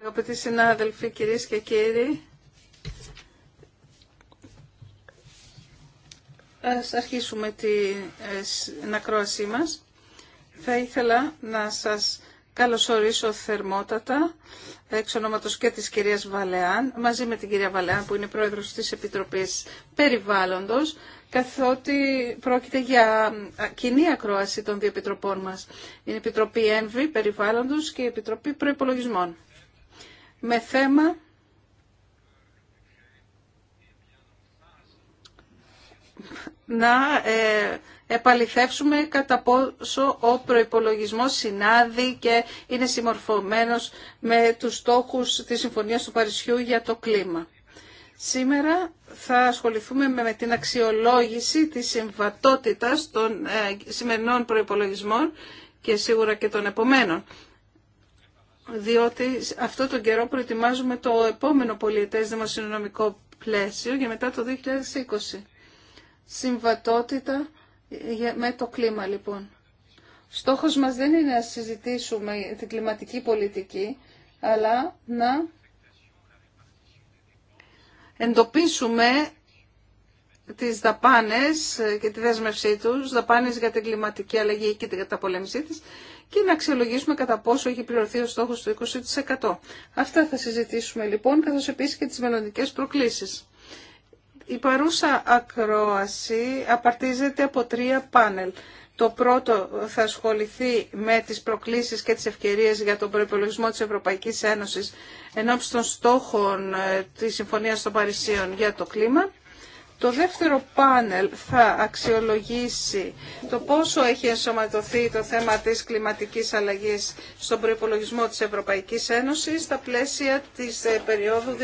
Αγαπητοί συνάδελφοι, κυρίες και κύριοι, ας αρχίσουμε την ε, ακρόασή μας. Θα ήθελα να σας καλωσορίσω θερμότατα εξ ονόματος και της κυρίας Βαλεάν, μαζί με την κυρία Βαλεάν που είναι πρόεδρος της Επιτροπής Περιβάλλοντος, καθότι πρόκειται για κοινή ακρόαση των δύο επιτροπών μας. Είναι η Επιτροπή Ένβη Περιβάλλοντος και η Επιτροπή Προϋπολογισμών. Με θέμα να ε, επαληθεύσουμε κατά πόσο ο προϋπολογισμός συνάδει και είναι συμμορφωμένος με τους στόχους της Συμφωνίας του Παρισιού για το κλίμα. Σήμερα θα ασχοληθούμε με την αξιολόγηση της συμβατότητας των ε, σημερινών προϋπολογισμών και σίγουρα και των επομένων. Διότι αυτό τον καιρό προετοιμάζουμε το επόμενο πολιετές δημοσιονομικό πλαίσιο για μετά το 2020. Συμβατότητα με το κλίμα λοιπόν. Στόχος μας δεν είναι να συζητήσουμε την κλιματική πολιτική, αλλά να εντοπίσουμε τις δαπάνες και τη δέσμευσή τους, δαπάνες για την κλιματική αλλαγή και την καταπολέμησή της και να αξιολογήσουμε κατά πόσο έχει πληρωθεί ο στόχος του 20%. Αυτά θα συζητήσουμε λοιπόν, καθώς επίσης και τις μελλοντικέ προκλήσεις. Η παρούσα ακρόαση απαρτίζεται από τρία πάνελ. Το πρώτο θα ασχοληθεί με τις προκλήσεις και τις ευκαιρίες για τον προϋπολογισμό της Ευρωπαϊκής Ένωσης ενώπιση των στόχων ε, της Συμφωνίας των Παρισίων για το κλίμα. Το δεύτερο πάνελ θα αξιολογήσει το πόσο έχει ενσωματωθεί το θέμα της κλιματικής αλλαγής στον προϋπολογισμό της Ευρωπαϊκής Ένωσης στα πλαίσια της ε, περίοδου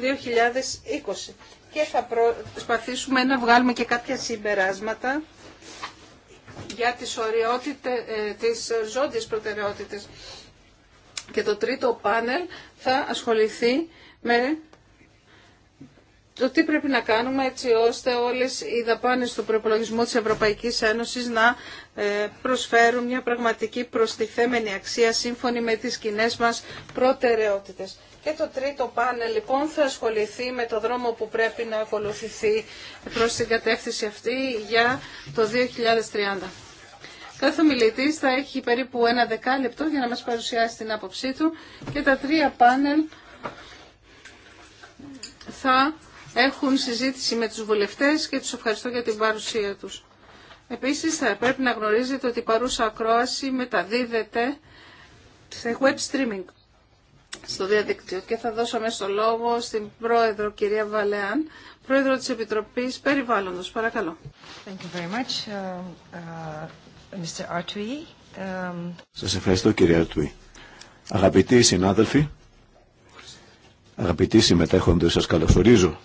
2014-2020. Και θα προσπαθήσουμε να βγάλουμε και κάποια συμπεράσματα για τις, οριότητε ε, τις ζώντιες προτεραιότητες. Και το τρίτο πάνελ θα ασχοληθεί με το τι πρέπει να κάνουμε έτσι ώστε όλες οι δαπάνες του προπολογισμού της Ευρωπαϊκής Ένωσης να ε, προσφέρουν μια πραγματική προστιθέμενη αξία σύμφωνη με τις κοινέ μας προτεραιότητες. Και το τρίτο πάνελ λοιπόν θα ασχοληθεί με το δρόμο που πρέπει να ακολουθηθεί προς την κατεύθυνση αυτή για το 2030. Κάθε ομιλητή θα έχει περίπου ένα δεκάλεπτο για να μας παρουσιάσει την άποψή του και τα τρία πάνελ θα έχουν συζήτηση με τους βουλευτές και τους ευχαριστώ για την παρουσία τους. Επίσης θα πρέπει να γνωρίζετε ότι η παρούσα ακρόαση μεταδίδεται σε web streaming στο διαδίκτυο και θα δώσω μέσα το λόγο στην πρόεδρο κυρία Βαλεάν, πρόεδρο της Επιτροπής Περιβάλλοντος. Παρακαλώ. Thank uh, uh, um, Σας ευχαριστώ κυρία Αρτουή. Αγαπητοί συνάδελφοι, αγαπητοί συμμετέχοντες, σας καλωσορίζω.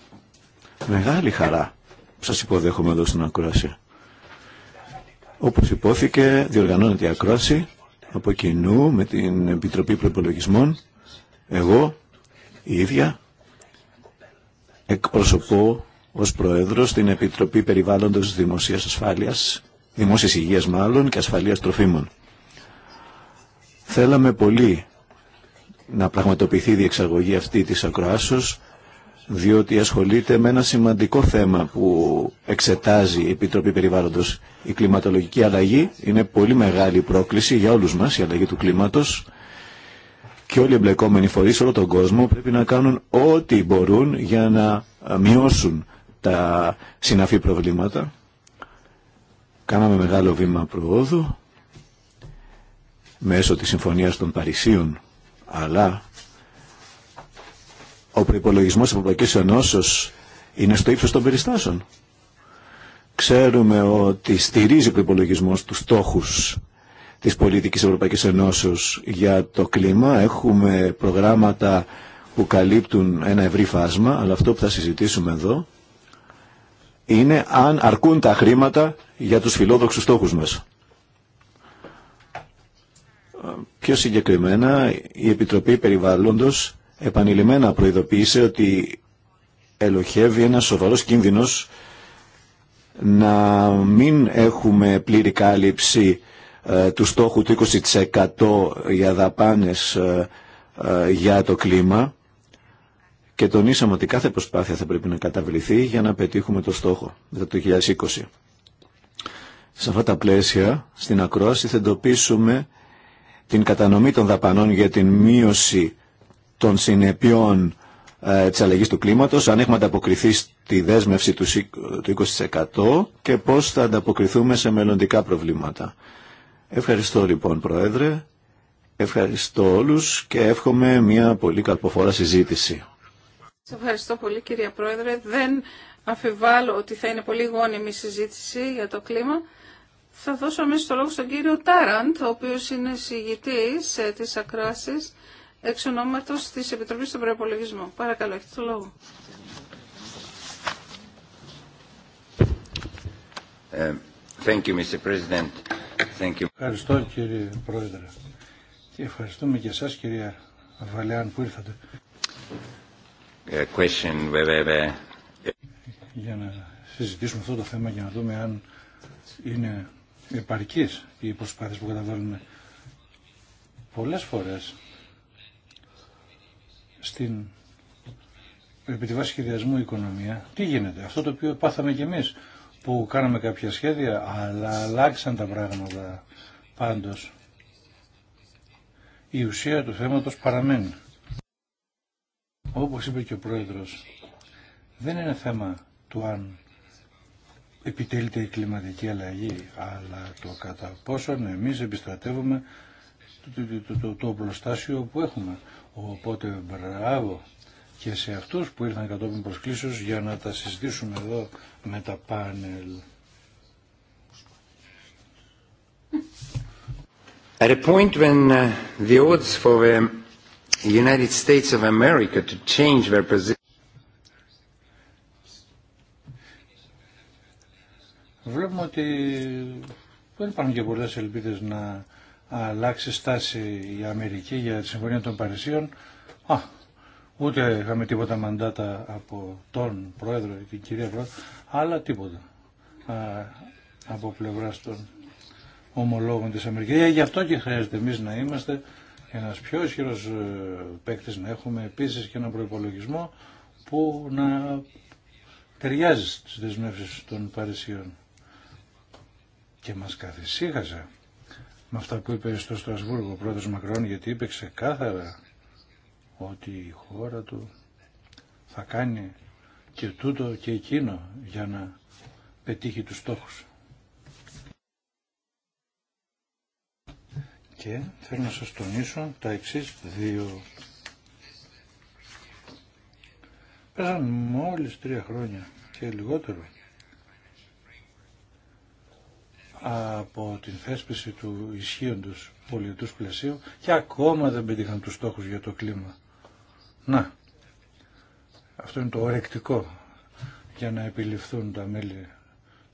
Μεγάλη χαρά που σας υποδέχομαι εδώ στην ακρόαση. Όπως υπόθηκε, διοργανώνεται η ακρόαση από κοινού με την Επιτροπή Προπολογισμών. Εγώ, η ίδια, εκπροσωπώ ως Προέδρος την Επιτροπή Περιβάλλοντος Δημοσίας Ασφάλειας, Δημόσιας Υγείας μάλλον και Ασφαλείας Τροφίμων. Θέλαμε πολύ να πραγματοποιηθεί η διεξαγωγή αυτή της ακροάσεως διότι ασχολείται με ένα σημαντικό θέμα που εξετάζει η Επιτροπή Περιβάλλοντος. Η κλιματολογική αλλαγή είναι πολύ μεγάλη πρόκληση για όλους μας, η αλλαγή του κλίματος και όλοι οι εμπλεκόμενοι φορείς σε όλο τον κόσμο πρέπει να κάνουν ό,τι μπορούν για να μειώσουν τα συναφή προβλήματα. Κάναμε μεγάλο βήμα προόδου μέσω της Συμφωνίας των Παρισίων, αλλά ο προπολογισμό τη Ευρωπαϊκή Ενώσεω είναι στο ύψο των περιστάσεων. Ξέρουμε ότι στηρίζει ο προπολογισμό του στόχου τη πολιτική Ευρωπαϊκή Ενώσεω για το κλίμα. Έχουμε προγράμματα που καλύπτουν ένα ευρύ φάσμα, αλλά αυτό που θα συζητήσουμε εδώ είναι αν αρκούν τα χρήματα για τους φιλόδοξους στόχους μας. Πιο συγκεκριμένα, η Επιτροπή Περιβάλλοντος επανειλημμένα προειδοποίησε ότι ελοχεύει ένας σοβαρός κίνδυνος να μην έχουμε πλήρη κάλυψη ε, του στόχου του 20% για δαπάνες ε, ε, για το κλίμα και τονίσαμε ότι κάθε προσπάθεια θα πρέπει να καταβληθεί για να πετύχουμε το στόχο το 2020. Σε αυτά τα πλαίσια, στην ακρόαση θα εντοπίσουμε την κατανομή των δαπανών για την μείωση των συνεπειών ε, της του κλίματος, αν έχουμε ανταποκριθεί στη δέσμευση του, του 20% και πώς θα ανταποκριθούμε σε μελλοντικά προβλήματα. Ευχαριστώ λοιπόν Πρόεδρε, ευχαριστώ όλους και εύχομαι μια πολύ καλποφόρα συζήτηση. Σας ευχαριστώ πολύ κυρία Πρόεδρε. Δεν αφιβάλλω ότι θα είναι πολύ γόνιμη συζήτηση για το κλίμα. Θα δώσω αμέσως το λόγο στον κύριο Τάραντ, ο οποίος είναι συγητής ε, της ακράσης εξ ονόματος της Επιτροπής στον Προϋπολογισμού. Παρακαλώ, έχετε το λόγο. Ε, Ευχαριστώ κύριε Πρόεδρε και ευχαριστούμε και εσάς κυρία Βαλεάν που ήρθατε. Ε, question, Για να συζητήσουμε αυτό το θέμα για να δούμε αν είναι επαρκής οι προσπάθειες που καταβάλουμε. Πολλές φορές στην επί τη σχεδιασμού οικονομία, τι γίνεται. Αυτό το οποίο πάθαμε κι εμείς που κάναμε κάποια σχέδια, αλλά αλλάξαν τα πράγματα πάντως. Η ουσία του θέματος παραμένει. Όπως είπε και ο Πρόεδρος, δεν είναι θέμα του αν επιτελείται η κλιματική αλλαγή, αλλά το κατά πόσον εμείς επιστρατεύουμε το, το, το οπλοστάσιο που έχουμε. Οπότε μπράβο και σε αυτούς που ήρθαν κατόπιν προσκλήσεως για να τα συζητήσουμε εδώ με τα πάνελ. At a point when uh, the odds for uh, the United States of America to change their position Βλέπουμε ότι δεν υπάρχουν και πολλές ελπίδες να αλλάξει στάση η Αμερική για τη Συμφωνία των Παρισίων. Α, ούτε είχαμε τίποτα μαντάτα από τον Πρόεδρο ή την κυρία Πρόεδρο, αλλά τίποτα α, από πλευρά των ομολόγων της Αμερικής. Ε, γι' αυτό και χρειάζεται εμεί να είμαστε ένας πιο ισχυρό ε, παίκτη να έχουμε επίσης και ένα προπολογισμό που να ταιριάζει στις δεσμεύσεις των Παρισιών. Και μας καθησύχασε με αυτά που είπε στο Στρασβούργο ο πρόεδρος Μακρόν γιατί είπε ξεκάθαρα ότι η χώρα του θα κάνει και τούτο και εκείνο για να πετύχει τους στόχους. Και θέλω να σας τονίσω τα εξής δύο. Πέρασαν μόλις τρία χρόνια και λιγότερο από την θέσπιση του ισχύοντος πολιτούς πλαισίου και ακόμα δεν πετύχαν τους στόχους για το κλίμα. Να, αυτό είναι το ορεκτικό για να επιληφθούν τα μέλη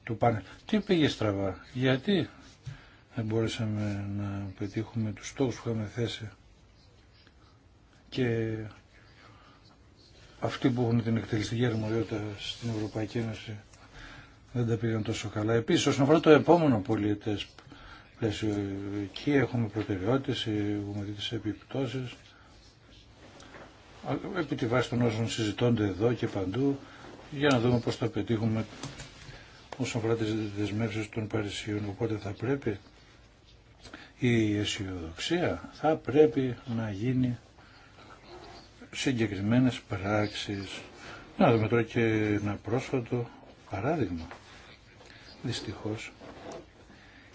του πάνελ. Τι πήγε στραβά, γιατί δεν μπορούσαμε να πετύχουμε τους στόχους που είχαμε θέσει και αυτοί που έχουν την εκτελεστική αρμοδιότητα στην Ευρωπαϊκή Ένωση δεν τα πήγαν τόσο καλά. Επίσης, όσον αφορά το επόμενο πολιετές πλαίσιο, εκεί έχουμε προτεραιότητες, έχουμε δει τις επιπτώσεις. Επί τη βάση των όσων συζητώνται εδώ και παντού, για να δούμε πώς θα πετύχουμε όσον αφορά τις δεσμεύσεις των Παρισίων. Οπότε θα πρέπει η αισιοδοξία θα πρέπει να γίνει συγκεκριμένες πράξεις. Να δούμε τώρα και ένα πρόσφατο παράδειγμα. Δυστυχώς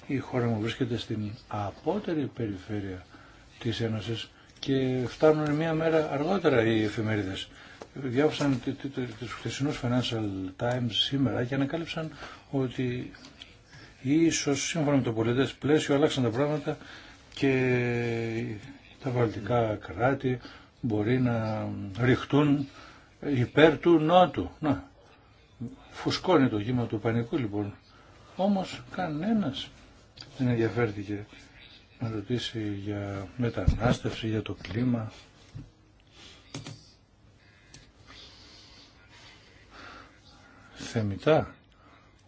η χώρα μου βρίσκεται στην απότερη περιφέρεια της Ένωσης και φτάνουν μία μέρα αργότερα οι εφημερίδες. Διάβασαν τους χθεσινούς Financial Times σήμερα και ανακάλυψαν ότι ίσως σύμφωνα με το πολιτές πλαίσιο αλλάξαν τα πράγματα και τα βαλτικά κράτη μπορεί να ρηχτούν υπέρ του Νότου. Να, φουσκώνει το κύμα του πανικού λοιπόν όμως κανένας δεν ενδιαφέρθηκε να ρωτήσει για μετανάστευση, για το κλίμα. Θεμητά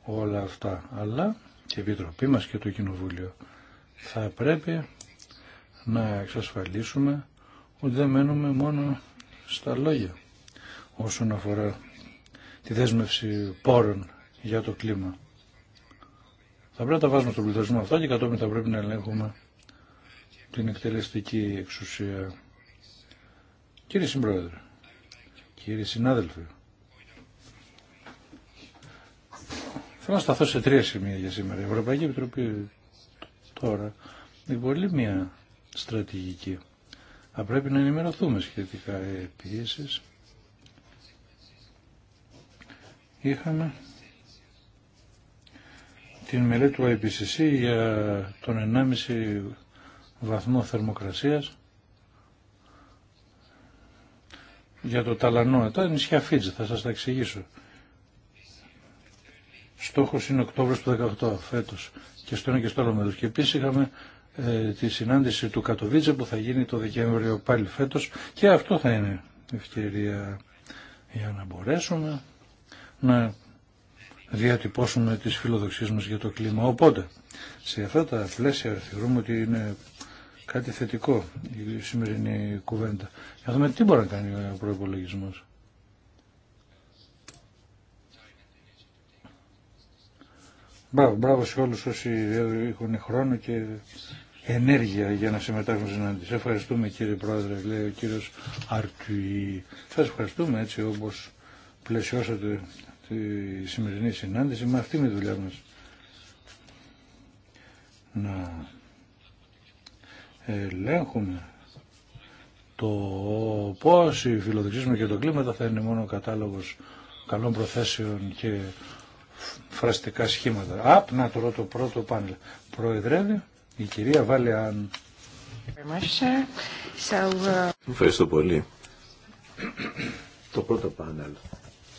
όλα αυτά, αλλά και η Επιτροπή μας και το Κοινοβούλιο θα πρέπει να εξασφαλίσουμε ότι δεν μένουμε μόνο στα λόγια όσον αφορά τη δέσμευση πόρων για το κλίμα. Θα πρέπει να τα βάζουμε στον πληθωρισμό αυτά και κατόπιν θα πρέπει να ελέγχουμε την εκτελεστική εξουσία. Κύριε Συμπρόεδρε, κύριοι συνάδελφοι, θέλω να σταθώ σε τρία σημεία για σήμερα. Η Ευρωπαϊκή Επιτροπή τώρα πολύ μια στρατηγική. Θα πρέπει να ενημερωθούμε σχετικά επίσης. Είχαμε την μελέτη του IPCC για τον 1,5 βαθμό θερμοκρασίας για το ταλανό. Τα νησιά Φίτζ θα σας τα εξηγήσω. Στόχος είναι Οκτώβριος του 18 φέτος και στο ένα και στο άλλο μέρος. Και επίσης είχαμε ε, τη συνάντηση του Κατοβίτζε που θα γίνει το Δεκέμβριο πάλι φέτος και αυτό θα είναι ευκαιρία για να μπορέσουμε να διατυπώσουμε τις φιλοδοξίες μας για το κλίμα. Οπότε, σε αυτά τα πλαίσια θεωρούμε ότι είναι κάτι θετικό η σημερινή κουβέντα. Να δούμε τι μπορεί να κάνει ο προπολογισμό. Μπράβο, μπράβο σε όλους όσοι έχουν χρόνο και ενέργεια για να συμμετάσχουν στην αντίθεση. Ευχαριστούμε κύριε Πρόεδρε, λέει ο κύριος Αρτουή. Σας ευχαριστούμε έτσι όπως πλαισιώσατε στη σημερινή συνάντηση. με αυτή είναι η δουλειά μας. Να ελέγχουμε το πώς οι φιλοδοξίες και το κλίμα θα είναι μόνο κατάλογος καλών προθέσεων και φραστικά σχήματα. Απ, να το το πρώτο πάνελ. Προεδρεύει η κυρία Βάλεαν. Ευχαριστώ πολύ. Το πρώτο πάνελ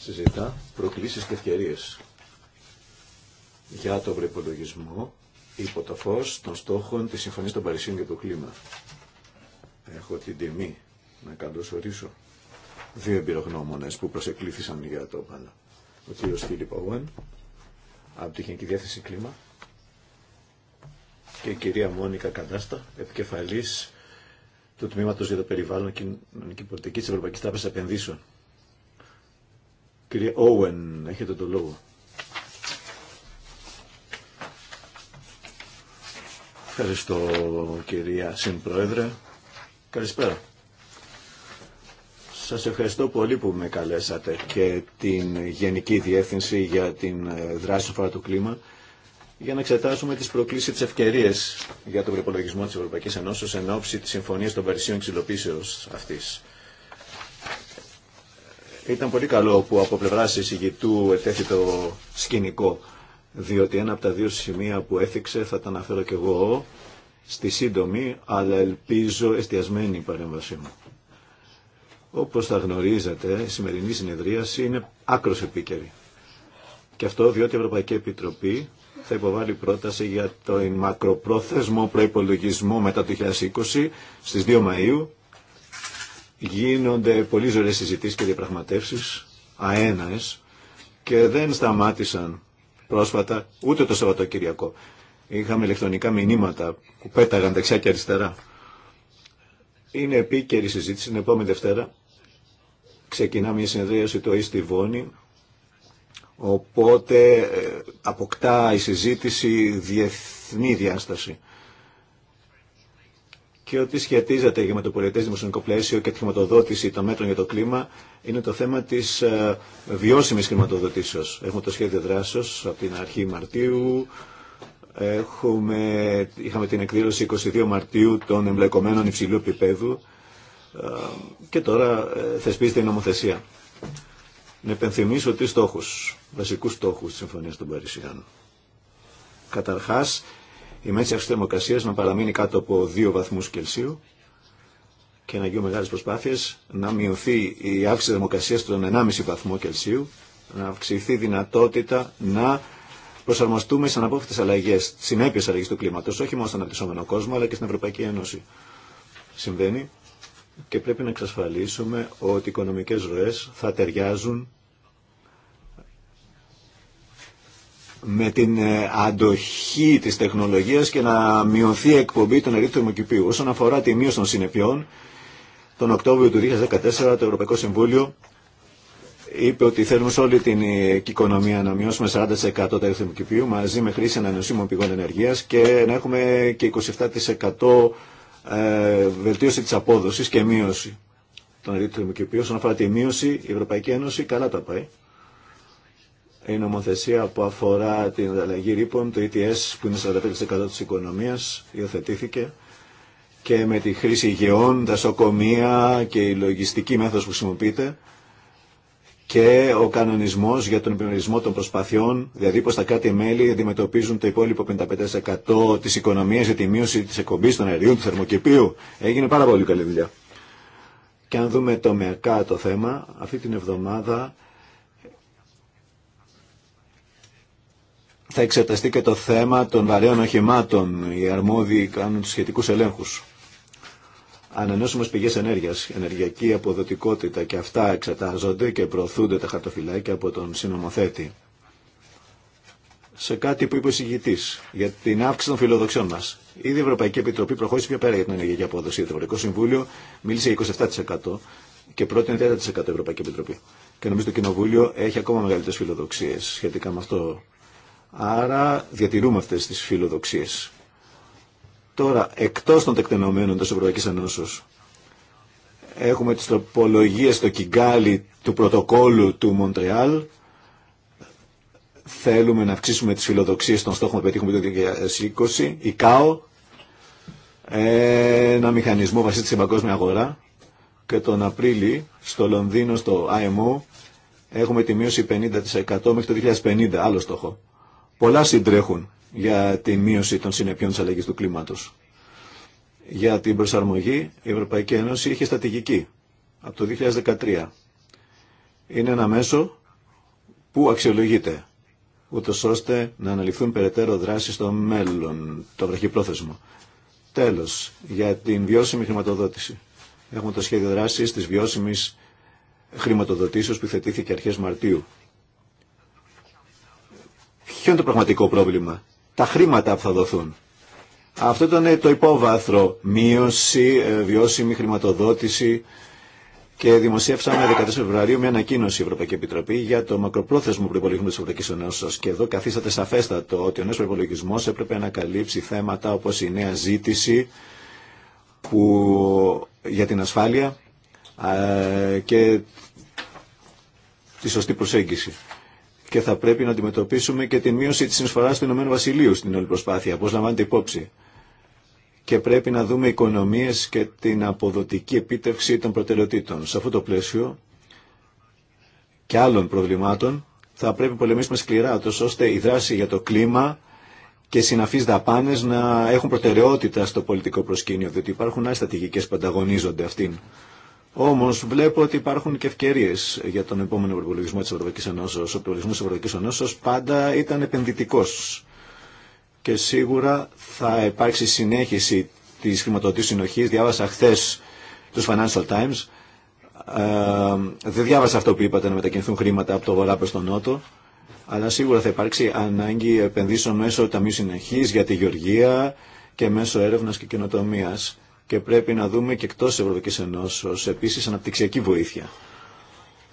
συζητά προκλήσεις και ευκαιρίες για το προπολογισμό υπό το φως των στόχων της Συμφωνίας των Παρισίων για το κλίμα. Έχω την τιμή να καλωσορίσω δύο εμπειρογνώμονες που προσεκλήθησαν για το πάνω. Ο κύριος Φίλιπ Ογουέν από την Γενική Διάθεση Κλίμα και η κυρία Μόνικα Καντάστα, επικεφαλής του Τμήματος για το Περιβάλλον και Κοινωνική Πολιτική της Ευρωπαϊκής Τράπεζας Επενδύσεων. Κύριε Όουεν, έχετε το λόγο. Ευχαριστώ κυρία Συμπρόεδρε. Καλησπέρα. Σας ευχαριστώ πολύ που με καλέσατε και την Γενική Διεύθυνση για την ε, δράση φορά του κλίμα για να εξετάσουμε τις προκλήσεις της ευκαιρίες για τον προπολογισμό της Ευρωπαϊκής Ενώσης εν ώψη της Συμφωνίας των Παρισίων Ξυλοποίησεως αυτής. Ήταν πολύ καλό που από πλευρά εισηγητού ετέθη το σκηνικό, διότι ένα από τα δύο σημεία που έθιξε θα τα αναφέρω κι εγώ στη σύντομη, αλλά ελπίζω εστιασμένη παρέμβασή μου. Όπως θα γνωρίζετε, η σημερινή συνεδρίαση είναι άκρο επίκαιρη. Και αυτό διότι η Ευρωπαϊκή Επιτροπή θα υποβάλει πρόταση για το μακροπρόθεσμο προϋπολογισμό μετά το 2020 στις 2 Μαΐου γίνονται πολύ ζωές συζητήσεις και διαπραγματεύσεις αέναες και δεν σταμάτησαν πρόσφατα ούτε το Σαββατοκυριακό. Είχαμε ηλεκτρονικά μηνύματα που πέταγαν δεξιά και αριστερά. Είναι επίκαιρη συζήτηση, είναι επόμενη Δευτέρα ξεκινά μια συνεδρίαση το ΙΣ οπότε ε, αποκτά η συζήτηση διεθνή διάσταση και ό,τι σχετίζεται για με το πολιτές δημοσιονομικό πλαίσιο και τη χρηματοδότηση των μέτρων για το κλίμα είναι το θέμα της ε, βιώσιμης χρηματοδοτήσεως. Έχουμε το σχέδιο δράσεως από την αρχή Μαρτίου, Έχουμε, είχαμε την εκδήλωση 22 Μαρτίου των εμπλεκομένων υψηλού επίπεδου ε, και τώρα ε, θεσπίζεται η νομοθεσία. Να επενθυμίσω τρει στόχους, βασικούς στόχους της Συμφωνίας των Παρισιάνων. Καταρχάς, η μέση αύξηση θερμοκρασία να παραμείνει κάτω από 2 βαθμού Κελσίου και να γίνουν μεγάλε προσπάθειε να μειωθεί η αύξηση θερμοκρασία στον 1,5 βαθμό Κελσίου, να αυξηθεί η δυνατότητα να προσαρμοστούμε στι αναπόφευκτε αλλαγέ, συνέπειε αλλαγή του κλίματο, όχι μόνο στον αναπτυσσόμενο κόσμο αλλά και στην Ευρωπαϊκή Ένωση. Συμβαίνει και πρέπει να εξασφαλίσουμε ότι οι οικονομικέ ροέ θα ταιριάζουν με την ε, αντοχή της τεχνολογίας και να μειωθεί η εκπομπή των αερίων μοκυπίου. Όσον αφορά τη μείωση των συνεπειών, τον Οκτώβριο του 2014 το Ευρωπαϊκό Συμβούλιο είπε ότι θέλουμε σε όλη την ε, οικονομία να μειώσουμε 40% τα μοκυπίου μαζί με χρήση ανανεωσίμων πηγών ενεργείας και να έχουμε και 27% ε, βελτίωση της απόδοσης και μείωση των εθνικηπίων. Όσον αφορά τη μείωση, η Ευρωπαϊκή Ένωση καλά τα πάει η νομοθεσία που αφορά την ανταλλαγή ρήπων, το ETS που είναι 45% της οικονομίας, υιοθετήθηκε και με τη χρήση υγεών, τα σοκομεία και η λογιστική μέθοδος που χρησιμοποιείται και ο κανονισμός για τον επιμερισμό των προσπαθειών, δηλαδή πως τα κάτι μέλη αντιμετωπίζουν το υπόλοιπο 55% της οικονομίας για τη μείωση της εκπομπής των αερίων του θερμοκηπίου. Έγινε πάρα πολύ καλή δουλειά. Και αν δούμε τομεακά το θέμα, αυτή την εβδομάδα θα εξεταστεί και το θέμα των βαρέων οχημάτων. Οι αρμόδιοι κάνουν τους σχετικούς ελέγχους. Ανανεώσιμες πηγές ενέργειας, ενεργειακή αποδοτικότητα και αυτά εξετάζονται και προωθούνται τα χαρτοφυλάκια από τον συνομοθέτη. Σε κάτι που είπε ο συγητή, για την αύξηση των φιλοδοξιών μα. Ήδη η Ευρωπαϊκή Επιτροπή προχώρησε πιο πέρα για την ενεργειακή απόδοση. Το Ευρωπαϊκό Συμβούλιο μίλησε για 27% και πρότεινε 30% η Ευρωπαϊκή Επιτροπή. Και νομίζω το Κοινοβούλιο έχει ακόμα μεγαλύτερε φιλοδοξίε σχετικά με αυτό Άρα διατηρούμε αυτέ τι φιλοδοξίε. Τώρα, εκτό των τεκτενωμένων τη Ευρωπαϊκή Ενώσεω, έχουμε τι τροπολογίε στο Κιγκάλι του πρωτοκόλου του Μοντρεάλ. Θέλουμε να αυξήσουμε τι φιλοδοξίε των στόχων που πετύχουμε το 2020. Η ΚΑΟ, ένα μηχανισμό βασίζεται στην παγκόσμια αγορά. Και τον Απρίλη, στο Λονδίνο, στο IMO, έχουμε τη μείωση 50% μέχρι το 2050, άλλο στόχο. Πολλά συντρέχουν για τη μείωση των συνεπειών της αλλαγής του κλίματος. Για την προσαρμογή η Ευρωπαϊκή Ένωση είχε στατηγική από το 2013. Είναι ένα μέσο που αξιολογείται ούτως ώστε να αναλυθούν περαιτέρω δράσεις στο μέλλον, το βραχυπρόθεσμο. Τέλος, για την βιώσιμη χρηματοδότηση. Έχουμε το σχέδιο δράσης της βιώσιμης χρηματοδοτήσεως που θετήθηκε αρχές Μαρτίου. Ποιο είναι το πραγματικό πρόβλημα. Τα χρήματα που θα δοθούν. Αυτό ήταν το υπόβαθρο. Μείωση, ε, βιώσιμη χρηματοδότηση και δημοσίευσαμε 14 Φεβρουαρίου μια ανακοίνωση η Ευρωπαϊκή Επιτροπή για το μακροπρόθεσμο προπολογισμό τη Ευρωπαϊκή Ενώσεω. Και εδώ καθίσατε σαφέστατο ότι ο νέο προπολογισμό έπρεπε να καλύψει θέματα όπω η νέα ζήτηση που, για την ασφάλεια ε, και τη σωστή προσέγγιση και θα πρέπει να αντιμετωπίσουμε και την μείωση τη συνεισφορά του Ηνωμένου Βασιλείου στην όλη προσπάθεια, όπω λαμβάνεται υπόψη. Και πρέπει να δούμε οικονομίε και την αποδοτική επίτευξη των προτεραιοτήτων. Σε αυτό το πλαίσιο και άλλων προβλημάτων θα πρέπει να πολεμήσουμε σκληρά, ώστε η δράση για το κλίμα και συναφεί δαπάνε να έχουν προτεραιότητα στο πολιτικό προσκήνιο, διότι υπάρχουν άλλε στρατηγικέ που ανταγωνίζονται αυτήν. Όμω βλέπω ότι υπάρχουν και ευκαιρίε για τον επόμενο προπολογισμό τη Ευρωπαϊκή Ενώσεως. Ο προπολογισμό τη Ευρωπαϊκή Ενώσεως πάντα ήταν επενδυτικό. και σίγουρα θα υπάρξει συνέχιση τη χρηματοδοτής συνοχή, Διάβασα χθε του Financial Times. Ε, δεν διάβασα αυτό που είπατε να μετακινηθούν χρήματα από το βορρά προ τον νότο αλλά σίγουρα θα υπάρξει ανάγκη επενδύσεων μέσω Ταμείου Συνεχής για τη Γεωργία και μέσω έρευνα και καινοτομία και πρέπει να δούμε και εκτός Ευρωπαϊκής Ενώσεως επίσης αναπτυξιακή βοήθεια.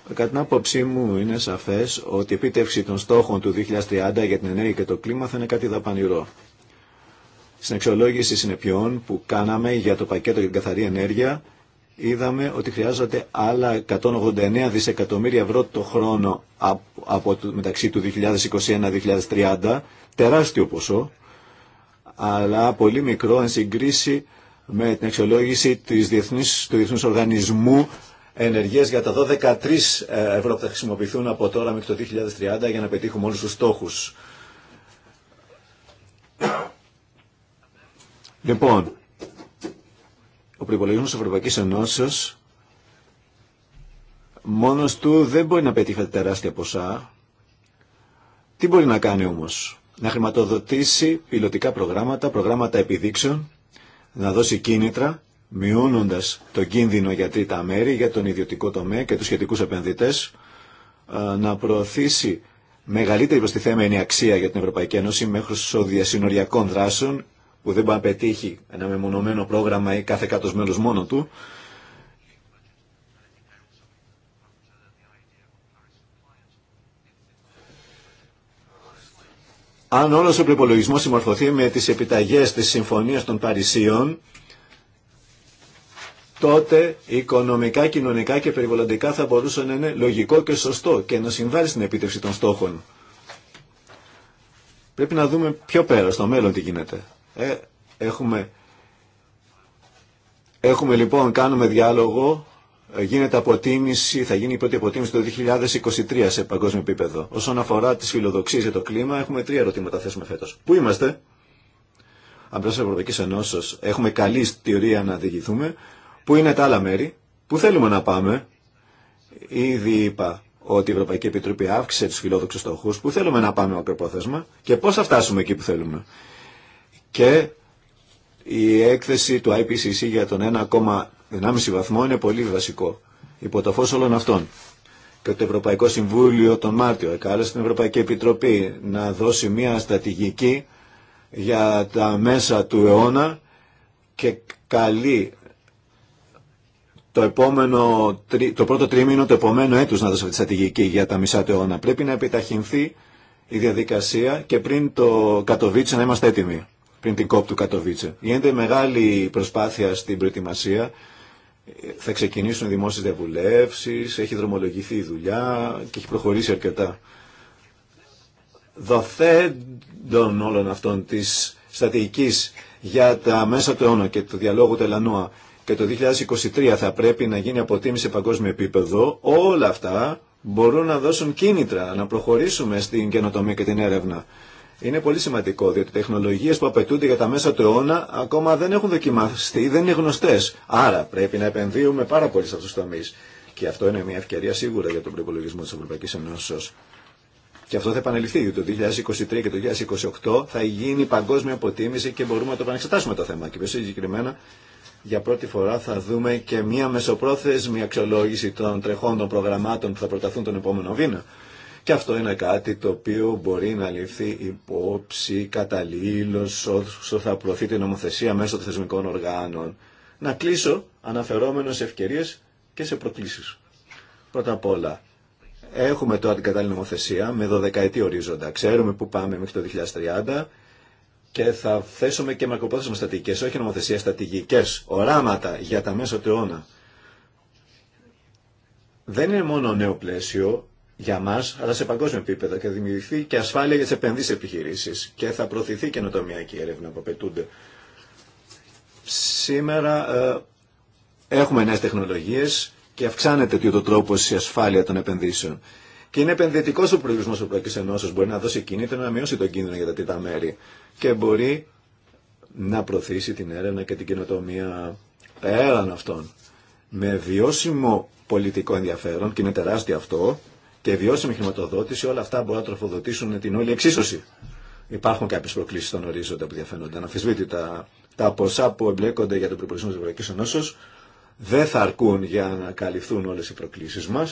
Κατά την άποψή μου είναι σαφές ότι η επίτευξη των στόχων του 2030 για την ενέργεια και το κλίμα θα είναι κάτι δαπανηρό. Στην αξιολόγηση συνεπειών που κάναμε για το πακέτο για την καθαρή ενέργεια, είδαμε ότι χρειάζονται άλλα 189 δισεκατομμύρια ευρώ το χρόνο από, από μεταξύ του 2021-2030, τεράστιο ποσό, αλλά πολύ μικρό εν συγκρίση με την αξιολόγηση της διεθνής, του Διεθνούς Οργανισμού Ενεργείας για τα 12-13 ε, ευρώ που θα χρησιμοποιηθούν από τώρα μέχρι το 2030 για να πετύχουμε όλους τους στόχους. Λοιπόν, ο προπολογισμό τη Ευρωπαϊκή Ενώσεω μόνο του δεν μπορεί να πετύχει τεράστια ποσά. Τι μπορεί να κάνει όμως να χρηματοδοτήσει πιλωτικά προγράμματα, προγράμματα επιδείξεων να δώσει κίνητρα μειώνοντας τον κίνδυνο για τρίτα μέρη, για τον ιδιωτικό τομέα και τους σχετικούς επενδυτές, ε, να προωθήσει μεγαλύτερη προστιθέμενη αξία για την Ευρωπαϊκή Ένωση μέχρι διασυνοριακών δράσεων που δεν μπορεί να πετύχει ένα μεμονωμένο πρόγραμμα ή κάθε κάτω μόνο του αν όλος ο προπολογισμό συμμορφωθεί με τις επιταγές της Συμφωνίας των Παρισίων, τότε οικονομικά, κοινωνικά και περιβαλλοντικά θα μπορούσε να είναι λογικό και σωστό και να συμβάλλει στην επίτευξη των στόχων. Πρέπει να δούμε πιο πέρα στο μέλλον τι γίνεται. Ε, έχουμε, έχουμε λοιπόν, κάνουμε διάλογο γίνεται αποτίμηση, θα γίνει η πρώτη αποτίμηση το 2023 σε παγκόσμιο επίπεδο. Όσον αφορά τις φιλοδοξίες για το κλίμα, έχουμε τρία ερωτήματα θέσουμε φέτος. Πού είμαστε, αμπρός της Ευρωπαϊκής Ενώσεως, έχουμε καλή ιστορία να διηγηθούμε, πού είναι τα άλλα μέρη, πού θέλουμε να πάμε. Ήδη είπα ότι η Ευρωπαϊκή Επιτροπή αύξησε τους φιλόδοξους στόχους, πού θέλουμε να πάμε μακροπρόθεσμα και πώς θα φτάσουμε εκεί που ειμαστε αν τα ευρωπαικη ενωσεω εχουμε καλη θεωρία να διηγηθουμε που ειναι τα αλλα μερη που θελουμε να παμε ηδη ειπα οτι η ευρωπαικη επιτροπη αυξησε τους φιλοδοξους στοχους που θελουμε να παμε μακροπροθεσμα και πως θα φτασουμε εκει που θελουμε Και η έκθεση του IPCC για τον 1,5 βαθμό είναι πολύ βασικό υπό το φως όλων αυτών. Και το Ευρωπαϊκό Συμβούλιο τον Μάρτιο εκάλεσε την Ευρωπαϊκή Επιτροπή να δώσει μια στρατηγική για τα μέσα του αιώνα και καλεί το, επόμενο, το πρώτο τρίμηνο το επόμενου έτου να δώσει αυτή τη στρατηγική για τα μισά του αιώνα. Πρέπει να επιταχυνθεί η διαδικασία και πριν το Κατοβίτσε να είμαστε έτοιμοι, πριν την κόπ του Κατοβίτσε. Γίνεται μεγάλη προσπάθεια στην προετοιμασία θα ξεκινήσουν οι δημόσιες διαβουλεύσεις, έχει δρομολογηθεί η δουλειά και έχει προχωρήσει αρκετά. Δοθέντων όλων αυτών της στατικής για τα μέσα του αιώνα και του διαλόγου και το 2023 θα πρέπει να γίνει αποτίμηση σε παγκόσμιο επίπεδο, όλα αυτά μπορούν να δώσουν κίνητρα να προχωρήσουμε στην καινοτομία και την έρευνα είναι πολύ σημαντικό, διότι τεχνολογίε που απαιτούνται για τα μέσα του αιώνα ακόμα δεν έχουν δοκιμαστεί, δεν είναι γνωστέ. Άρα πρέπει να επενδύουμε πάρα πολύ σε αυτού του τομεί. Και αυτό είναι μια ευκαιρία σίγουρα για τον προπολογισμό τη Ευρωπαϊκή Και αυτό θα επανελειφθεί, διότι το 2023 και το 2028 θα γίνει παγκόσμια αποτίμηση και μπορούμε να το επανεξετάσουμε το θέμα. Και πιο συγκεκριμένα, για πρώτη φορά θα δούμε και μια μεσοπρόθεσμη αξιολόγηση των τρεχών των προγραμμάτων που θα προταθούν τον επόμενο βήμα. Και αυτό είναι κάτι το οποίο μπορεί να ληφθεί υπόψη καταλήλως όσο θα προωθεί την νομοθεσία μέσω των θεσμικών οργάνων. Να κλείσω αναφερόμενο σε ευκαιρίες και σε προκλήσεις. Πρώτα απ' όλα, έχουμε τώρα την κατάλληλη νομοθεσία με 12 ορίζοντα. Ξέρουμε που πάμε μέχρι το 2030 και θα θέσουμε και μακροπρόθεσμε στατικές, όχι νομοθεσία, στατηγικέ οράματα για τα μέσα του αιώνα. Δεν είναι μόνο νέο πλαίσιο, για μα, αλλά σε παγκόσμιο επίπεδο και θα δημιουργηθεί και ασφάλεια για τι επενδύσει επιχειρήσει και θα προωθηθεί καινοτομιακή έρευνα που απαιτούνται. Σήμερα ε, έχουμε νέε τεχνολογίε και αυξάνεται το τρόπο η ασφάλεια των επενδύσεων. Και είναι επενδυτικό ο του Ευρωπαϊκή Ενώσεω. Μπορεί να δώσει κίνητρο να μειώσει τον κίνδυνο για τα τρίτα μέρη και μπορεί να προωθήσει την έρευνα και την καινοτομία πέραν αυτών. Με βιώσιμο πολιτικό ενδιαφέρον, και είναι τεράστιο αυτό, και βιώσιμη χρηματοδότηση, όλα αυτά μπορούν να τροφοδοτήσουν την όλη εξίσωση. Υπάρχουν κάποιε προκλήσει στον ορίζοντα που διαφαίνονται. Αναφυσβήτητα τα ποσά που εμπλέκονται για τον προπολογισμό τη Ευρωπαϊκή Ενώσεω δεν θα αρκούν για να καλυφθούν όλε οι προκλήσει μα.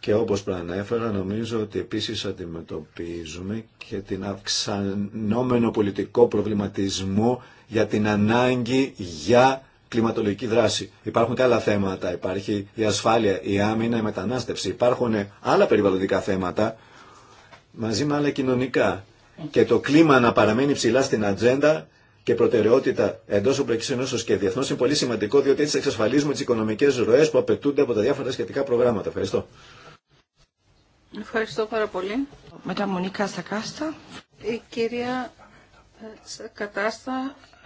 Και όπω προανέφερα, νομίζω ότι επίση αντιμετωπίζουμε και την αυξανόμενο πολιτικό προβληματισμό για την ανάγκη για κλιματολογική δράση. Υπάρχουν και άλλα θέματα. Υπάρχει η ασφάλεια, η άμυνα, η μετανάστευση. Υπάρχουν άλλα περιβαλλοντικά θέματα μαζί με άλλα κοινωνικά. Και το κλίμα να παραμένει ψηλά στην ατζέντα και προτεραιότητα εντό Ευρωπαϊκή Ενώσεω και διεθνώ είναι πολύ σημαντικό διότι έτσι εξασφαλίζουμε τι οικονομικέ ροέ που απαιτούνται από τα διάφορα σχετικά προγράμματα. Ευχαριστώ. Ευχαριστώ πάρα πολύ. Μετά Μονίκα Σακάστα. Η κυρία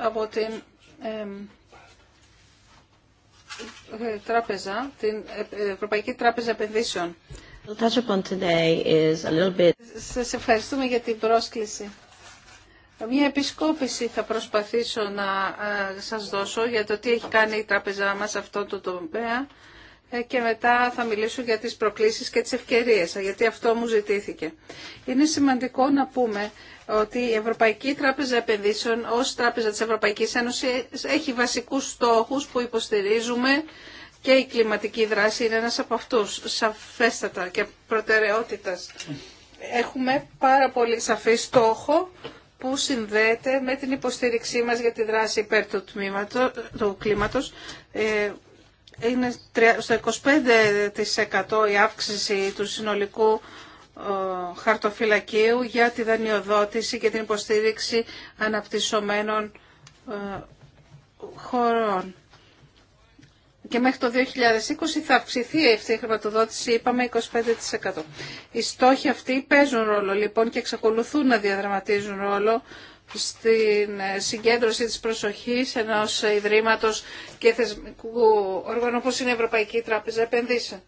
από την τράπεζα, την Ευρωπαϊκή Τράπεζα Επενδύσεων. Touch today is ευχαριστούμε για την πρόσκληση. Μια επισκόπηση θα προσπαθήσω να ε, σας δώσω για το τι έχει κάνει η τράπεζά μας αυτό το τομέα ε, και μετά θα μιλήσω για τις προκλήσεις και τις ευκαιρίες, γιατί αυτό μου ζητήθηκε. Είναι σημαντικό να πούμε ότι η Ευρωπαϊκή Τράπεζα Επενδύσεων ως Τράπεζα της Ευρωπαϊκής Ένωσης έχει βασικούς στόχους που υποστηρίζουμε και η κλιματική δράση είναι ένας από αυτούς, σαφέστατα και προτεραιότητας. Έχουμε πάρα πολύ σαφή στόχο που συνδέεται με την υποστήριξή μας για τη δράση υπέρ του, τμήματο, του κλίματος. Ε, είναι στο 25% η αύξηση του συνολικού χαρτοφυλακίου για τη δανειοδότηση και την υποστήριξη αναπτυσσομένων ε, χωρών. Και μέχρι το 2020 θα αυξηθεί αυτή η χρηματοδότηση, είπαμε, 25%. Οι στόχοι αυτοί παίζουν ρόλο λοιπόν και εξακολουθούν να διαδραματίζουν ρόλο στην ε, συγκέντρωση της προσοχής ενός ιδρύματος και θεσμικού όργανου όπως είναι η Ευρωπαϊκή Τράπεζα Επενδύσεων.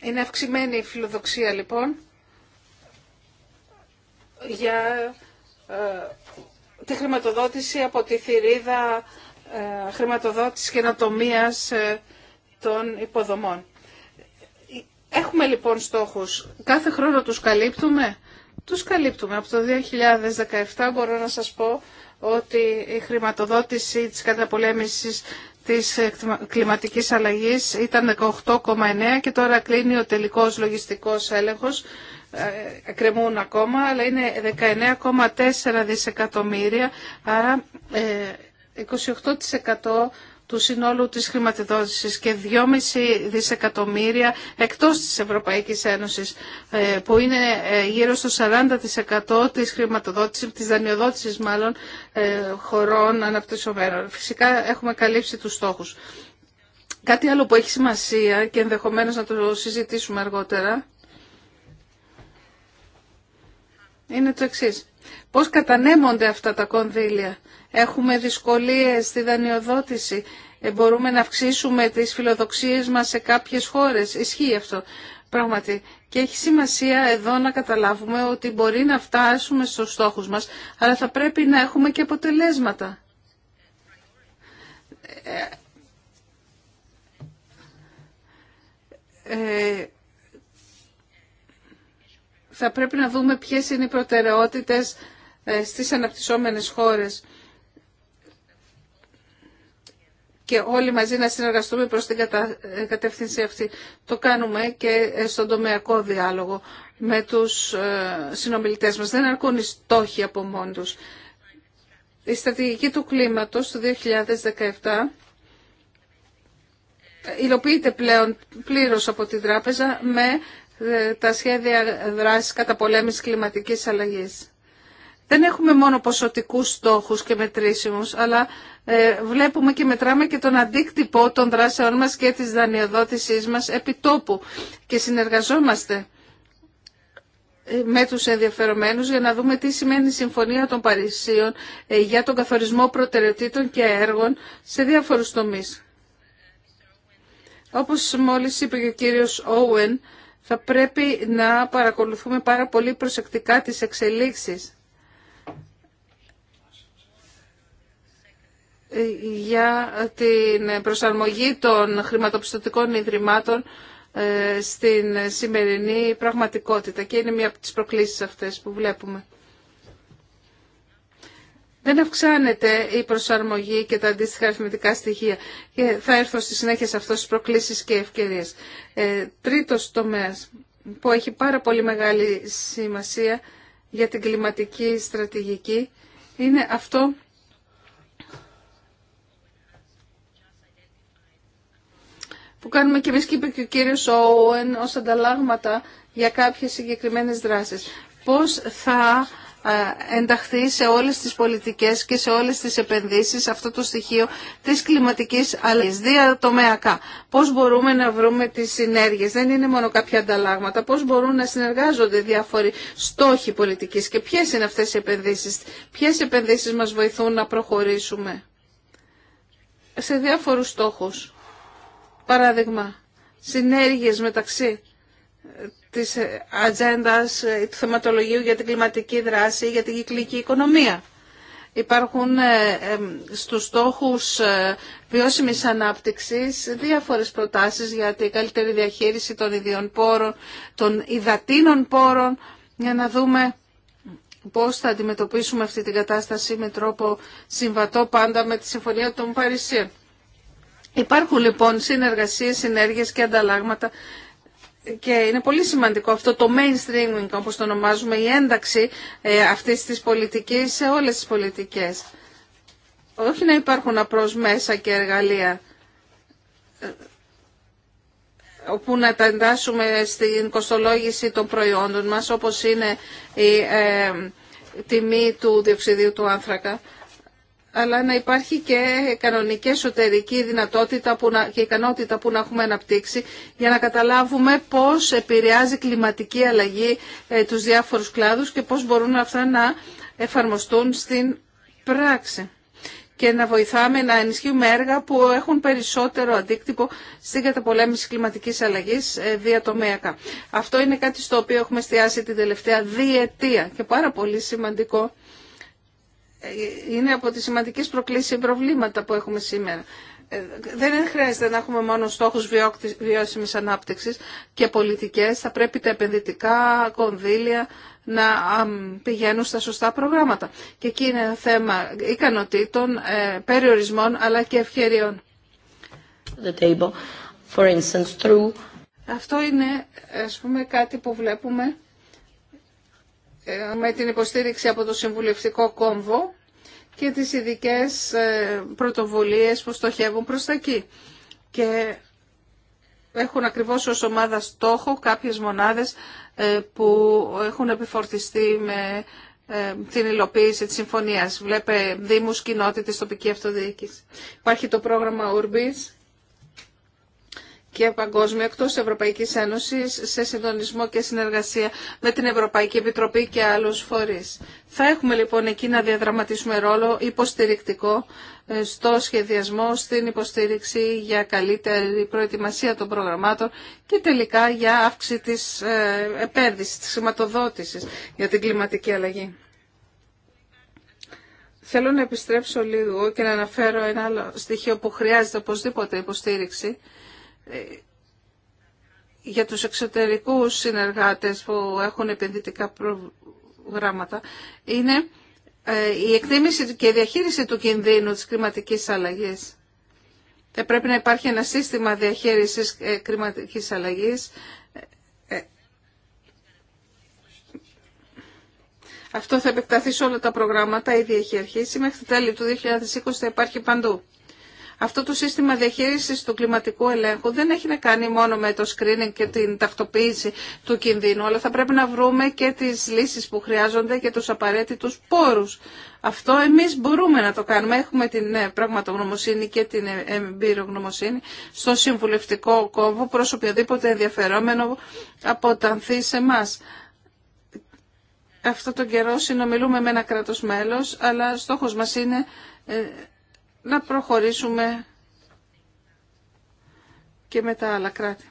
Είναι αυξημένη η φιλοδοξία λοιπόν για ε, τη χρηματοδότηση από τη θηρίδα ε, χρηματοδότησης καινοτομία ε, των υποδομών. Έχουμε λοιπόν στόχους. Κάθε χρόνο τους καλύπτουμε. Τους καλύπτουμε. Από το 2017 μπορώ να σας πω ότι η χρηματοδότηση της καταπολέμησης της κλιματικής αλλαγής ήταν 18,9 και τώρα κλείνει ο τελικός λογιστικός έλεγχος ε, κρεμούν ακόμα, αλλά είναι 19,4 δισεκατομμύρια, άρα 28% ε, του συνόλου της χρηματοδότησης και 2,5 δισεκατομμύρια εκτός της Ευρωπαϊκής Ένωσης ε, που είναι γύρω στο 40% της χρηματοδότησης, της δανειοδότησης μάλλον χωρών αναπτυσσομένων. Φυσικά έχουμε καλύψει τους στόχους. Κάτι άλλο που έχει σημασία και ενδεχομένως να το συζητήσουμε αργότερα είναι το εξή. Πώς κατανέμονται αυτά τα κονδύλια. Έχουμε δυσκολίες στη δανειοδότηση. Ε, μπορούμε να αυξήσουμε τις φιλοδοξίες μας σε κάποιες χώρες. Ισχύει αυτό. Πράγματι. Και έχει σημασία εδώ να καταλάβουμε ότι μπορεί να φτάσουμε στους στόχους μας, αλλά θα πρέπει να έχουμε και αποτελέσματα. Ε, ε, θα πρέπει να δούμε ποιες είναι οι προτεραιότητες ε, στις αναπτυσσόμενες χώρες και όλοι μαζί να συνεργαστούμε προς την ε, κατεύθυνση αυτή. Το κάνουμε και ε, στον τομεακό διάλογο με τους συνομιλητές μας. Δεν αρκούν οι στόχοι από μόνοι Η στρατηγική του κλίματος του 2017 υλοποιείται πλέον πλήρως από την τράπεζα με ε, τα σχέδια δράσης κατά πολέμης κλιματικής αλλαγής. Δεν έχουμε μόνο ποσοτικούς στόχους και μετρήσιμους, αλλά ε, βλέπουμε και μετράμε και τον αντίκτυπο των δράσεών μας και της δανειοδότησής μας επί τόπου και συνεργαζόμαστε ε, με τους ενδιαφερομένους για να δούμε τι σημαίνει η Συμφωνία των Παρισίων για τον καθορισμό προτεραιοτήτων και έργων σε διάφορους τομείς. Όπως μόλις είπε και ο κύριος Όουεν, θα πρέπει να παρακολουθούμε πάρα πολύ προσεκτικά τις εξελίξεις. για την προσαρμογή των χρηματοπιστωτικών ιδρυμάτων ε, στην σημερινή πραγματικότητα και είναι μία από τις προκλήσεις αυτές που βλέπουμε δεν αυξάνεται η προσαρμογή και τα αντίστοιχα αριθμητικά στοιχεία. Και θα έρθω στη συνέχεια σε αυτό τις προκλήσεις και ευκαιρίες. Ε, τρίτος τομέας που έχει πάρα πολύ μεγάλη σημασία για την κλιματική στρατηγική είναι αυτό που κάνουμε και εμείς και είπε και ο κύριος Όουεν ως ανταλλάγματα για κάποιες συγκεκριμένες δράσεις. Πώς θα ενταχθεί σε όλες τις πολιτικές και σε όλες τις επενδύσεις αυτό το στοιχείο της κλιματικής αλλαγής διατομεακά. Πώς μπορούμε να βρούμε τις συνέργειες, δεν είναι μόνο κάποια ανταλλάγματα, πώς μπορούν να συνεργάζονται διάφοροι στόχοι πολιτικής και ποιες είναι αυτές οι επενδύσεις, ποιες επενδύσεις μας βοηθούν να προχωρήσουμε σε διάφορους στόχους. Παράδειγμα, συνέργειες μεταξύ της ατζέντα ε, του θεματολογίου για την κλιματική δράση, για την κυκλική οικονομία. Υπάρχουν ε, στους στόχους ε, βιώσιμης ανάπτυξης διάφορες προτάσεις για την καλύτερη διαχείριση των ιδιών πόρων, των υδατίνων πόρων, για να δούμε πώς θα αντιμετωπίσουμε αυτή την κατάσταση με τρόπο συμβατό πάντα με τη Συμφωνία των Παρισίων. Υπάρχουν λοιπόν συνεργασίες, συνέργειες και ανταλλάγματα και είναι πολύ σημαντικό αυτό το mainstreaming όπως το ονομάζουμε, η ένταξη ε, αυτής της πολιτικής σε όλες τις πολιτικές. Όχι να υπάρχουν απρός μέσα και εργαλεία ε, όπου να τα εντάσσουμε στην κοστολόγηση των προϊόντων μας όπως είναι η ε, τιμή του διοξιδίου του άνθρακα αλλά να υπάρχει και κανονική εσωτερική δυνατότητα που να, και ικανότητα που να έχουμε αναπτύξει για να καταλάβουμε πώς επηρεάζει κλιματική αλλαγή ε, τους διάφορους κλάδους και πώς μπορούν αυτά να εφαρμοστούν στην πράξη και να βοηθάμε να ενισχύουμε έργα που έχουν περισσότερο αντίκτυπο στην καταπολέμηση κλιματικής αλλαγής ε, διατομέακα. Αυτό είναι κάτι στο οποίο έχουμε εστιάσει την τελευταία διετία και πάρα πολύ σημαντικό είναι από τις σημαντικές προκλήσεις προβλήματα που έχουμε σήμερα. Ε, δεν χρειάζεται να έχουμε μόνο στόχους βιώσιμης ανάπτυξης και πολιτικές. Θα πρέπει τα επενδυτικά κονδύλια να πηγαίνουν στα σωστά προγράμματα. Και εκεί είναι θέμα ικανοτήτων, ε, περιορισμών αλλά και ευκαιριών. Αυτό είναι ας πούμε κάτι που βλέπουμε ε, με την υποστήριξη από το Συμβουλευτικό Κόμβο και τις ειδικέ ε, πρωτοβουλίες που στοχεύουν προς τα εκεί. Και έχουν ακριβώς ως ομάδα στόχο κάποιες μονάδες ε, που έχουν επιφορτιστεί με την υλοποίηση της συμφωνίας. Βλέπε δήμους, κοινότητες, τοπική αυτοδιοίκηση. Υπάρχει το πρόγραμμα Urbis και παγκόσμιο εκτός Ευρωπαϊκής Ένωσης σε συντονισμό και συνεργασία με την Ευρωπαϊκή Επιτροπή και άλλους φορείς. Θα έχουμε λοιπόν εκεί να διαδραματίσουμε ρόλο υποστηρικτικό ε, στο σχεδιασμό, στην υποστήριξη για καλύτερη προετοιμασία των προγραμμάτων και τελικά για αύξηση της ε, επένδυσης, της για την κλιματική αλλαγή. Θέλω να επιστρέψω λίγο και να αναφέρω ένα άλλο στοιχείο που χρειάζεται οπωσδήποτε υποστήριξη ε, για τους εξωτερικούς συνεργάτες που έχουν επενδυτικά προγράμματα είναι ε, η εκτίμηση και η διαχείριση του κινδύνου της κλιματικής αλλαγής. Θα πρέπει να υπάρχει ένα σύστημα διαχείρισης ε, κλιματικής αλλαγής. Αυτό θα επεκταθεί σε όλα τα προγράμματα, η διαχείριση. Μέχρι τέλη του 2020 θα υπάρχει παντού αυτό το σύστημα διαχείριση του κλιματικού ελέγχου δεν έχει να κάνει μόνο με το screening και την τακτοποίηση του κινδύνου, αλλά θα πρέπει να βρούμε και τις λύσεις που χρειάζονται και τους απαραίτητους πόρους. Αυτό εμεί μπορούμε να το κάνουμε. Έχουμε την ε, πραγματογνωμοσύνη και την ε, εμπειρογνωμοσύνη στο συμβουλευτικό κόμβο προ οποιοδήποτε ενδιαφερόμενο αποτανθεί σε εμά. Αυτό τον καιρό συνομιλούμε με ένα κράτος μέλος, αλλά στόχος μας είναι ε, να προχωρήσουμε και με τα άλλα κράτη.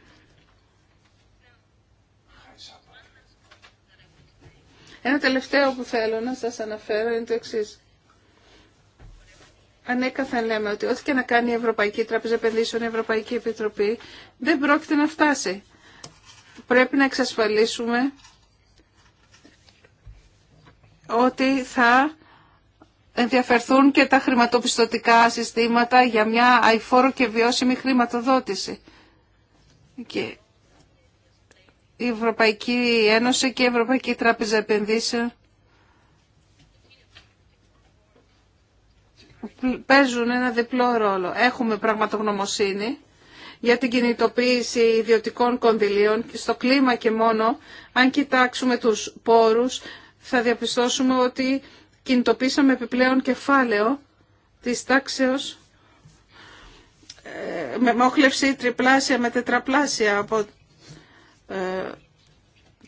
Ένα τελευταίο που θέλω να σας αναφέρω είναι το εξής. Ανέκαθεν λέμε ότι ό,τι και να κάνει η Ευρωπαϊκή Τράπεζα Επενδύσεων, η Ευρωπαϊκή Επιτροπή, δεν πρόκειται να φτάσει. Πρέπει να εξασφαλίσουμε ότι θα ενδιαφερθούν και τα χρηματοπιστωτικά συστήματα για μια αηφόρο και βιώσιμη χρηματοδότηση. Και η Ευρωπαϊκή Ένωση και η Ευρωπαϊκή Τράπεζα Επενδύσεων παίζουν ένα διπλό ρόλο. Έχουμε πραγματογνωμοσύνη για την κινητοποίηση ιδιωτικών κονδυλίων στο κλίμα και μόνο. Αν κοιτάξουμε τους πόρους θα διαπιστώσουμε ότι κινητοποίησαμε επιπλέον κεφάλαιο της τάξεως ε, με μόχλευση τριπλάσια με τετραπλάσια από ε,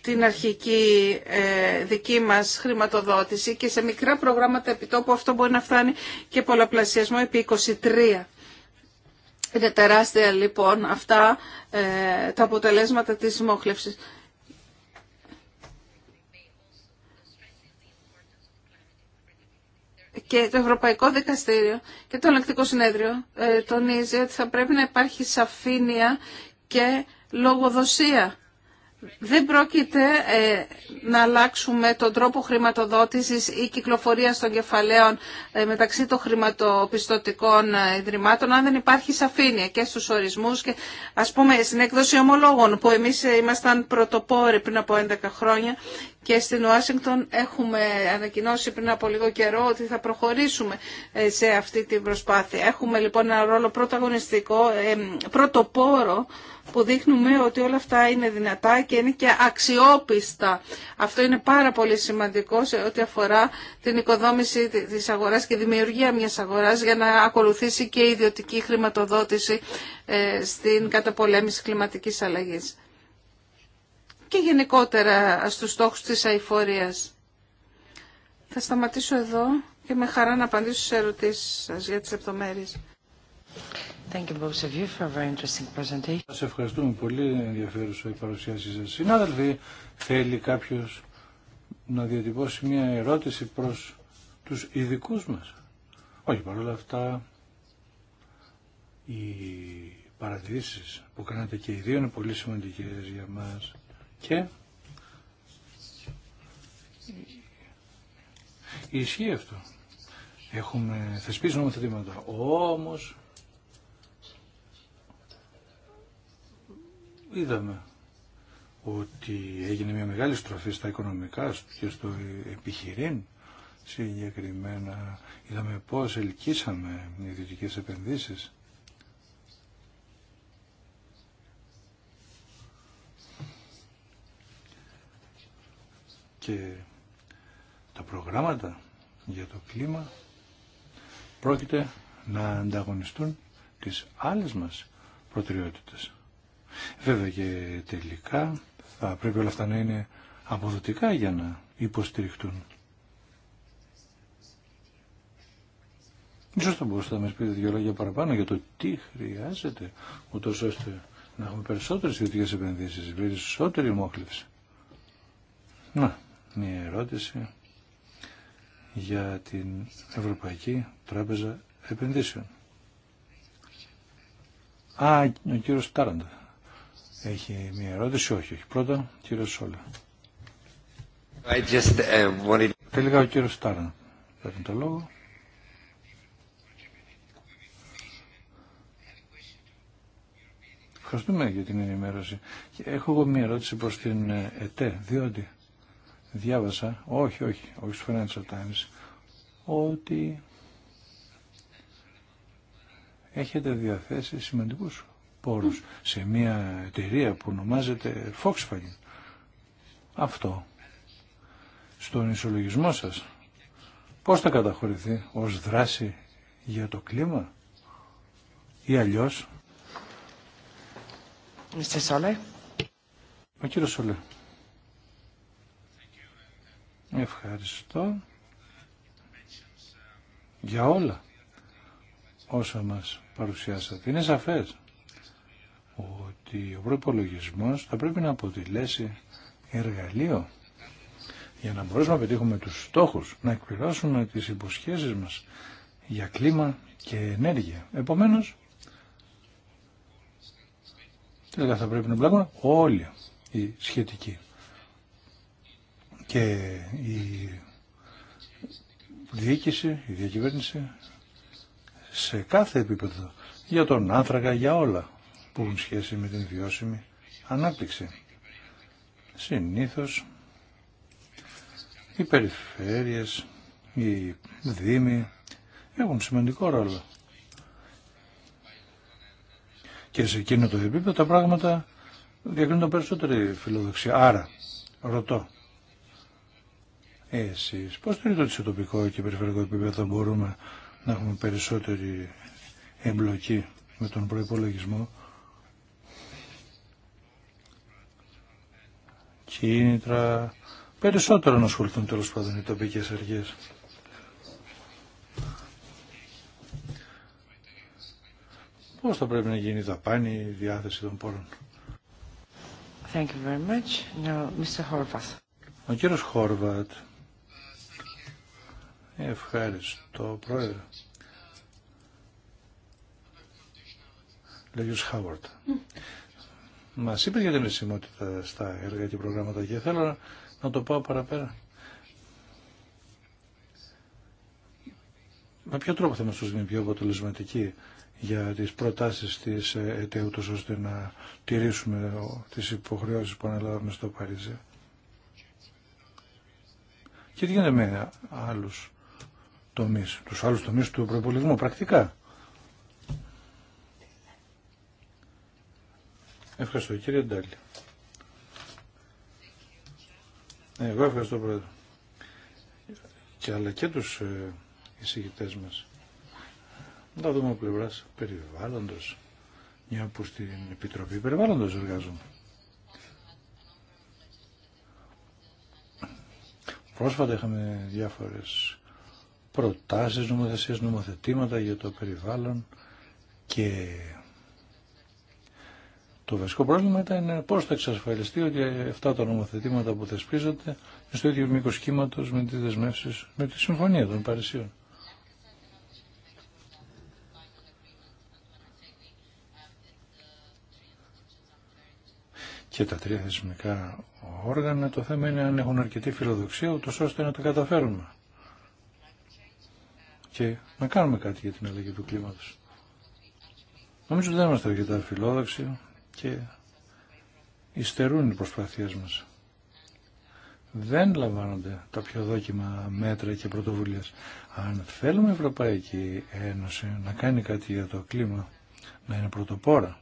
την αρχική ε, δική μας χρηματοδότηση και σε μικρά προγράμματα επιτόπου αυτό μπορεί να φτάνει και πολλαπλασιασμό επί 23. Είναι τεράστια λοιπόν αυτά τα αποτελέσματα της μόχλευσης. Και το Ευρωπαϊκό Δικαστήριο και το Ελεκτικό Συνέδριο ε, τονίζει ότι θα πρέπει να υπάρχει σαφήνεια και λογοδοσία δεν πρόκειται ε, να αλλάξουμε τον τρόπο χρηματοδότησης ή κυκλοφορίας των κεφαλαίων ε, μεταξύ των χρηματοπιστωτικών ε, ιδρυμάτων αν δεν υπάρχει σαφήνεια και στους ορισμούς και ας πούμε στην έκδοση ομολόγων που εμείς ήμασταν πρωτοπόροι πριν από 11 χρόνια και στην Ουάσιγκτον έχουμε ανακοινώσει πριν από λίγο καιρό ότι θα προχωρήσουμε σε αυτή την προσπάθεια. Έχουμε λοιπόν ένα ρόλο πρωταγωνιστικό, πρωτοπόρο που δείχνουμε ότι όλα αυτά είναι δυνατά και είναι και αξιόπιστα. Αυτό είναι πάρα πολύ σημαντικό σε ό,τι αφορά την οικοδόμηση της αγοράς και δημιουργία μιας αγοράς για να ακολουθήσει και η ιδιωτική χρηματοδότηση ε, στην καταπολέμηση κλιματικής αλλαγής. Και γενικότερα στους στόχους της αηφορίας. Θα σταματήσω εδώ και με χαρά να απαντήσω σε ερωτήσεις σας για τις λεπτομέρειες. Σας ευχαριστούμε πολύ ενδιαφέρουσα η παρουσίασή σας. Συνάδελφοι, θέλει κάποιος να διατυπώσει μια ερώτηση προς τους ειδικού μας. Όχι, παρόλα αυτά οι παρατηρήσεις που κάνατε και οι δύο είναι πολύ σημαντικές για μας. Και ισχύει αυτό. Έχουμε θεσπίσει νομοθετήματα. Όμως είδαμε ότι έγινε μια μεγάλη στροφή στα οικονομικά και στο επιχειρήν συγκεκριμένα. Είδαμε πώς ελκύσαμε οι δυτικές επενδύσεις. Και τα προγράμματα για το κλίμα πρόκειται να ανταγωνιστούν τις άλλες μας προτεραιότητες. Βέβαια και τελικά θα πρέπει όλα αυτά να είναι αποδοτικά για να υποστηριχτούν. Ίσως θα μπορούσατε να μας πείτε δύο λόγια παραπάνω για το τι χρειάζεται, ούτως ώστε να έχουμε περισσότερες ιδιωτικές επενδύσεις, περισσότερη μόχλευση. Να, μια ερώτηση για την Ευρωπαϊκή Τράπεζα Επενδύσεων. Α, ο κύριος Τάραντα έχει μια ερώτηση. Όχι, όχι. Πρώτα, κύριο Σόλα. Uh, Τελικά ο κύριο Στάρνα παίρνει το λόγο. Ευχαριστούμε για την ενημέρωση. έχω εγώ μια ερώτηση προς την ε, ΕΤΕ, διότι διάβασα, όχι, όχι, όχι στο Financial Times, ότι έχετε διαθέσει σημαντικούς πόρους σε μια εταιρεία που ονομάζεται Volkswagen. Αυτό. Στον ισολογισμό σας. Πώς θα καταχωρηθεί ως δράση για το κλίμα ή αλλιώς. Σόλε. Ο Ευχαριστώ για όλα όσα μας παρουσιάσατε. Είναι σαφές ότι ο προπολογισμό θα πρέπει να αποτελέσει εργαλείο για να μπορέσουμε να πετύχουμε τους στόχους, να εκπληρώσουμε τις υποσχέσεις μας για κλίμα και ενέργεια. Επομένως, τελικά θα πρέπει να μπλέκουμε όλοι οι σχετικοί. Και η διοίκηση, η διακυβέρνηση σε κάθε επίπεδο, για τον άνθρακα, για όλα που έχουν σχέση με την βιώσιμη ανάπτυξη. Συνήθως οι περιφέρειες, οι δήμοι έχουν σημαντικό ρόλο. Και σε εκείνο το επίπεδο τα πράγματα διακρίνουν περισσότερη φιλοδοξία. Άρα, ρωτώ, εσείς πώς θεωρείτε ότι σε τοπικό και περιφερειακό επίπεδο θα μπορούμε να έχουμε περισσότερη εμπλοκή με τον προϋπολογισμό κίνητρα, περισσότερο να ασχοληθούν τέλο πάντων οι τοπικέ αρχέ. Πώς θα πρέπει να γίνει η δαπάνη, η διάθεση των πόρων. Thank you very much. Now, Mr. Horvath. Ο κύριο Χόρβατ. Ευχαριστώ, Πρόεδρε. Λέγιος Χάουαρτ. Mm. Μα είπε για την ευσημότητα στα έργα και προγράμματα και θέλω να το πάω παραπέρα. Με ποιο τρόπο θα είμαστε πιο αποτελεσματική για τις προτάσεις της ΕΤΕΟΥ ώστε να τηρήσουμε τις υποχρεώσεις που αναλάβουμε στο Παρίσι. Και τι γίνεται με άλλους τομείς, τους άλλους τομείς του προπολογισμού πρακτικά. Ευχαριστώ κύριε Ντάλη. Ε, εγώ ευχαριστώ πρόεδρε. Και αλλά και τους ε, εισηγητές μας. Να δούμε από πλευράς περιβάλλοντος. Μια που στην Επιτροπή Περιβάλλοντος εργάζομαι. Πρόσφατα είχαμε διάφορες προτάσεις, νομοθεσίες, νομοθετήματα για το περιβάλλον και το βασικό πρόβλημα ήταν πώ θα εξασφαλιστεί ότι αυτά τα νομοθετήματα που θεσπίζονται είναι στο ίδιο μήκο κύματο με τι δεσμεύσει με τη Συμφωνία των Παρισίων. Και τα τρία θεσμικά όργανα, το θέμα είναι αν έχουν αρκετή φιλοδοξία, ούτως ώστε να τα καταφέρουμε. Και να κάνουμε κάτι για την αλλαγή του κλίματος. Νομίζω ότι δεν είμαστε αρκετά φιλόδοξοι, και υστερούν οι προσπάθειές μας. Δεν λαμβάνονται τα πιο δόκιμα μέτρα και πρωτοβουλίες. Αν θέλουμε η Ευρωπαϊκή Ένωση να κάνει κάτι για το κλίμα, να είναι πρωτοπόρα,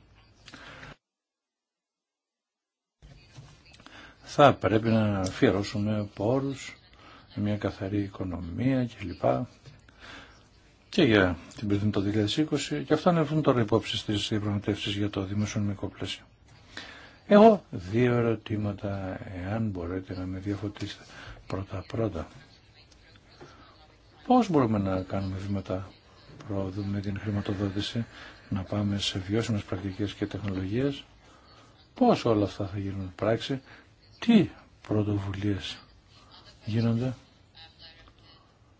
θα πρέπει να αφιερώσουμε πόρους, μια καθαρή οικονομία κλπ και για την περίπτωση το 2020 και αυτά ανεβούν τώρα υπόψη στις διαπραγματεύσεις για το δημοσιονομικό πλαίσιο. Έχω δύο ερωτήματα, εάν μπορείτε να με διαφωτίσετε. Πρώτα-πρώτα, πώς μπορούμε να κάνουμε βήματα πρόοδου με την χρηματοδότηση, να πάμε σε βιώσιμες πρακτικές και τεχνολογίες, πώς όλα αυτά θα γίνουν πράξη, τι πρωτοβουλίες γίνονται.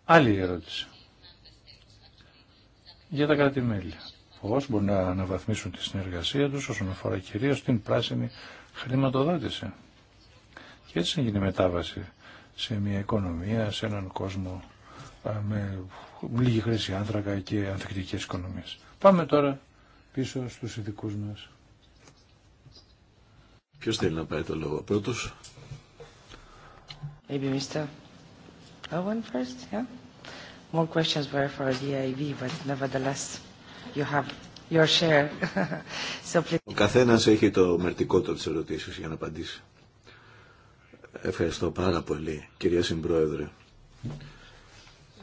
Άλλη ερώτηση για τα κράτη-μέλη. Πώς μπορούν να αναβαθμίσουν τη συνεργασία τους όσον αφορά κυρίω την πράσινη χρηματοδότηση. Και έτσι να γίνει μετάβαση σε μια οικονομία, σε έναν κόσμο με λίγη χρήση άνθρακα και ανθρωπικές οικονομίες. Πάμε τώρα πίσω στους ειδικού μας. Ποιος θέλει να πάει το λόγο πρώτος? Maybe Mr. Owen first, yeah. Ο καθένας έχει το μερτικό του της ερωτήσεως για να απαντήσει. Ευχαριστώ πάρα πολύ, κυρία Συμπρόεδρε.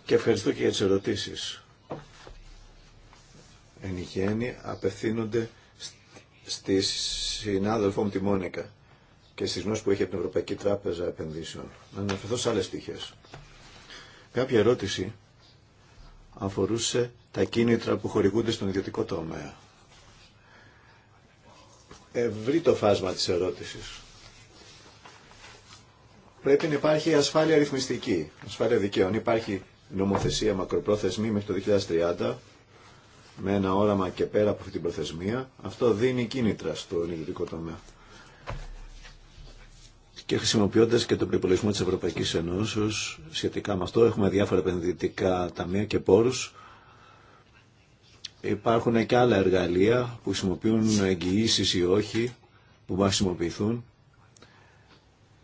Και ευχαριστώ και για τις ερωτήσεις. Εν γέννη απευθύνονται στη συνάδελφό μου τη Μόνικα και στις γνώσεις που έχει από την Ευρωπαϊκή Τράπεζα Επενδύσεων. Να αναφερθώ σε άλλες στοιχές. Κάποια ερώτηση αφορούσε τα κίνητρα που χορηγούνται στον ιδιωτικό τομέα. Ευρύ το φάσμα της ερώτησης. Πρέπει να υπάρχει ασφάλεια ρυθμιστική, ασφάλεια δικαίων. Υπάρχει νομοθεσία μακροπρόθεσμη μέχρι το 2030, με ένα όραμα και πέρα από αυτή την προθεσμία. Αυτό δίνει κίνητρα στον ιδιωτικό τομέα και χρησιμοποιώντας και τον προπολογισμό της Ευρωπαϊκής Ενώσεως σχετικά με αυτό έχουμε διάφορα επενδυτικά ταμεία και πόρους υπάρχουν και άλλα εργαλεία που χρησιμοποιούν εγγυήσει ή όχι που μπορούν να χρησιμοποιηθούν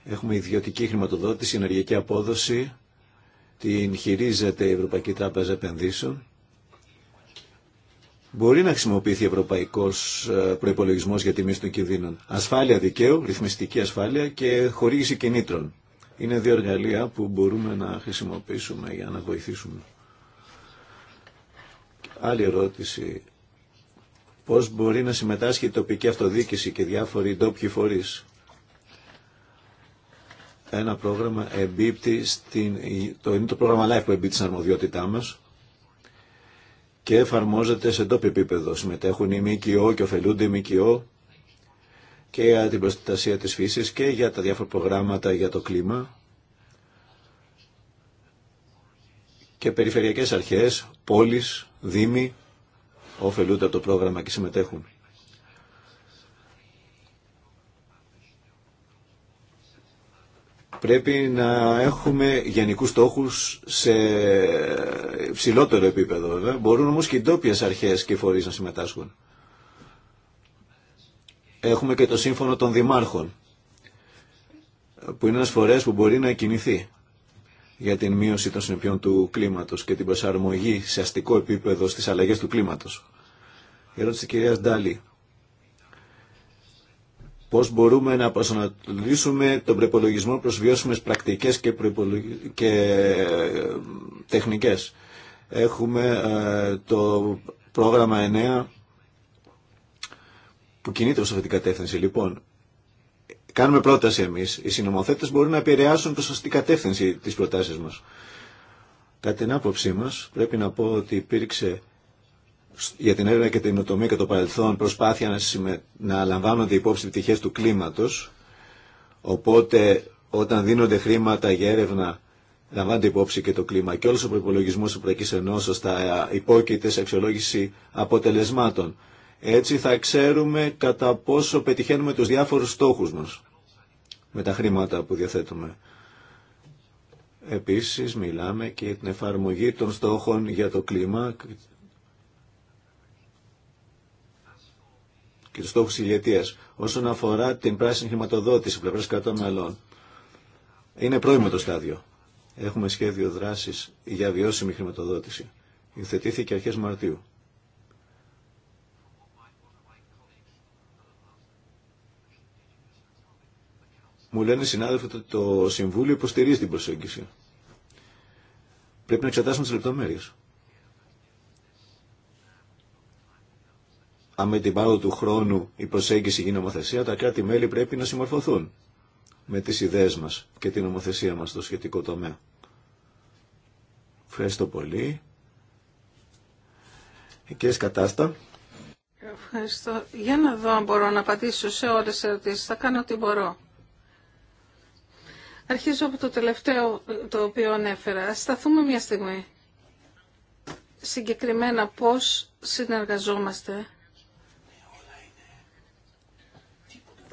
έχουμε ιδιωτική χρηματοδότηση, ενεργειακή απόδοση την χειρίζεται η οχι που μπορουν χρησιμοποιηθουν εχουμε Τράπεζα Επενδύσεων Μπορεί να χρησιμοποιηθεί ευρωπαϊκό ε, προπολογισμό για τιμή των κινδύνων. Ασφάλεια δικαίου, ρυθμιστική ασφάλεια και χορήγηση κινήτρων. Είναι δύο εργαλεία που μπορούμε να χρησιμοποιήσουμε για να βοηθήσουμε. Άλλη ερώτηση. Πώς μπορεί να συμμετάσχει η τοπική αυτοδίκηση και διάφοροι ντόπιοι φορεί. Ένα πρόγραμμα εμπίπτει στην... είναι το πρόγραμμα Life που εμπίπτει στην αρμοδιότητά μα και εφαρμόζεται σε τόπιο επίπεδο. Συμμετέχουν οι ΜΚΟ και ωφελούνται οι ΜΚΟ και για την προστασία της φύσης και για τα διάφορα προγράμματα για το κλίμα και περιφερειακές αρχές, πόλεις, δήμοι ωφελούνται από το πρόγραμμα και συμμετέχουν. Πρέπει να έχουμε γενικούς στόχους σε ψηλότερο επίπεδο. Βέβαια. Μπορούν όμως και οι ντόπιες αρχές και φορείς να συμμετάσχουν. Έχουμε και το σύμφωνο των δημάρχων, που είναι ένας φορέας που μπορεί να κινηθεί για την μείωση των συνεπειών του κλίματος και την προσαρμογή σε αστικό επίπεδο στις αλλαγές του κλίματος. Η ερώτηση της κυρίας Ντάλη πώς μπορούμε να προσανατολίσουμε τον προπολογισμό προς βιώσιμε πρακτικέ και, προϋπολογι... Ε, τεχνικές. Έχουμε ε, το πρόγραμμα 9 που κινείται προ αυτή την κατεύθυνση. Λοιπόν, κάνουμε πρόταση εμείς. Οι συνομοθέτες μπορούν να επηρεάσουν προς αυτή την κατεύθυνση της προτάσει μας. Κατά την άποψή μας πρέπει να πω ότι υπήρξε για την έρευνα και την οτομία και το παρελθόν προσπάθεια να, συμμε... να λαμβάνονται υπόψη πτυχές του κλίματος, οπότε όταν δίνονται χρήματα για έρευνα λαμβάνεται υπόψη και το κλίμα και όλος ο προπολογισμό του Πρακής Ενώσεως υπόκειται σε αξιολόγηση αποτελεσμάτων. Έτσι θα ξέρουμε κατά πόσο πετυχαίνουμε τους διάφορους στόχους μας με τα χρήματα που διαθέτουμε. Επίσης μιλάμε και για την εφαρμογή των στόχων για το κλίμα και του στόχου ηγετία, όσον αφορά την πράσινη χρηματοδότηση πλευρά κρατών μελών. Είναι πρώιμο το στάδιο. Έχουμε σχέδιο δράση για βιώσιμη χρηματοδότηση. Υιοθετήθηκε αρχέ Μαρτίου. Μου λένε συνάδελφοι ότι το Συμβούλιο υποστηρίζει την προσέγγιση. Πρέπει να εξετάσουμε τι λεπτομέρειε. με την πάροδο του χρόνου η προσέγγιση γίνει νομοθεσία, τα κράτη-μέλη πρέπει να συμμορφωθούν με τις ιδέες μας και την νομοθεσία μας στο σχετικό τομέα. Ευχαριστώ πολύ. Κύριε κατάστα. Ευχαριστώ. Για να δω αν μπορώ να απαντήσω σε όλες τις ερωτήσεις. Θα κάνω ό,τι μπορώ. Αρχίζω από το τελευταίο το οποίο ανέφερα. Ας σταθούμε μια στιγμή. Συγκεκριμένα πώς συνεργαζόμαστε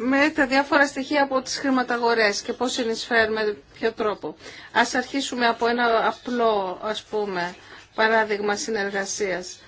με τα διάφορα στοιχεία από τις χρηματαγορές και πώς συνεισφέρουν, με ποιο τρόπο. Ας αρχίσουμε από ένα απλό, ας πούμε, παράδειγμα συνεργασίας.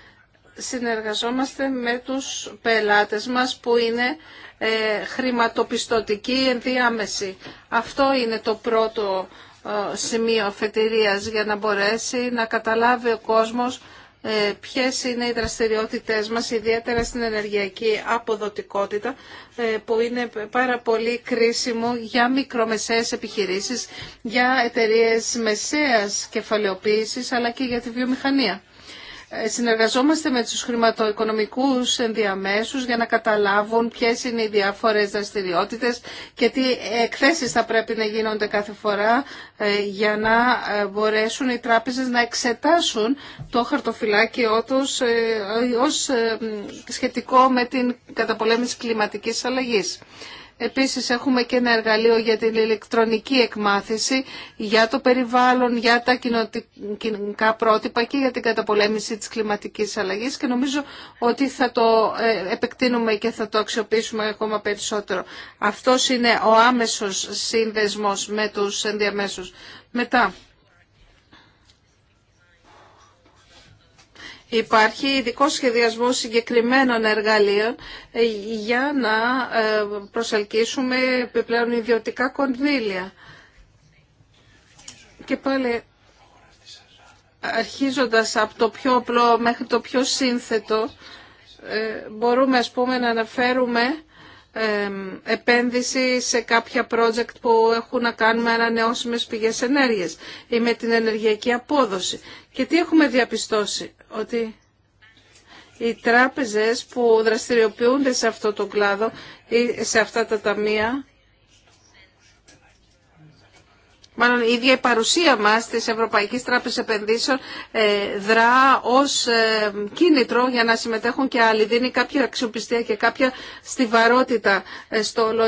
Συνεργαζόμαστε με τους πελάτες μας που είναι ε, χρηματοπιστωτικοί ενδιάμεση. Αυτό είναι το πρώτο ε, σημείο αφετηρίας για να μπορέσει να καταλάβει ο κόσμος ε, ποιες είναι οι δραστηριότητές μας, ιδιαίτερα στην ενεργειακή αποδοτικότητα, ε, που είναι πάρα πολύ κρίσιμο για μικρομεσαίες επιχειρήσεις, για εταιρείες μεσαίας κεφαλαιοποίησης, αλλά και για τη βιομηχανία. Ε, συνεργαζόμαστε με τους χρηματοοικονομικούς ενδιαμέσους για να καταλάβουν ποιες είναι οι διάφορες δραστηριότητε και τι εκθέσεις θα πρέπει να γίνονται κάθε φορά ε, για να ε, μπορέσουν οι τράπεζες να εξετάσουν το χαρτοφυλάκιό τους ως σχετικό με την καταπολέμηση κλιματικής αλλαγής. Επίσης έχουμε και ένα εργαλείο για την ηλεκτρονική εκμάθηση, για το περιβάλλον, για τα κοινωνικά πρότυπα και για την καταπολέμηση της κλιματικής αλλαγής και νομίζω ότι θα το ε, επεκτείνουμε και θα το αξιοποιήσουμε ακόμα περισσότερο. Αυτός είναι ο άμεσος σύνδεσμος με τους ενδιαμέσους. Μετά, Υπάρχει ειδικό σχεδιασμό συγκεκριμένων εργαλείων ε, για να ε, προσελκύσουμε επιπλέον ιδιωτικά κονδύλια. Και πάλι αρχίζοντας από το πιο απλό μέχρι το πιο σύνθετο ε, μπορούμε ας πούμε να αναφέρουμε επένδυση σε κάποια project που έχουν να κάνουν με ανανεώσιμες πηγές ενέργειας ή με την ενεργειακή απόδοση. Και τι έχουμε διαπιστώσει ότι οι τράπεζες που δραστηριοποιούνται σε αυτό το κλάδο ή σε αυτά τα ταμεία, μάλλον η ίδια η παρουσία μας της Ευρωπαϊκής Τράπεζας Επενδύσεων ε, δρά ως ε, κίνητρο για να συμμετέχουν και άλλοι. Δίνει κάποια αξιοπιστία και κάποια στιβαρότητα ε, στο όλο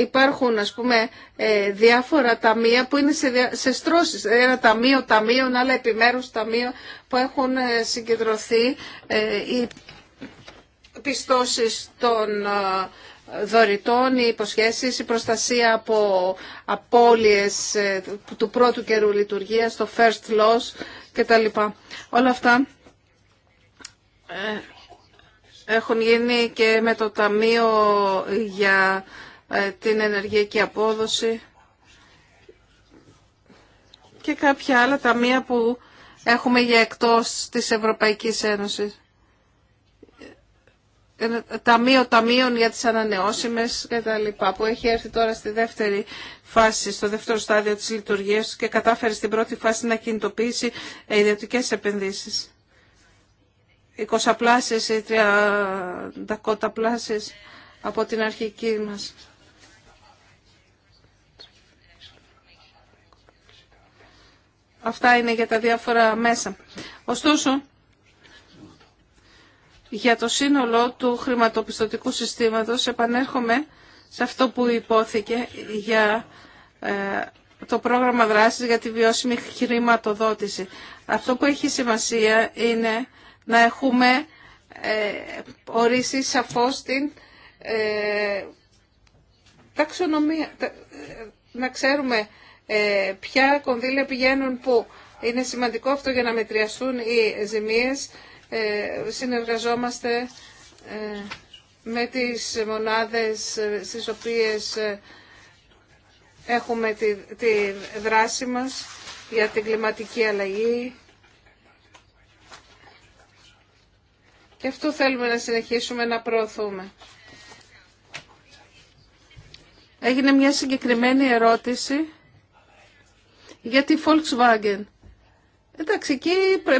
υπάρχουν ας πούμε ε, διάφορα ταμεία που είναι σε, σε στρώσεις. Ένα ταμείο ταμείων, άλλα επιμέρους ταμείο που έχουν ε, συγκεντρωθεί ε, οι πιστώσεις των δωρητών, οι υποσχέσεις, η προστασία από απώλειες του πρώτου καιρού λειτουργίας, το first loss κτλ. Όλα αυτά έχουν γίνει και με το Ταμείο για ε, την ενεργειακή απόδοση και κάποια άλλα ταμεία που έχουμε για εκτός της Ευρωπαϊκής Ένωσης. Ε, ταμείο ταμείων για τις ανανεώσιμες και τα λοιπά, που έχει έρθει τώρα στη δεύτερη φάση, στο δεύτερο στάδιο της λειτουργίας και κατάφερε στην πρώτη φάση να κινητοποιήσει ιδιωτικές επενδύσεις. 20 πλάσεις ή 30 από την αρχική μας. Αυτά είναι για τα διάφορα μέσα. Ωστόσο, για το σύνολο του χρηματοπιστωτικού συστήματος επανέρχομαι σε αυτό που υπόθηκε για ε, το πρόγραμμα δράσης για τη βιώσιμη χρηματοδότηση. Αυτό που έχει σημασία είναι να έχουμε ε, ορίσει σαφώς την ε, ταξονομία, να ξέρουμε ε, ποια κονδύλια πηγαίνουν πού. Είναι σημαντικό αυτό για να μετριαστούν οι ζημίες. Ε, συνεργαζόμαστε ε, με τις μονάδες ε, στις οποίες ε, έχουμε τη, τη δράση μας για την κλιματική αλλαγή. Και αυτό θέλουμε να συνεχίσουμε να προωθούμε. Έγινε μια συγκεκριμένη ερώτηση για τη Volkswagen. Εντάξει, εκεί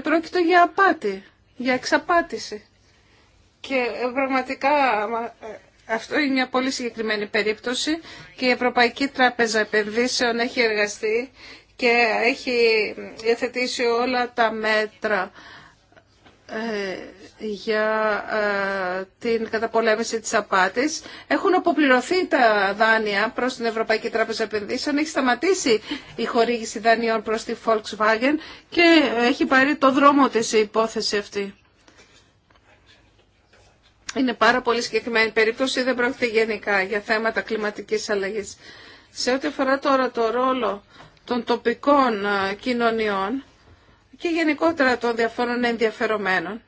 πρόκειται για απάτη, για εξαπάτηση. Και ε, πραγματικά ε, αυτό είναι μια πολύ συγκεκριμένη περίπτωση και η Ευρωπαϊκή Τράπεζα Επενδύσεων έχει εργαστεί και έχει διαθετήσει όλα τα μέτρα ε, για ε, την καταπολέμηση της απάτης. Έχουν αποπληρωθεί τα δάνεια προς την Ευρωπαϊκή Τράπεζα Επενδύσεων. Έχει σταματήσει η χορήγηση δανειών προς τη Volkswagen και έχει πάρει το δρόμο της η υπόθεση αυτή. Είναι πάρα πολύ συγκεκριμένη περίπτωση, δεν πρόκειται γενικά για θέματα κλιματικής αλλαγής. Σε ό,τι αφορά τώρα το ρόλο των τοπικών ε, κοινωνιών και γενικότερα των διαφόρων ενδιαφερομένων,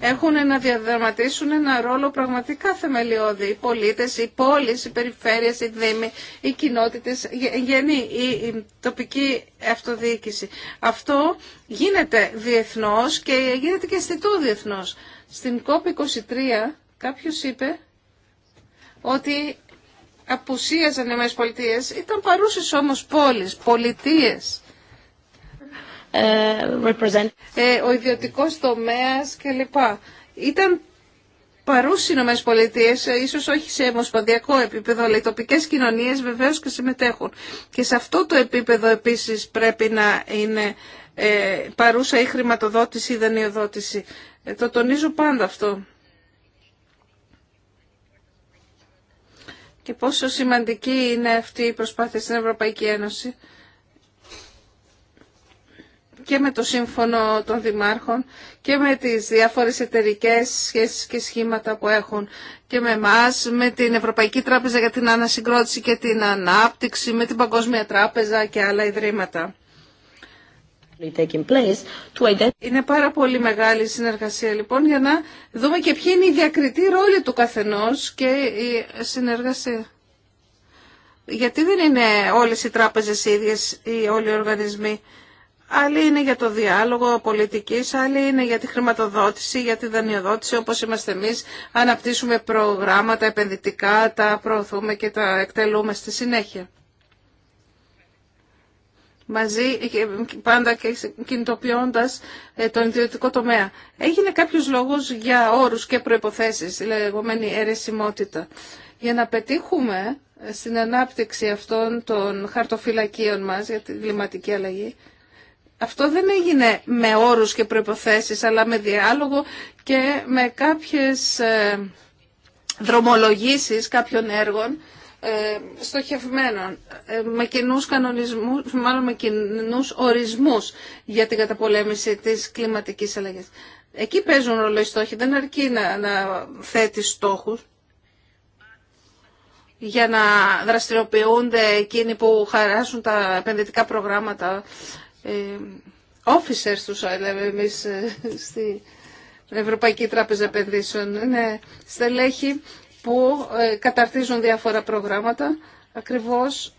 έχουν να διαδραματίσουν ένα ρόλο πραγματικά θεμελιώδη. Οι πολίτε, οι πόλεις, οι περιφέρειες, οι δήμοι, οι κοινότητες, γενή, η τοπική αυτοδιοίκηση. Αυτό γίνεται διεθνώς και γίνεται και αισθητό διεθνώ. Στην COP23 κάποιο είπε ότι απουσίαζαν οι πολιτείες. ήταν παρούσες όμως πόλεις, πολιτείες. Ε, represent... ε, ο ιδιωτικό τομέα κλπ. Ήταν παρούς οι Ηνωμένες Πολιτείες, ε, ίσως όχι σε ομοσπονδιακό επίπεδο, αλλά οι τοπικές κοινωνίες βεβαίως και συμμετέχουν. Και σε αυτό το επίπεδο επίσης πρέπει να είναι ε, παρούσα η χρηματοδότηση ή δανειοδότηση. Ε, το τονίζω πάντα αυτό. Και πόσο σημαντική είναι αυτή η προσπάθεια στην Ευρωπαϊκή Ένωση και με το Σύμφωνο των Δημάρχων και με τις διάφορες εταιρικέ σχέσεις και σχήματα που έχουν και με εμά, με την Ευρωπαϊκή Τράπεζα για την Ανασυγκρότηση και την Ανάπτυξη, με την Παγκόσμια Τράπεζα και άλλα ιδρύματα. Είναι πάρα πολύ μεγάλη η συνεργασία λοιπόν για να δούμε και ποιοι είναι οι διακριτή ρόλοι του καθενός και η συνεργασία. Γιατί δεν είναι όλες οι τράπεζες ίδιες ή όλοι οι οργανισμοί Άλλοι είναι για το διάλογο πολιτικής, άλλοι είναι για τη χρηματοδότηση, για τη δανειοδότηση, όπως είμαστε εμείς, αναπτύσσουμε προγράμματα επενδυτικά, τα προωθούμε και τα εκτελούμε στη συνέχεια. Μαζί, πάντα και κινητοποιώντας ε, τον ιδιωτικό τομέα. Έγινε κάποιους λόγους για όρους και προϋποθέσεις, λεγόμενη αιρεσιμότητα. Για να πετύχουμε ε, στην ανάπτυξη αυτών των χαρτοφυλακίων μας για την κλιματική αλλαγή, αυτό δεν έγινε με όρους και προϋποθέσεις, αλλά με διάλογο και με κάποιες ε, δρομολογήσεις κάποιων έργων ε, στοχευμένων, ε, με κοινούς κανονισμούς, μάλλον με κοινούς ορισμούς για την καταπολέμηση της κλιματικής αλλαγής. Εκεί παίζουν ρόλο οι στόχοι, δεν αρκεί να, να θέτεις στόχους για να δραστηριοποιούνται εκείνοι που χαράσουν τα επενδυτικά προγράμματα ε, officers τους ε, λέμε εμείς ε, στην Ευρωπαϊκή Τράπεζα Επενδύσεων. Είναι στελέχη που καταρτίζουν διάφορα προγράμματα ακριβώς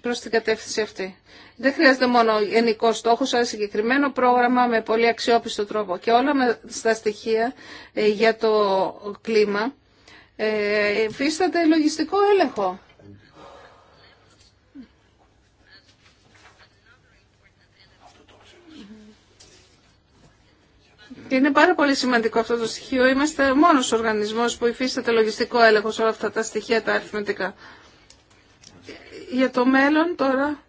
προς την κατεύθυνση αυτή. Δεν χρειάζεται μόνο γενικό στόχο, αλλά συγκεκριμένο πρόγραμμα με πολύ αξιόπιστο τρόπο. Και όλα στα στοιχεία για το κλίμα ε, λογιστικό έλεγχο. Και είναι πάρα πολύ σημαντικό αυτό το στοιχείο. Είμαστε ο μόνος οργανισμός που υφίσταται λογιστικό έλεγχο σε όλα αυτά τα στοιχεία τα αριθμητικά. Για το μέλλον τώρα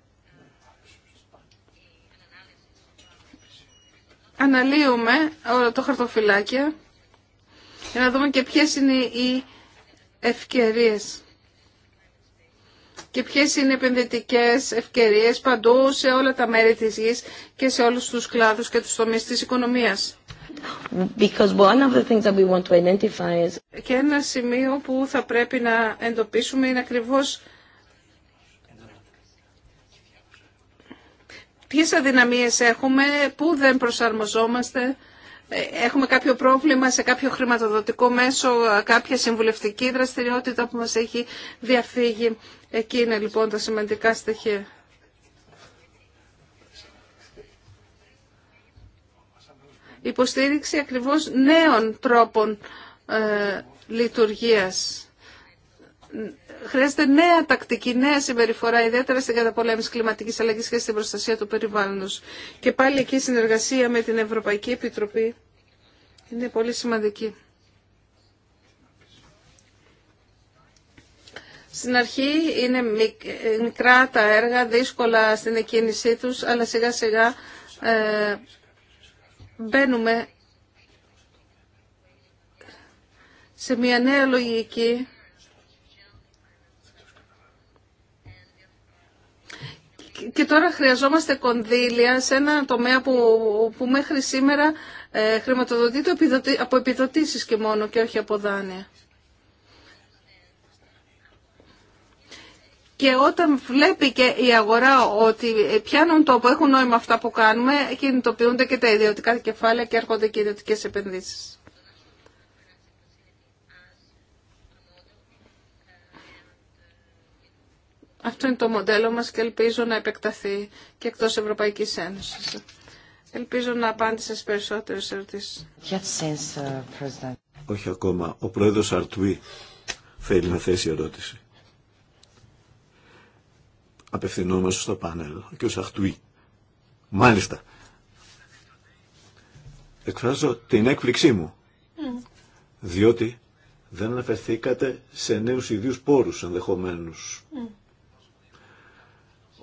αναλύουμε όλα τα χαρτοφυλάκια για να δούμε και ποιες είναι οι ευκαιρίες και ποιες είναι οι επενδυτικές ευκαιρίες παντού σε όλα τα μέρη της γης και σε όλους τους κλάδους και τους τομείς της οικονομίας. Και ένα σημείο που θα πρέπει να εντοπίσουμε είναι ακριβώς ποιες αδυναμίες έχουμε, πού δεν προσαρμοζόμαστε, ε, έχουμε κάποιο πρόβλημα σε κάποιο χρηματοδοτικό μέσο, κάποια συμβουλευτική δραστηριότητα που μας έχει διαφύγει. Εκεί είναι λοιπόν τα σημαντικά στοιχεία. υποστήριξη ακριβώς νέων τρόπων ε, λειτουργίας. Χρειάζεται νέα τακτική, νέα συμπεριφορά, ιδιαίτερα στην καταπολέμηση κλιματικής αλλαγής και στην προστασία του περιβάλλοντος. Και πάλι εκεί η συνεργασία με την Ευρωπαϊκή Επιτροπή είναι πολύ σημαντική. Στην αρχή είναι μικρά τα έργα, δύσκολα στην εκκίνησή τους, αλλά σιγά σιγά ε, μπαίνουμε σε μια νέα λογική και τώρα χρειαζόμαστε κονδύλια σε ένα τομέα που, που μέχρι σήμερα ε, χρηματοδοτείται από επιδοτήσεις και μόνο και όχι από δάνεια. Και όταν βλέπει και η αγορά ότι πιάνουν τόπο, έχουν νόημα αυτά που κάνουμε, κινητοποιούνται και τα ιδιωτικά κεφάλαια και έρχονται και ιδιωτικέ επενδύσει. Αυτό είναι το μοντέλο μας και ελπίζω να επεκταθεί και εκτός Ευρωπαϊκής Ένωσης. Ελπίζω να απάντησε στις περισσότερες ερωτήσεις. Uh, Όχι ακόμα. Ο πρόεδρος Αρτουή θέλει να θέσει ερώτηση. Απευθυνόμαστε στο πάνελ. Ο κ. Αχτουή. Μάλιστα. Εκφράζω την έκπληξή μου. Διότι δεν αναφερθήκατε σε νέους ιδίους πόρους ενδεχομένους.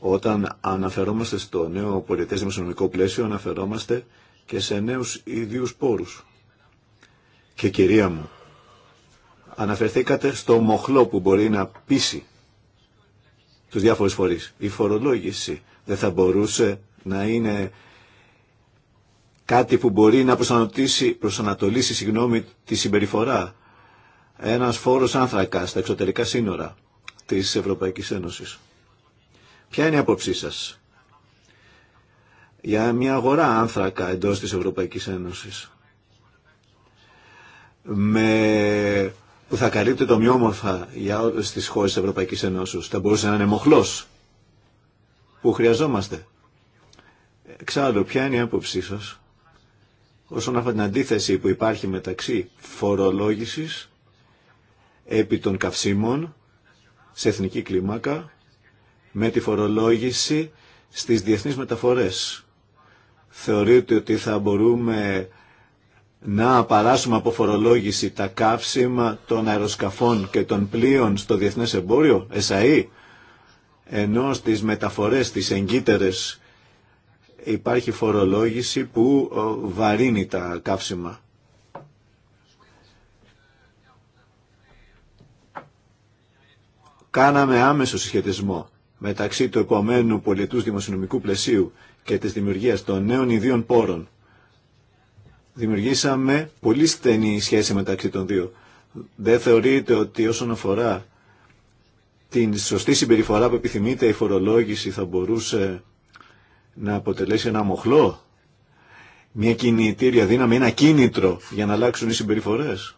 Όταν αναφερόμαστε στο νέο πολιτές δημοσιονομικό πλαίσιο, αναφερόμαστε και σε νέους ιδίους πόρους. Και κυρία μου, αναφερθήκατε στο μοχλό που μπορεί να πείσει τους διάφορους φορείς. Η φορολόγηση δεν θα μπορούσε να είναι κάτι που μπορεί να προσανατολίσει, προσανατολίσει συγγνώμη, τη συμπεριφορά. Ένας φόρος άνθρακα στα εξωτερικά σύνορα της Ευρωπαϊκής Ένωσης. Ποια είναι η άποψή σας για μια αγορά άνθρακα εντός της Ευρωπαϊκής Ένωσης με που θα καλύπτει το μειόμορφα για όλες τις χώρες της Ευρωπαϊκής Ενώσεως. Θα μπορούσε να είναι μοχλός που χρειαζόμαστε. Εξάλλου, ποια είναι η άποψή σα, όσον αφορά την αντίθεση που υπάρχει μεταξύ φορολόγησης επί των καυσίμων σε εθνική κλίμακα με τη φορολόγηση στις διεθνείς μεταφορές. Θεωρείτε ότι θα μπορούμε να παράσουμε από φορολόγηση τα καύσιμα των αεροσκαφών και των πλοίων στο διεθνές εμπόριο, ΕΣΑΗ, e, ενώ στις μεταφορές τις εγκύτερες υπάρχει φορολόγηση που βαρύνει τα καύσιμα. Κάναμε άμεσο συσχετισμό μεταξύ του επομένου πολιτούς δημοσιονομικού πλαισίου και της δημιουργίας των νέων ιδίων πόρων δημιουργήσαμε πολύ στενή σχέση μεταξύ των δύο. Δεν θεωρείτε ότι όσον αφορά την σωστή συμπεριφορά που επιθυμείτε η φορολόγηση θα μπορούσε να αποτελέσει ένα μοχλό, μια κινητήρια δύναμη, ένα κίνητρο για να αλλάξουν οι συμπεριφορές.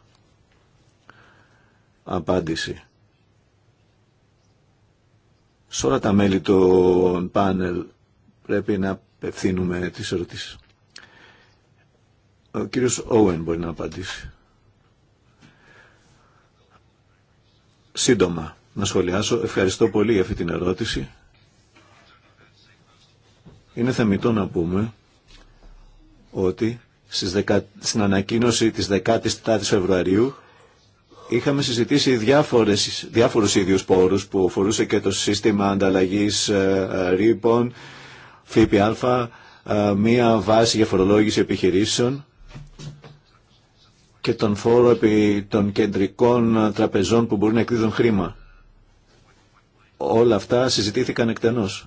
Απάντηση. Σε όλα τα μέλη του πάνελ πρέπει να απευθύνουμε τις ερωτήσεις. Ο κύριος Όουεν μπορεί να απαντήσει. Σύντομα να σχολιάσω. Ευχαριστώ πολύ για αυτή την ερώτηση. Είναι θεμητό να πούμε ότι στις δεκα... στην ανακοίνωση της 14ης Φεβρουαρίου είχαμε συζητήσει διάφορες, διάφορους ίδιους πόρους που αφορούσε και το σύστημα ανταλλαγής ε, ε, ρήπων, ΦΠΑ, ε, μία βάση για φορολόγηση επιχειρήσεων και τον φόρο επί των κεντρικών τραπεζών που μπορεί να εκδίδουν χρήμα. Όλα αυτά συζητήθηκαν εκτενώς.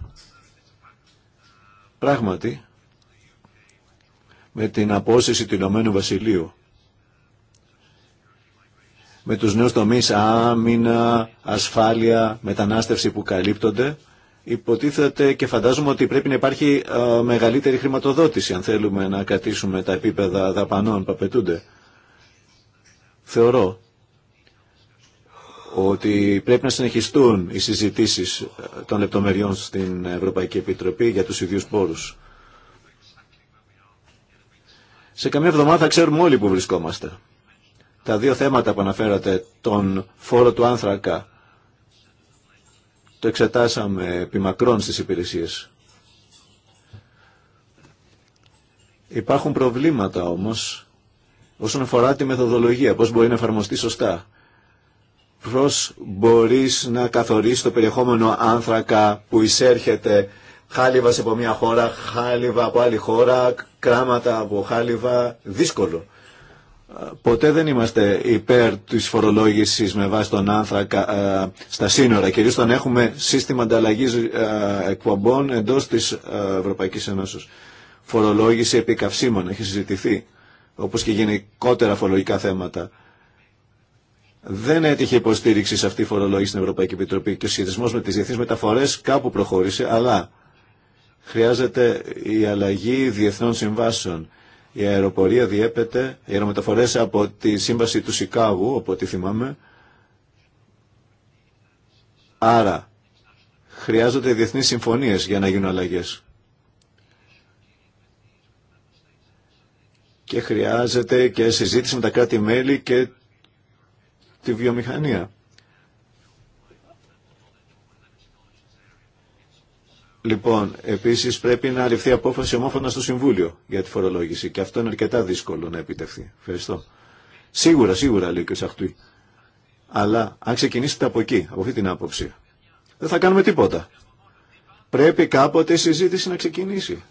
Πράγματι, με την απόσυση του Ηνωμένου Βασιλείου, με τους νέους τομείς άμυνα, ασφάλεια, μετανάστευση που καλύπτονται, υποτίθεται και φαντάζομαι ότι πρέπει να υπάρχει ε, μεγαλύτερη χρηματοδότηση αν θέλουμε να κατήσουμε τα επίπεδα δαπανών που απαιτούνται. Θεωρώ ότι πρέπει να συνεχιστούν οι συζητήσεις των λεπτομεριών στην Ευρωπαϊκή Επιτροπή για τους ιδίους πόρους. Σε καμία εβδομάδα ξέρουμε όλοι που βρισκόμαστε. Τα δύο θέματα που αναφέρατε, τον φόρο του άνθρακα, το εξετάσαμε επιμακρών στις υπηρεσίες. Υπάρχουν προβλήματα όμως όσον αφορά τη μεθοδολογία, πώς μπορεί να εφαρμοστεί σωστά. Πώς μπορείς να καθορίσεις το περιεχόμενο άνθρακα που εισέρχεται χάλιβα από μια χώρα, χάλιβα από άλλη χώρα, κράματα από χάλιβα, δύσκολο. Ποτέ δεν είμαστε υπέρ της φορολόγησης με βάση τον άνθρακα ε, στα σύνορα, κυρίως όταν έχουμε σύστημα ανταλλαγή ε, εκπομπών εντός της α, ε, Ευρωπαϊκής Ένωσης. Φορολόγηση επί καυσίμων έχει συζητηθεί όπως και γενικότερα φορολογικά θέματα. Δεν έτυχε υποστήριξη σε αυτή η φορολόγηση στην Ευρωπαϊκή Επιτροπή και ο σχετισμό με τις διεθνεί μεταφορές κάπου προχώρησε, αλλά χρειάζεται η αλλαγή διεθνών συμβάσεων. Η αεροπορία διέπεται, οι αερομεταφορές από τη σύμβαση του Σικάγου, από ό,τι θυμάμαι. Άρα, χρειάζονται διεθνείς συμφωνίες για να γίνουν αλλαγέ. και χρειάζεται και συζήτηση με τα κράτη-μέλη και τη βιομηχανία. Λοιπόν, επίσης πρέπει να ληφθεί απόφαση ομόφωνα στο Συμβούλιο για τη φορολόγηση και αυτό είναι αρκετά δύσκολο να επιτευχθεί. Ευχαριστώ. Σίγουρα, σίγουρα λέει και ο Σαχτουή. Αλλά αν ξεκινήσετε από εκεί, από αυτή την άποψη, δεν θα κάνουμε τίποτα. Πρέπει κάποτε η συζήτηση να ξεκινήσει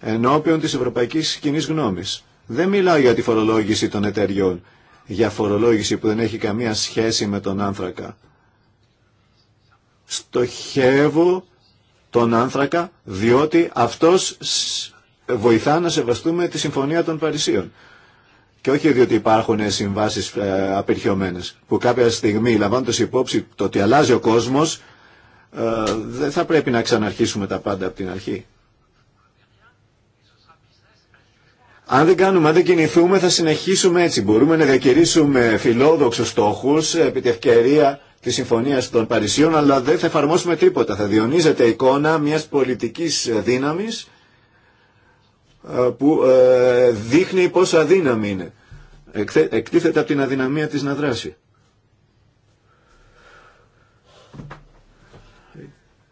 ενώπιον της ευρωπαϊκής κοινή γνώμης. Δεν μιλάω για τη φορολόγηση των εταιριών, για φορολόγηση που δεν έχει καμία σχέση με τον άνθρακα. Στοχεύω τον άνθρακα διότι αυτός βοηθά να σεβαστούμε τη Συμφωνία των Παρισίων. Και όχι διότι υπάρχουν συμβάσεις ε, απερχιωμένες που κάποια στιγμή λαμβάνοντας υπόψη το ότι αλλάζει ο κόσμος ε, δεν θα πρέπει να ξαναρχίσουμε τα πάντα από την αρχή. Αν δεν κάνουμε, αν δεν κινηθούμε θα συνεχίσουμε έτσι. Μπορούμε να διακηρύσουμε φιλόδοξους στόχους επί τη ευκαιρία τη συμφωνία των Παρισίων, αλλά δεν θα εφαρμόσουμε τίποτα. Θα διονύζεται εικόνα μιας πολιτικής δύναμης ε, που ε, δείχνει πόσο αδύναμη είναι. Εκτίθεται από την αδυναμία της να δράσει.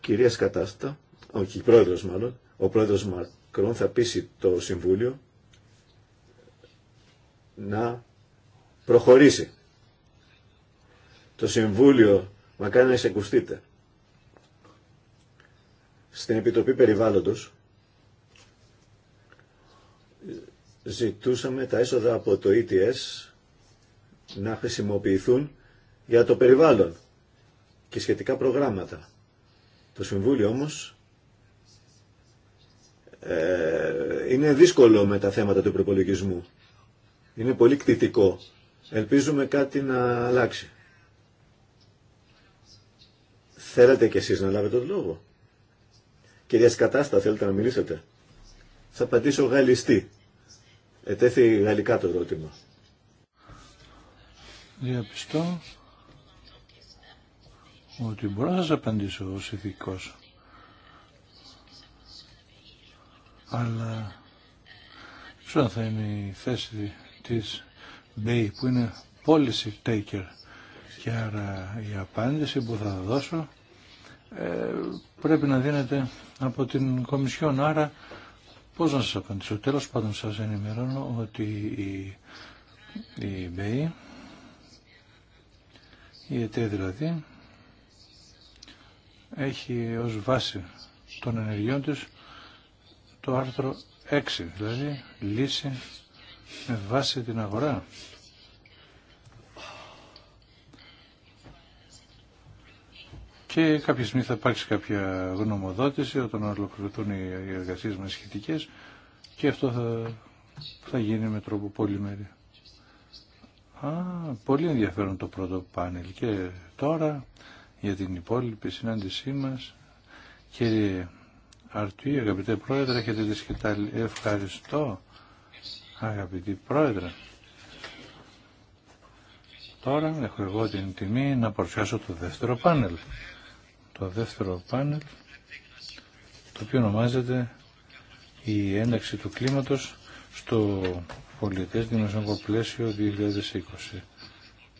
Κυρία Σκατάστα, όχι, πρόεδρος μάλλον, ο πρόεδρος Μακρόν θα πείσει το Συμβούλιο να προχωρήσει. Το Συμβούλιο μακάρι να εισεκουστείτε. Στην Επιτροπή Περιβάλλοντος ζητούσαμε τα έσοδα από το ETS να χρησιμοποιηθούν για το περιβάλλον και σχετικά προγράμματα. Το Συμβούλιο όμως ε, είναι δύσκολο με τα θέματα του προπολογισμού είναι πολύ κτητικό. Ελπίζουμε κάτι να αλλάξει. Θέλετε κι εσείς να λάβετε τον λόγο. Κυρία Σκατάστα, θέλετε να μιλήσετε. Θα απαντήσω γαλλιστή. Ετέθη γαλλικά το ερώτημα. Διαπιστώ ότι μπορώ να σας απαντήσω ως ηθικός. Αλλά ξέρω αν θα είναι η θέση της ΜΠΕΙ που είναι policy taker και άρα η απάντηση που θα δώσω ε, πρέπει να δίνεται από την Κομισιόν. Άρα πώς να σας απαντήσω. Τέλος πάντων σας ενημερώνω ότι η, η ΜΠΕΙ η ΕΤΕ δηλαδή έχει ως βάση των ενεργειών της το άρθρο 6, δηλαδή λύση με βάση την αγορά. Και κάποια στιγμή θα υπάρξει κάποια γνωμοδότηση όταν ολοκληρωθούν οι εργασίε μας σχετικέ και αυτό θα, θα γίνει με τρόπο πολυμερή. Α, πολύ ενδιαφέρον το πρώτο πάνελ και τώρα για την υπόλοιπη συνάντησή μας. Κύριε Αρτουή, αγαπητέ Πρόεδρε, έχετε τη Ευχαριστώ. Αγαπητή Πρόεδρε, τώρα έχω εγώ την τιμή να παρουσιάσω το δεύτερο πάνελ. Το δεύτερο πάνελ, το οποίο ονομάζεται «Η ένταξη του κλίματος στο πολιτές δημοσιονομικό πλαίσιο 2020»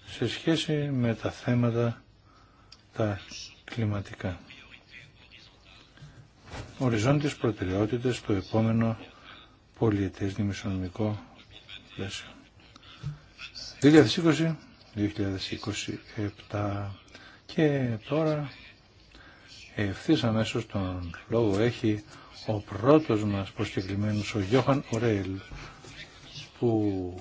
σε σχέση με τα θέματα τα κλιματικά. Οριζόντιες προτεραιότητες το επόμενο πολιετές δημοσιονομικό πλαίσιο. 2020-2027 και τώρα ευθύς αμέσως τον λόγο έχει ο πρώτος μας προσκεκλημένος ο Γιώχαν Ορέιλ που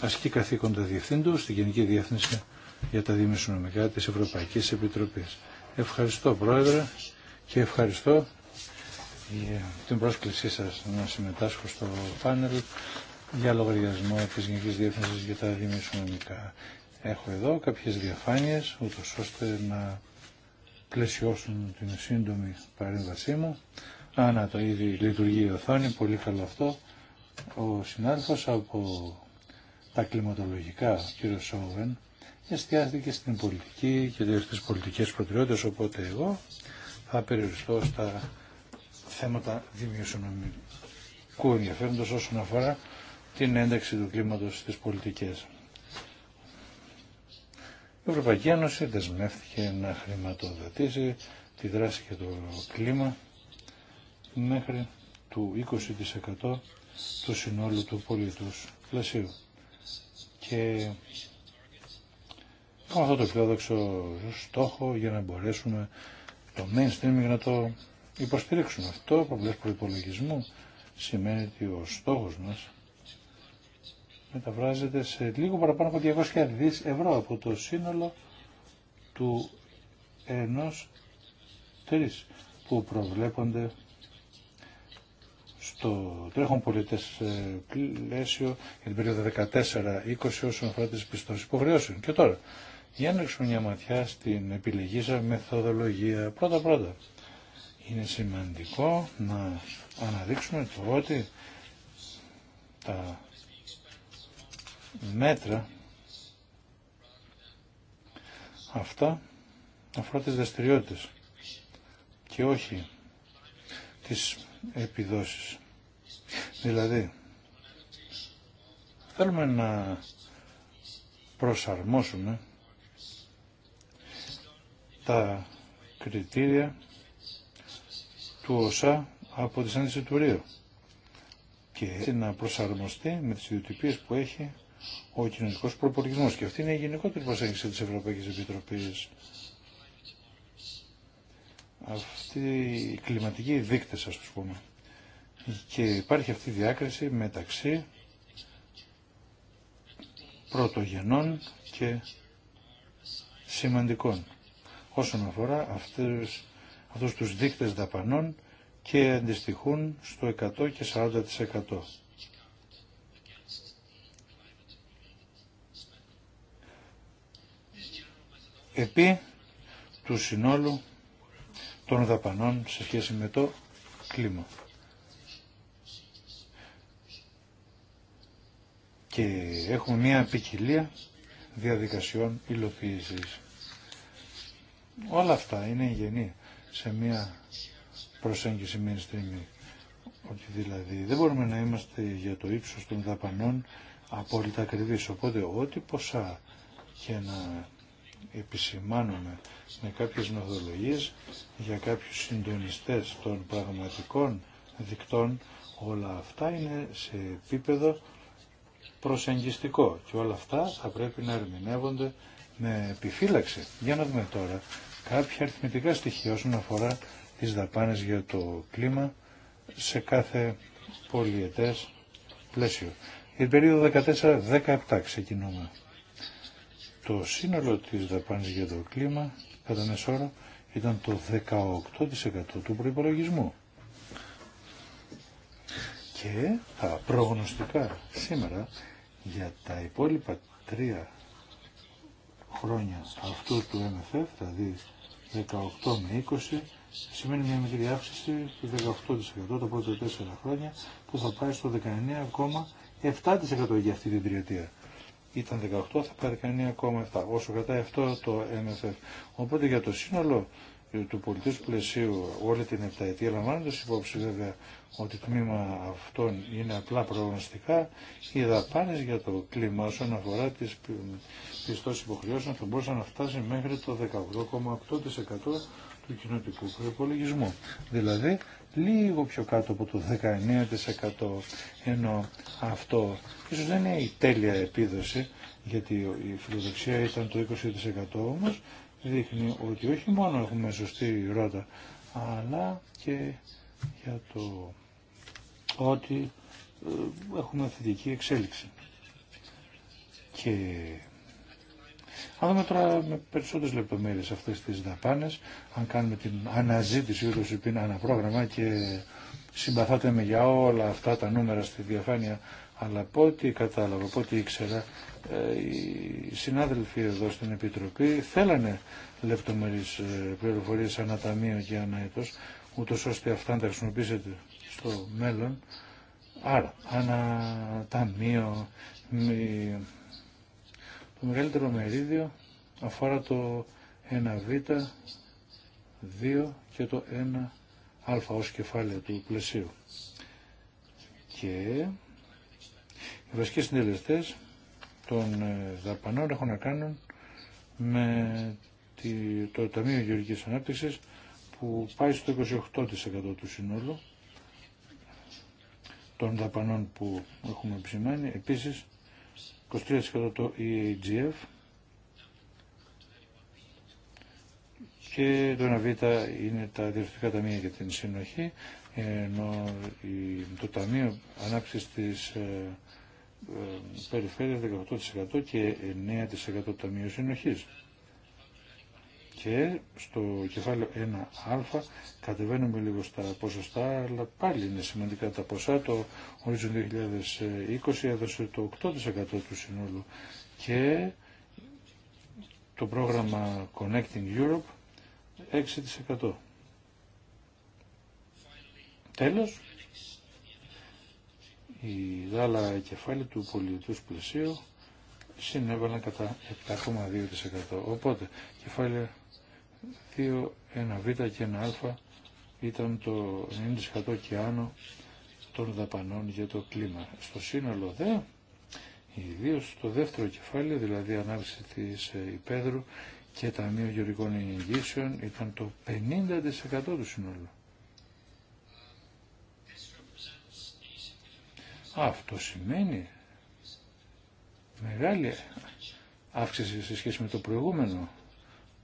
ασκεί καθήκοντα διευθύντου στην Γενική Διεύθυνση για τα Δημοσιονομικά της Ευρωπαϊκής Επιτροπής. Ευχαριστώ Πρόεδρε και ευχαριστώ ε, την πρόσκλησή σας να συμμετάσχω στο πάνελ για λογαριασμό της Γενικής Διεύθυνσης για τα δημοσιονομικά. Έχω εδώ κάποιες διαφάνειες, ούτω ώστε να πλαισιώσουν την σύντομη παρέμβασή μου. Α, το ήδη λειτουργεί η οθόνη, πολύ καλό αυτό. Ο συνάδελφος από τα κλιματολογικά, ο κύριος Σόβεν, εστιάστηκε στην πολιτική και στις πολιτικές προτεραιότητες, οπότε εγώ θα περιοριστώ στα θέματα δημιουργικού ενδιαφέροντος όσον αφορά την ένταξη του κλίματος στις πολιτικές. Η Ευρωπαϊκή Ένωση δεσμεύτηκε να χρηματοδοτήσει τη δράση και το κλίμα μέχρι του 20% του συνόλου του πολίτους πλασίου. Και αυτό το φιλόδοξο στόχο για να μπορέσουμε το mainstream να το υποστηρίξουμε. Αυτό από πλευρά προπολογισμού σημαίνει ότι ο στόχος μας μεταφράζεται σε λίγο παραπάνω από 200 δις ευρώ από το σύνολο του ενός τρεις που προβλέπονται στο τρέχον πολιτές ε, πλαίσιο για την περίοδο 14-20 όσον αφορά τις πιστώσεις υποχρεώσεων. Και τώρα, για να ρίξουμε μια ματιά στην επιλεγή σας μεθοδολογία πρώτα-πρώτα είναι σημαντικό να αναδείξουμε το ότι τα μέτρα αυτά αφορά τις δραστηριότητε και όχι τις επιδόσεις. Δηλαδή, θέλουμε να προσαρμόσουμε τα κριτήρια του ΩΣΑ από τη σύνδεση του Ρίου και να προσαρμοστεί με τις ιδιωτυπίες που έχει ο κοινωνικό προπολογισμό. Και αυτή είναι η γενικότερη προσέγγιση τη Ευρωπαϊκή Επιτροπή. Αυτή η κλιματική δείκτες ας πούμε. Και υπάρχει αυτή η διάκριση μεταξύ πρωτογενών και σημαντικών όσον αφορά αυτές αυτούς τους δείκτες δαπανών και αντιστοιχούν στο 100 και 40%. Επί του συνόλου των δαπανών σε σχέση με το κλίμα. Και έχουμε μία ποικιλία διαδικασιών υλοποίησης. Όλα αυτά είναι γενή σε μια προσέγγιση στιγμή Ότι δηλαδή δεν μπορούμε να είμαστε για το ύψος των δαπανών απόλυτα ακριβείς. Οπότε ό,τι ποσά και να επισημάνουμε με κάποιες μεθοδολογίες για κάποιους συντονιστές των πραγματικών δικτών όλα αυτά είναι σε επίπεδο προσεγγιστικό και όλα αυτά θα πρέπει να ερμηνεύονται με επιφύλαξη. Για να δούμε τώρα κάποια αριθμητικά στοιχεία όσον αφορά τις δαπάνες για το κλίμα σε κάθε πολιετές πλαίσιο. Η την περίοδο 14-17 ξεκινούμε. Το σύνολο της δαπάνης για το κλίμα κατά μεσόρο ήταν το 18% του προϋπολογισμού. Και τα προγνωστικά σήμερα για τα υπόλοιπα τρία χρόνια αυτού του MFF, δηλαδή 18 με 20 σημαίνει μια μικρή αύξηση του 18% τα πρώτα 4 χρόνια που θα πάει στο 19,7% για αυτή την τριετία. Ήταν 18, θα πάει 19,7. Όσο κατά αυτό το MFF. Οπότε για το σύνολο ε, του πολιτικού πλαισίου όλη την επταετία, λαμβάνοντα υπόψη βέβαια ότι το τμήμα αυτών είναι απλά προγνωστικά, οι δαπάνε για το κλίμα όσον αφορά τι πιστό υποχρεώσεων θα μπορούσαν να φτάσει μέχρι το 18,8% του κοινοτικού προπολογισμού. Δηλαδή λίγο πιο κάτω από το 19% ενώ αυτό ίσως δεν είναι η τέλεια επίδοση γιατί η φιλοδοξία ήταν το 20% όμως δείχνει ότι όχι μόνο έχουμε σωστή ρότα, αλλά και για το ότι ε, έχουμε θετική εξέλιξη. Και αν δούμε τώρα με περισσότερες λεπτομέρειες αυτές τις δαπάνες, αν κάνουμε την αναζήτηση είπε ένα πρόγραμμα και συμπαθάτε με για όλα αυτά τα νούμερα στη διαφάνεια, αλλά από ό,τι κατάλαβα, από ό,τι ήξερα, ε, οι συνάδελφοι εδώ στην Επιτροπή θέλανε λεπτομερείς ε, πληροφορίες αναταμείο και έτος ούτως ώστε αυτά να τα χρησιμοποιήσετε στο μέλλον. Άρα, αναταμείο, το μεγαλύτερο μερίδιο αφορά το 1β, 2 και το 1α ως κεφάλαιο του πλαισίου. Και οι βασικοί συντελεστές των ε, δαπανών έχουν να κάνουν με το Ταμείο Γεωργικής Ανάπτυξης που πάει στο 28% του συνόλου των δαπανών που έχουμε ψημένει Επίσης, 23% το EAGF και το 1Β είναι τα διευθυντικά ταμεία για την συνοχή, ενώ το Ταμείο Ανάπτυξης της ε, ε, περιφέρεια 18% και 9% ταμείο συνοχή. Και στο κεφάλαιο 1α κατεβαίνουμε λίγο στα ποσοστά, αλλά πάλι είναι σημαντικά τα ποσά. Το Horizon 2020 έδωσε το 8% του συνόλου και το πρόγραμμα Connecting Europe 6%. Τέλος, η δάλα κεφάλι του πολιτού πλαισίου συνέβαλαν κατά 7,2%. Οπότε κεφάλαια 2, 1β και 1α ήταν το 90% και άνω των δαπανών για το κλίμα. Στο σύνολο δε, ιδίω το δεύτερο κεφάλαιο, δηλαδή ανάπτυξη της ε, υπέδρου και ταμείο γεωργικών εγγύσεων ήταν το 50% του συνόλου. Αυτό σημαίνει μεγάλη αύξηση σε σχέση με το προηγούμενο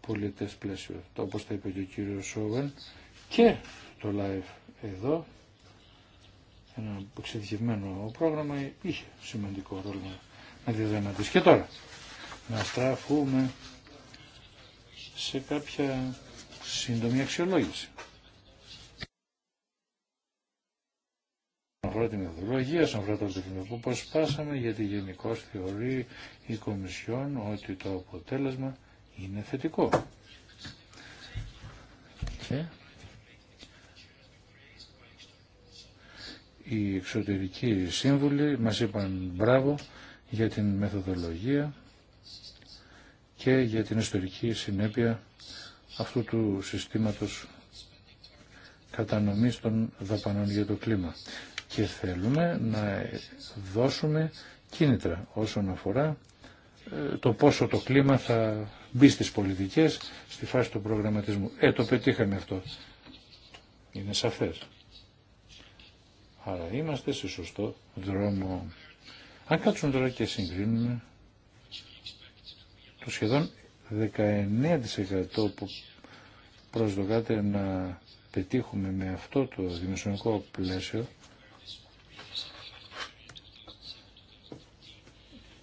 πολιτές πλαίσιο, το όπως τα είπε και ο κύριος Σόβεν και το live εδώ, ένα εξειδικευμένο πρόγραμμα είχε σημαντικό ρόλο να διαδραματίσει. Και τώρα, να στραφούμε σε κάποια σύντομη αξιολόγηση. αφορά τη μεθοδολογία, όσον αφορά το που προσπάσαμε, γιατί γενικώ θεωρεί η Κομισιόν ότι το αποτέλεσμα είναι θετικό. Και οι εξωτερικοί σύμβουλοι μας είπαν μπράβο για την μεθοδολογία και για την ιστορική συνέπεια αυτού του συστήματος κατανομής των δαπανών για το κλίμα και θέλουμε να δώσουμε κίνητρα όσον αφορά ε, το πόσο το κλίμα θα μπει στις πολιτικές στη φάση του προγραμματισμού. Ε, το πετύχαμε αυτό. Είναι σαφές. Άρα είμαστε σε σωστό δρόμο. Αν κάτσουμε τώρα και συγκρίνουμε το σχεδόν 19% που προσδοκάται να πετύχουμε με αυτό το δημοσιονομικό πλαίσιο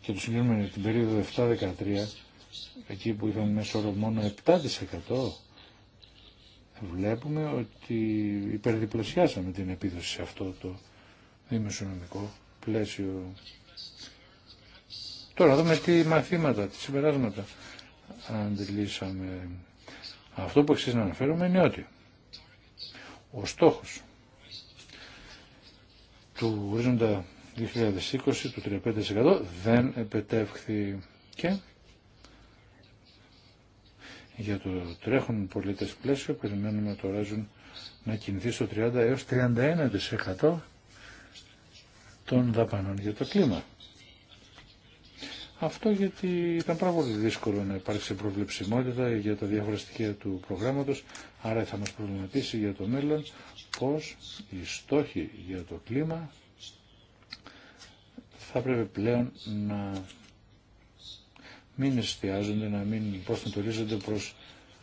και το συγκρίνουμε την περίοδο 7-13, εκεί που είχαμε μέσο όρο μόνο 7%, βλέπουμε ότι υπερδιπλασιάσαμε την επίδοση σε αυτό το δημοσιονομικό πλαίσιο. Τώρα δούμε τι μαθήματα, τι συμπεράσματα αντιλήσαμε. Αυτό που ειχαμε μεσα ορο μονο 7 βλεπουμε οτι υπερδιπλασιασαμε την επιδοση σε αυτο το δημοσιονομικο πλαισιο τωρα δουμε τι μαθηματα τι συμπερασματα αντιλησαμε αυτο που εξης να αναφέρουμε είναι ότι ο στόχος του ορίζοντα 2020 του 35% δεν επετεύχθη και για το τρέχον πολίτες πλαίσιο περιμένουμε το ράζουν να κινηθεί στο 30 έως 31% των δαπανών για το κλίμα. Αυτό γιατί ήταν πάρα πολύ δύσκολο να υπάρξει προβλεψιμότητα για τα διάφορα στοιχεία του προγράμματος, άρα θα μας προβληματίσει για το μέλλον πώς οι στόχοι για το κλίμα θα πρέπει πλέον να μην εστιάζονται, να μην υποστηριζόνται προς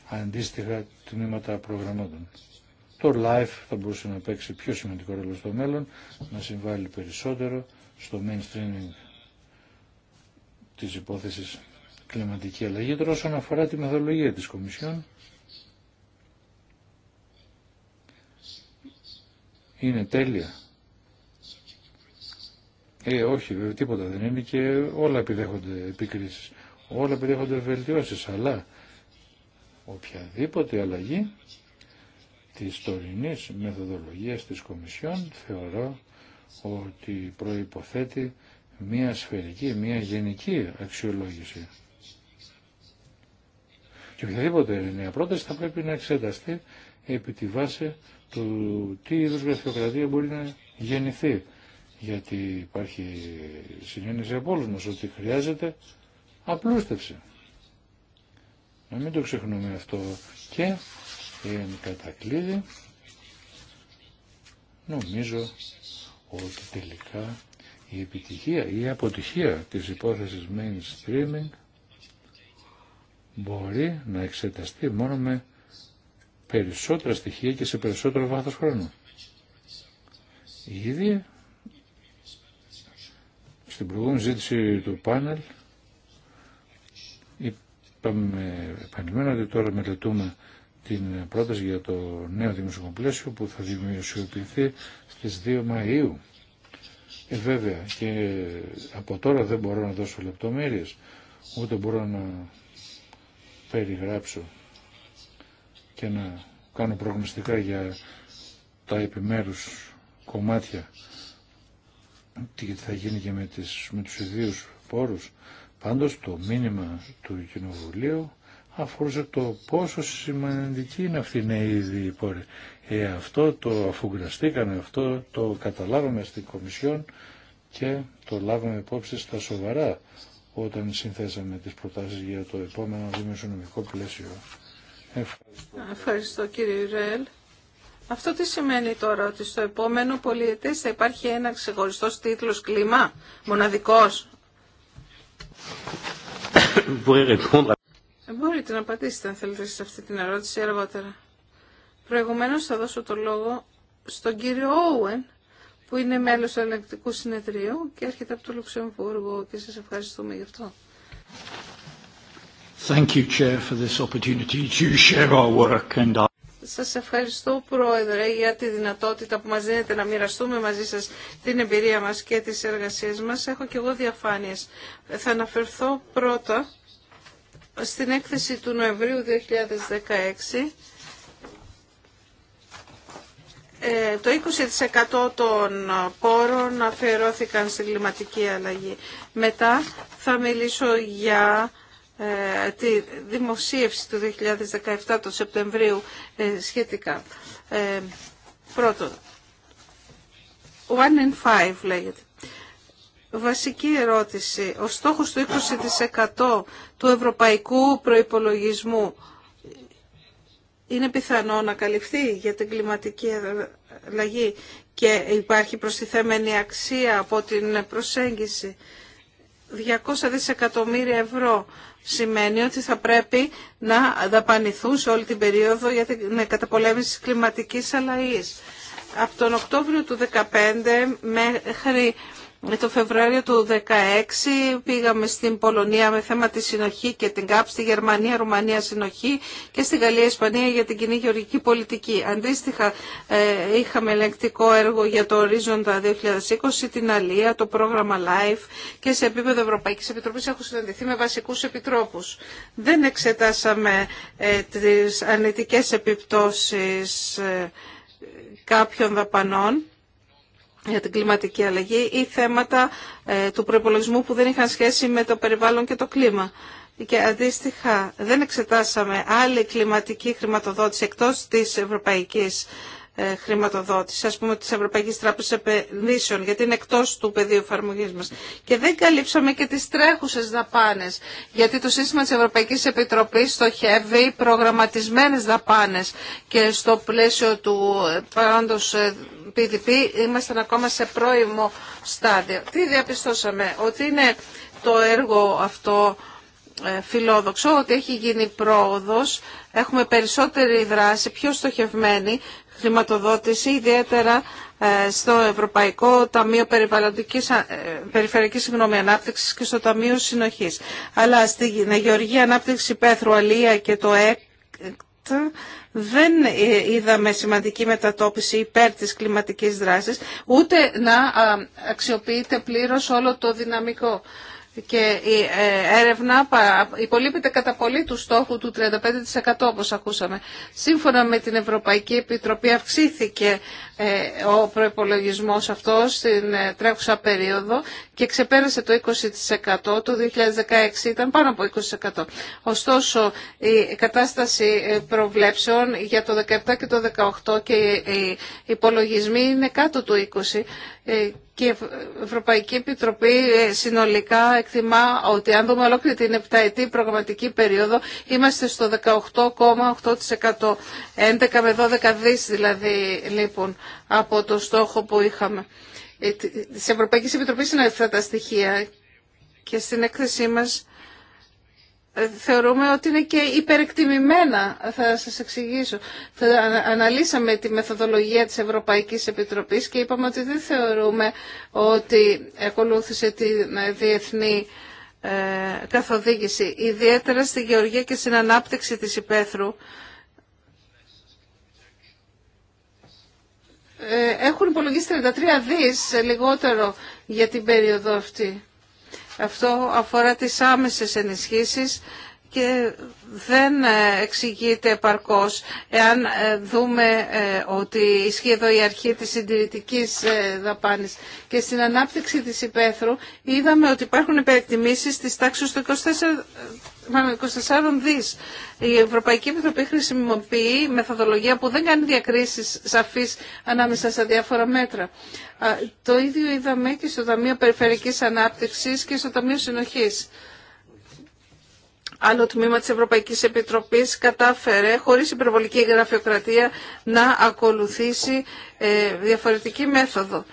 αντίστοιχα τμήματα προγραμμάτων. Το live θα μπορούσε να παίξει πιο σημαντικό ρόλο στο μέλλον, να συμβάλλει περισσότερο στο mainstreaming της υπόθεσης κλιματική αλλαγή. Τώρα όσον αφορά τη μεθολογία της Κομισιόν, είναι τέλεια ε, όχι, βέβαια, τίποτα δεν είναι και όλα επιδέχονται επικρίσεις. Όλα επιδέχονται βελτιώσεις, αλλά οποιαδήποτε αλλαγή της τωρινής μεθοδολογίας της Κομισιόν θεωρώ ότι προϋποθέτει μία σφαιρική, μία γενική αξιολόγηση. Και οποιαδήποτε νέα πρόταση θα πρέπει να εξεταστεί επί τη βάση του τι είδους γραφειοκρατία μπορεί να γεννηθεί γιατί υπάρχει συνένεση από όλους μας ότι χρειάζεται απλούστευση. Να μην το ξεχνούμε αυτό και εν κατακλείδη νομίζω ότι τελικά η επιτυχία ή η αποτυχία της υπόθεσης mainstreaming μπορεί να εξεταστεί μόνο με περισσότερα στοιχεία και σε περισσότερο βάθος χρόνου. Ήδη στην προηγούμενη ζήτηση του πάνελ είπαμε επανειλημμένα ότι τώρα μελετούμε την πρόταση για το νέο δημοσιογραφικό πλαίσιο που θα δημιουργηθεί στις 2 Μαΐου. Ε, βέβαια και από τώρα δεν μπορώ να δώσω λεπτομέρειες, ούτε μπορώ να περιγράψω και να κάνω προγνωστικά για τα επιμέρους κομμάτια τι θα γίνει και με, τις, με τους ιδίους πόρους. Πάντως το μήνυμα του Κοινοβουλίου αφορούσε το πόσο σημαντική είναι αυτή η νέη ήδη πόρη. Ε, αυτό το αφουγκραστήκαμε, αυτό το καταλάβαμε στην Κομισιόν και το λάβαμε υπόψη στα σοβαρά όταν συνθέσαμε τις προτάσεις για το επόμενο δημοσιονομικό πλαίσιο. Ευχαριστώ. Ευχαριστώ κύριε Ρέλ. Αυτό τι σημαίνει τώρα, ότι στο επόμενο πολιετές θα υπάρχει ένα ξεχωριστός τίτλος κλίμα, μοναδικός. Ε, μπορείτε να απαντήσετε αν θέλετε σε αυτή την ερώτηση αργότερα. Προηγουμένως θα δώσω το λόγο στον κύριο Όουεν, που είναι μέλος του Ελεκτικού Συνεδρίου και έρχεται από το Λουξεμβούργο και σας ευχαριστούμε γι' αυτό. Thank you, Chair, for this opportunity to share our work and σας ευχαριστώ Πρόεδρε για τη δυνατότητα που μας δίνετε να μοιραστούμε μαζί σας την εμπειρία μας και τις εργασίες μας. Έχω και εγώ διαφάνειες. Θα αναφερθώ πρώτα στην έκθεση του Νοεμβρίου 2016 ε, το 20% των πόρων αφιερώθηκαν στην κλιματική αλλαγή. Μετά θα μιλήσω για ε, τη δημοσίευση του 2017 του Σεπτεμβρίου ε, σχετικά. Ε, πρώτον, one in five λέγεται. Βασική ερώτηση. Ο στόχος του 20% του ευρωπαϊκού προϋπολογισμού είναι πιθανό να καλυφθεί για την κλιματική αλλαγή και υπάρχει προστιθέμενη αξία από την προσέγγιση. 200 δισεκατομμύρια ευρώ σημαίνει ότι θα πρέπει να δαπανηθούν σε όλη την περίοδο για την ναι, καταπολέμηση της κλιματικής αλλαγής. Από τον Οκτώβριο του 2015 μέχρι ε, το Φεβρουάριο του 2016 πήγαμε στην Πολωνία με θέμα τη συνοχή και την ΚΑΠ, στη Γερμανία, Ρουμανία συνοχή και στη Γαλλία, Ισπανία για την κοινή γεωργική πολιτική. Αντίστοιχα ε, είχαμε ελεγκτικό έργο για το ορίζοντα 2020, την Αλία, το πρόγραμμα LIFE και σε επίπεδο Ευρωπαϊκής Επιτροπής έχω συναντηθεί με βασικούς επιτρόπους. Δεν εξετάσαμε ε, τις αρνητικές επιπτώσεις κάποιων δαπανών για την κλιματική αλλαγή ή θέματα ε, του προπολογισμού που δεν είχαν σχέση με το περιβάλλον και το κλίμα. Και αντίστοιχα δεν εξετάσαμε άλλη κλιματική χρηματοδότηση εκτός της Ευρωπαϊκής ε, χρηματοδότηση, ας πούμε της Ευρωπαϊκής Τράπεζας Επενδύσεων, γιατί είναι εκτός του πεδίου εφαρμογής μας. Και δεν καλύψαμε και τις τρέχουσες δαπάνες, γιατί το σύστημα της Ευρωπαϊκής Επιτροπής στοχεύει προγραμματισμένες δαπάνες και στο πλαίσιο του ε, παρόντος PDP ε, ήμασταν ακόμα σε πρώιμο στάδιο. Τι διαπιστώσαμε, ότι είναι το έργο αυτό φιλόδοξο, ότι έχει γίνει πρόοδος, έχουμε περισσότερη δράση, πιο στοχευμένη χρηματοδότηση, ιδιαίτερα ε, στο Ευρωπαϊκό Ταμείο Περιβαλλοντικής, ε, Περιφερειακής Συγγνώμη, Ανάπτυξης και στο Ταμείο Συνοχής. Αλλά στην Γεωργία Ανάπτυξη Πέθρου Αλία και το ΕΚΤ δεν ε, είδαμε σημαντική μετατόπιση υπέρ της κλιματικής δράσης, ούτε να αξιοποιείται πλήρως όλο το δυναμικό και η ε, έρευνα υπολείπεται κατά πολύ του στόχου του 35% όπως ακούσαμε. Σύμφωνα με την Ευρωπαϊκή Επιτροπή αυξήθηκε ε, ο προϋπολογισμός αυτός στην ε, τρέχουσα περίοδο και ξεπέρασε το 20% το 2016 ήταν πάνω από 20%. Ωστόσο η κατάσταση προβλέψεων για το 2017 και το 2018 και οι υπολογισμοί είναι κάτω του 20% και η Ευρωπαϊκή Επιτροπή ε, συνολικά εκτιμά ότι αν δούμε ολόκληρη την επταετή προγραμματική περίοδο είμαστε στο 18,8%. 11 με 12 δις δηλαδή λοιπόν από το στόχο που είχαμε. Ε, Τη Ευρωπαϊκή Επιτροπή είναι αυτά τα στοιχεία και στην έκθεσή μας θεωρούμε ότι είναι και υπερεκτιμημένα. Θα σας εξηγήσω. Θα αναλύσαμε τη μεθοδολογία της Ευρωπαϊκής Επιτροπής και είπαμε ότι δεν θεωρούμε ότι ακολούθησε τη διεθνή ε, καθοδήγηση. Ιδιαίτερα στη γεωργία και στην ανάπτυξη της υπαίθρου ε, έχουν υπολογίσει 33 δις λιγότερο για την περίοδο αυτή. Αυτό αφορά τις άμεσες ενισχύσεις και δεν ε, εξηγείται επαρκώς εάν ε, δούμε ε, ότι ισχύει εδώ η αρχή της συντηρητικής δαπάνης. Και στην ανάπτυξη της υπαίθρου είδαμε ότι υπάρχουν υπερεκτιμήσεις της τάξης του 24. 24 δι. Η Ευρωπαϊκή Επιτροπή χρησιμοποιεί μεθοδολογία που δεν κάνει διακρίσεις σαφείς ανάμεσα στα διάφορα μέτρα. Το ίδιο είδαμε και στο Ταμείο Περιφερειακής Ανάπτυξης και στο Ταμείο Συνοχής. Άλλο τμήμα της Ευρωπαϊκή Επιτροπής κατάφερε, χωρίς υπερβολική γραφειοκρατία, να ακολουθήσει ε, διαφορετική μέθοδο.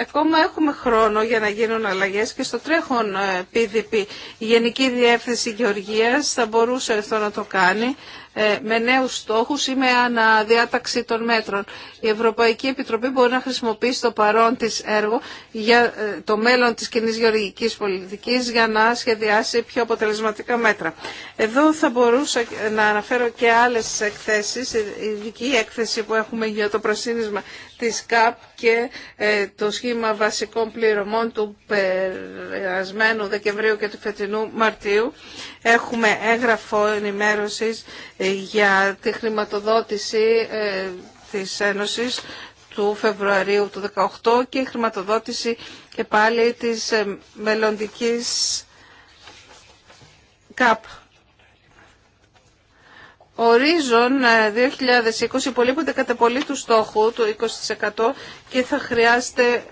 Ακόμα έχουμε χρόνο για να γίνουν αλλαγές και στο τρέχον PDP ε, η Γενική Διεύθυνση Γεωργίας θα μπορούσε αυτό να το κάνει ε, με νέους στόχους ή με αναδιάταξη των μέτρων. Η Ευρωπαϊκή Επιτροπή μπορεί να χρησιμοποιήσει το παρόν της έργο για ε, το μέλλον της κοινή γεωργικής πολιτικής για να σχεδιάσει πιο αποτελεσματικά μέτρα. Εδώ θα μπορούσα να αναφέρω και άλλες εκθέσεις, η ε, ειδική έκθεση που έχουμε για το προσύνισμα της ΚΑΠ και το σχήμα βασικών πληρωμών του περασμένου Δεκεμβρίου και του φετινού Μαρτίου. Έχουμε έγγραφο ενημέρωσης για τη χρηματοδότηση ε, της Ένωσης του Φεβρουαρίου του 2018 και η χρηματοδότηση και πάλι της ε, μελλοντικής ΚΑΠ. Ορίζον 2020 υπολείπονται κατά πολύ του στόχου του 20% και θα χρειάζεται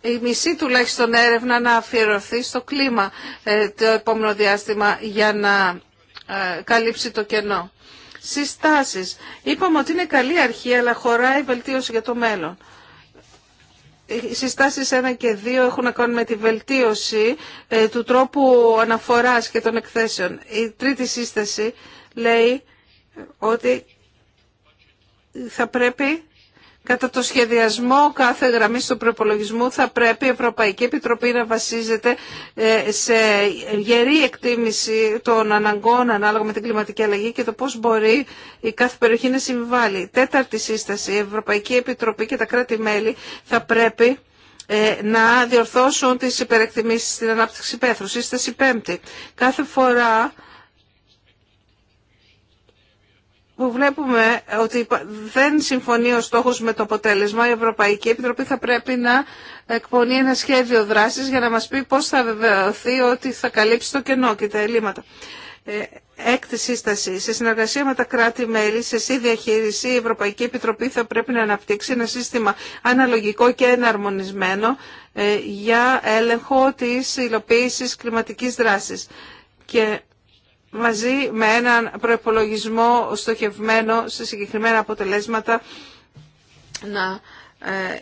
η μισή τουλάχιστον έρευνα να αφιερωθεί στο κλίμα ε, το επόμενο διάστημα για να ε, καλύψει το κενό. Συστάσεις. Είπαμε ότι είναι καλή αρχή, αλλά χωράει βελτίωση για το μέλλον. Οι συστάσεις 1 και 2 έχουν να κάνουν με τη βελτίωση ε, του τρόπου αναφοράς και των εκθέσεων. Η τρίτη σύσταση λέει ότι θα πρέπει Κατά το σχεδιασμό κάθε γραμμή του προπολογισμού θα πρέπει η Ευρωπαϊκή Επιτροπή να βασίζεται ε, σε γερή εκτίμηση των αναγκών ανάλογα με την κλιματική αλλαγή και το πώς μπορεί η κάθε περιοχή να συμβάλλει. Τέταρτη σύσταση, η Ευρωπαϊκή Επιτροπή και τα κράτη-μέλη θα πρέπει ε, να διορθώσουν τις υπερεκτιμήσεις στην ανάπτυξη πέθρου. Σύσταση πέμπτη, κάθε φορά που βλέπουμε ότι δεν συμφωνεί ο στόχος με το αποτέλεσμα, η Ευρωπαϊκή Επιτροπή θα πρέπει να εκπονεί ένα σχέδιο δράσης για να μας πει πώς θα βεβαιωθεί ότι θα καλύψει το κενό και τα ελλείμματα. Ε, Έκτη σύσταση. Σε συνεργασία με τα κράτη-μέλη, σε διαχείριση, η Ευρωπαϊκή Επιτροπή θα πρέπει να αναπτύξει ένα σύστημα αναλογικό και εναρμονισμένο ε, για έλεγχο της υλοποίησης κλιματικής δράσης. Και μαζί με έναν προεπολογισμό στοχευμένο σε συγκεκριμένα αποτελέσματα να ε,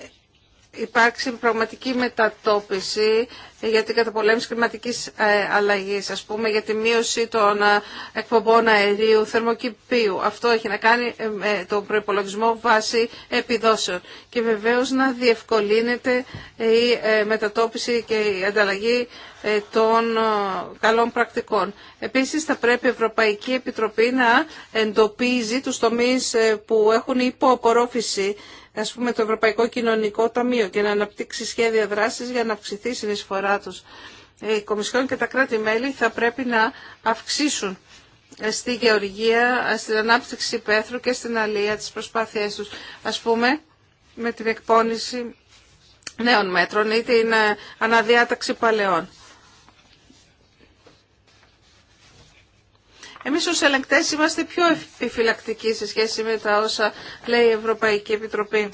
υπάρξει πραγματική μετατόπιση για την καταπολέμηση κλιματικής ε, αλλαγής, ας πούμε για τη μείωση των ε, εκπομπών αερίου, θερμοκηπίου. Αυτό έχει να κάνει ε, με τον προϋπολογισμό βάση επιδόσεων. Και βεβαίως να διευκολύνεται η μετατόπιση και η ανταλλαγή των καλών πρακτικών. Επίσης θα πρέπει η Ευρωπαϊκή Επιτροπή να εντοπίζει τους τομείς που έχουν υπόαπορρόφηση ας πούμε, το Ευρωπαϊκό Κοινωνικό Ταμείο και να αναπτύξει σχέδια δράσης για να αυξηθεί η συνεισφορά τους. Οι ε, Κομισιόν και τα κράτη-μέλη θα πρέπει να αυξήσουν ε, στη γεωργία, ε, στην ανάπτυξη πέθρου και στην αλία της προσπάθειές τους. Ας πούμε, με την εκπόνηση νέων μέτρων ή την αναδιάταξη παλαιών. Εμείς ως ελεγκτές είμαστε πιο επιφυλακτικοί σε σχέση με τα όσα λέει η Ευρωπαϊκή Επιτροπή.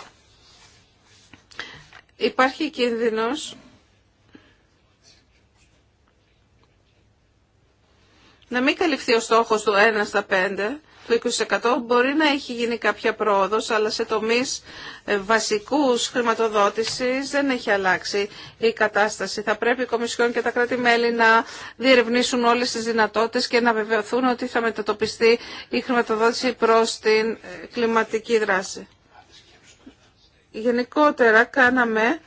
Υπάρχει κίνδυνος να μην καλυφθεί ο στόχος του 1 στα 5 το 20% μπορεί να έχει γίνει κάποια πρόοδος, αλλά σε τομείς ε, βασικούς χρηματοδότησης δεν έχει αλλάξει η κατάσταση. Θα πρέπει η Κομισιόν και τα κράτη-μέλη να διερευνήσουν όλες τις δυνατότητες και να βεβαιωθούν ότι θα μετατοπιστεί η χρηματοδότηση προς την ε, κλιματική δράση. Γενικότερα κάναμε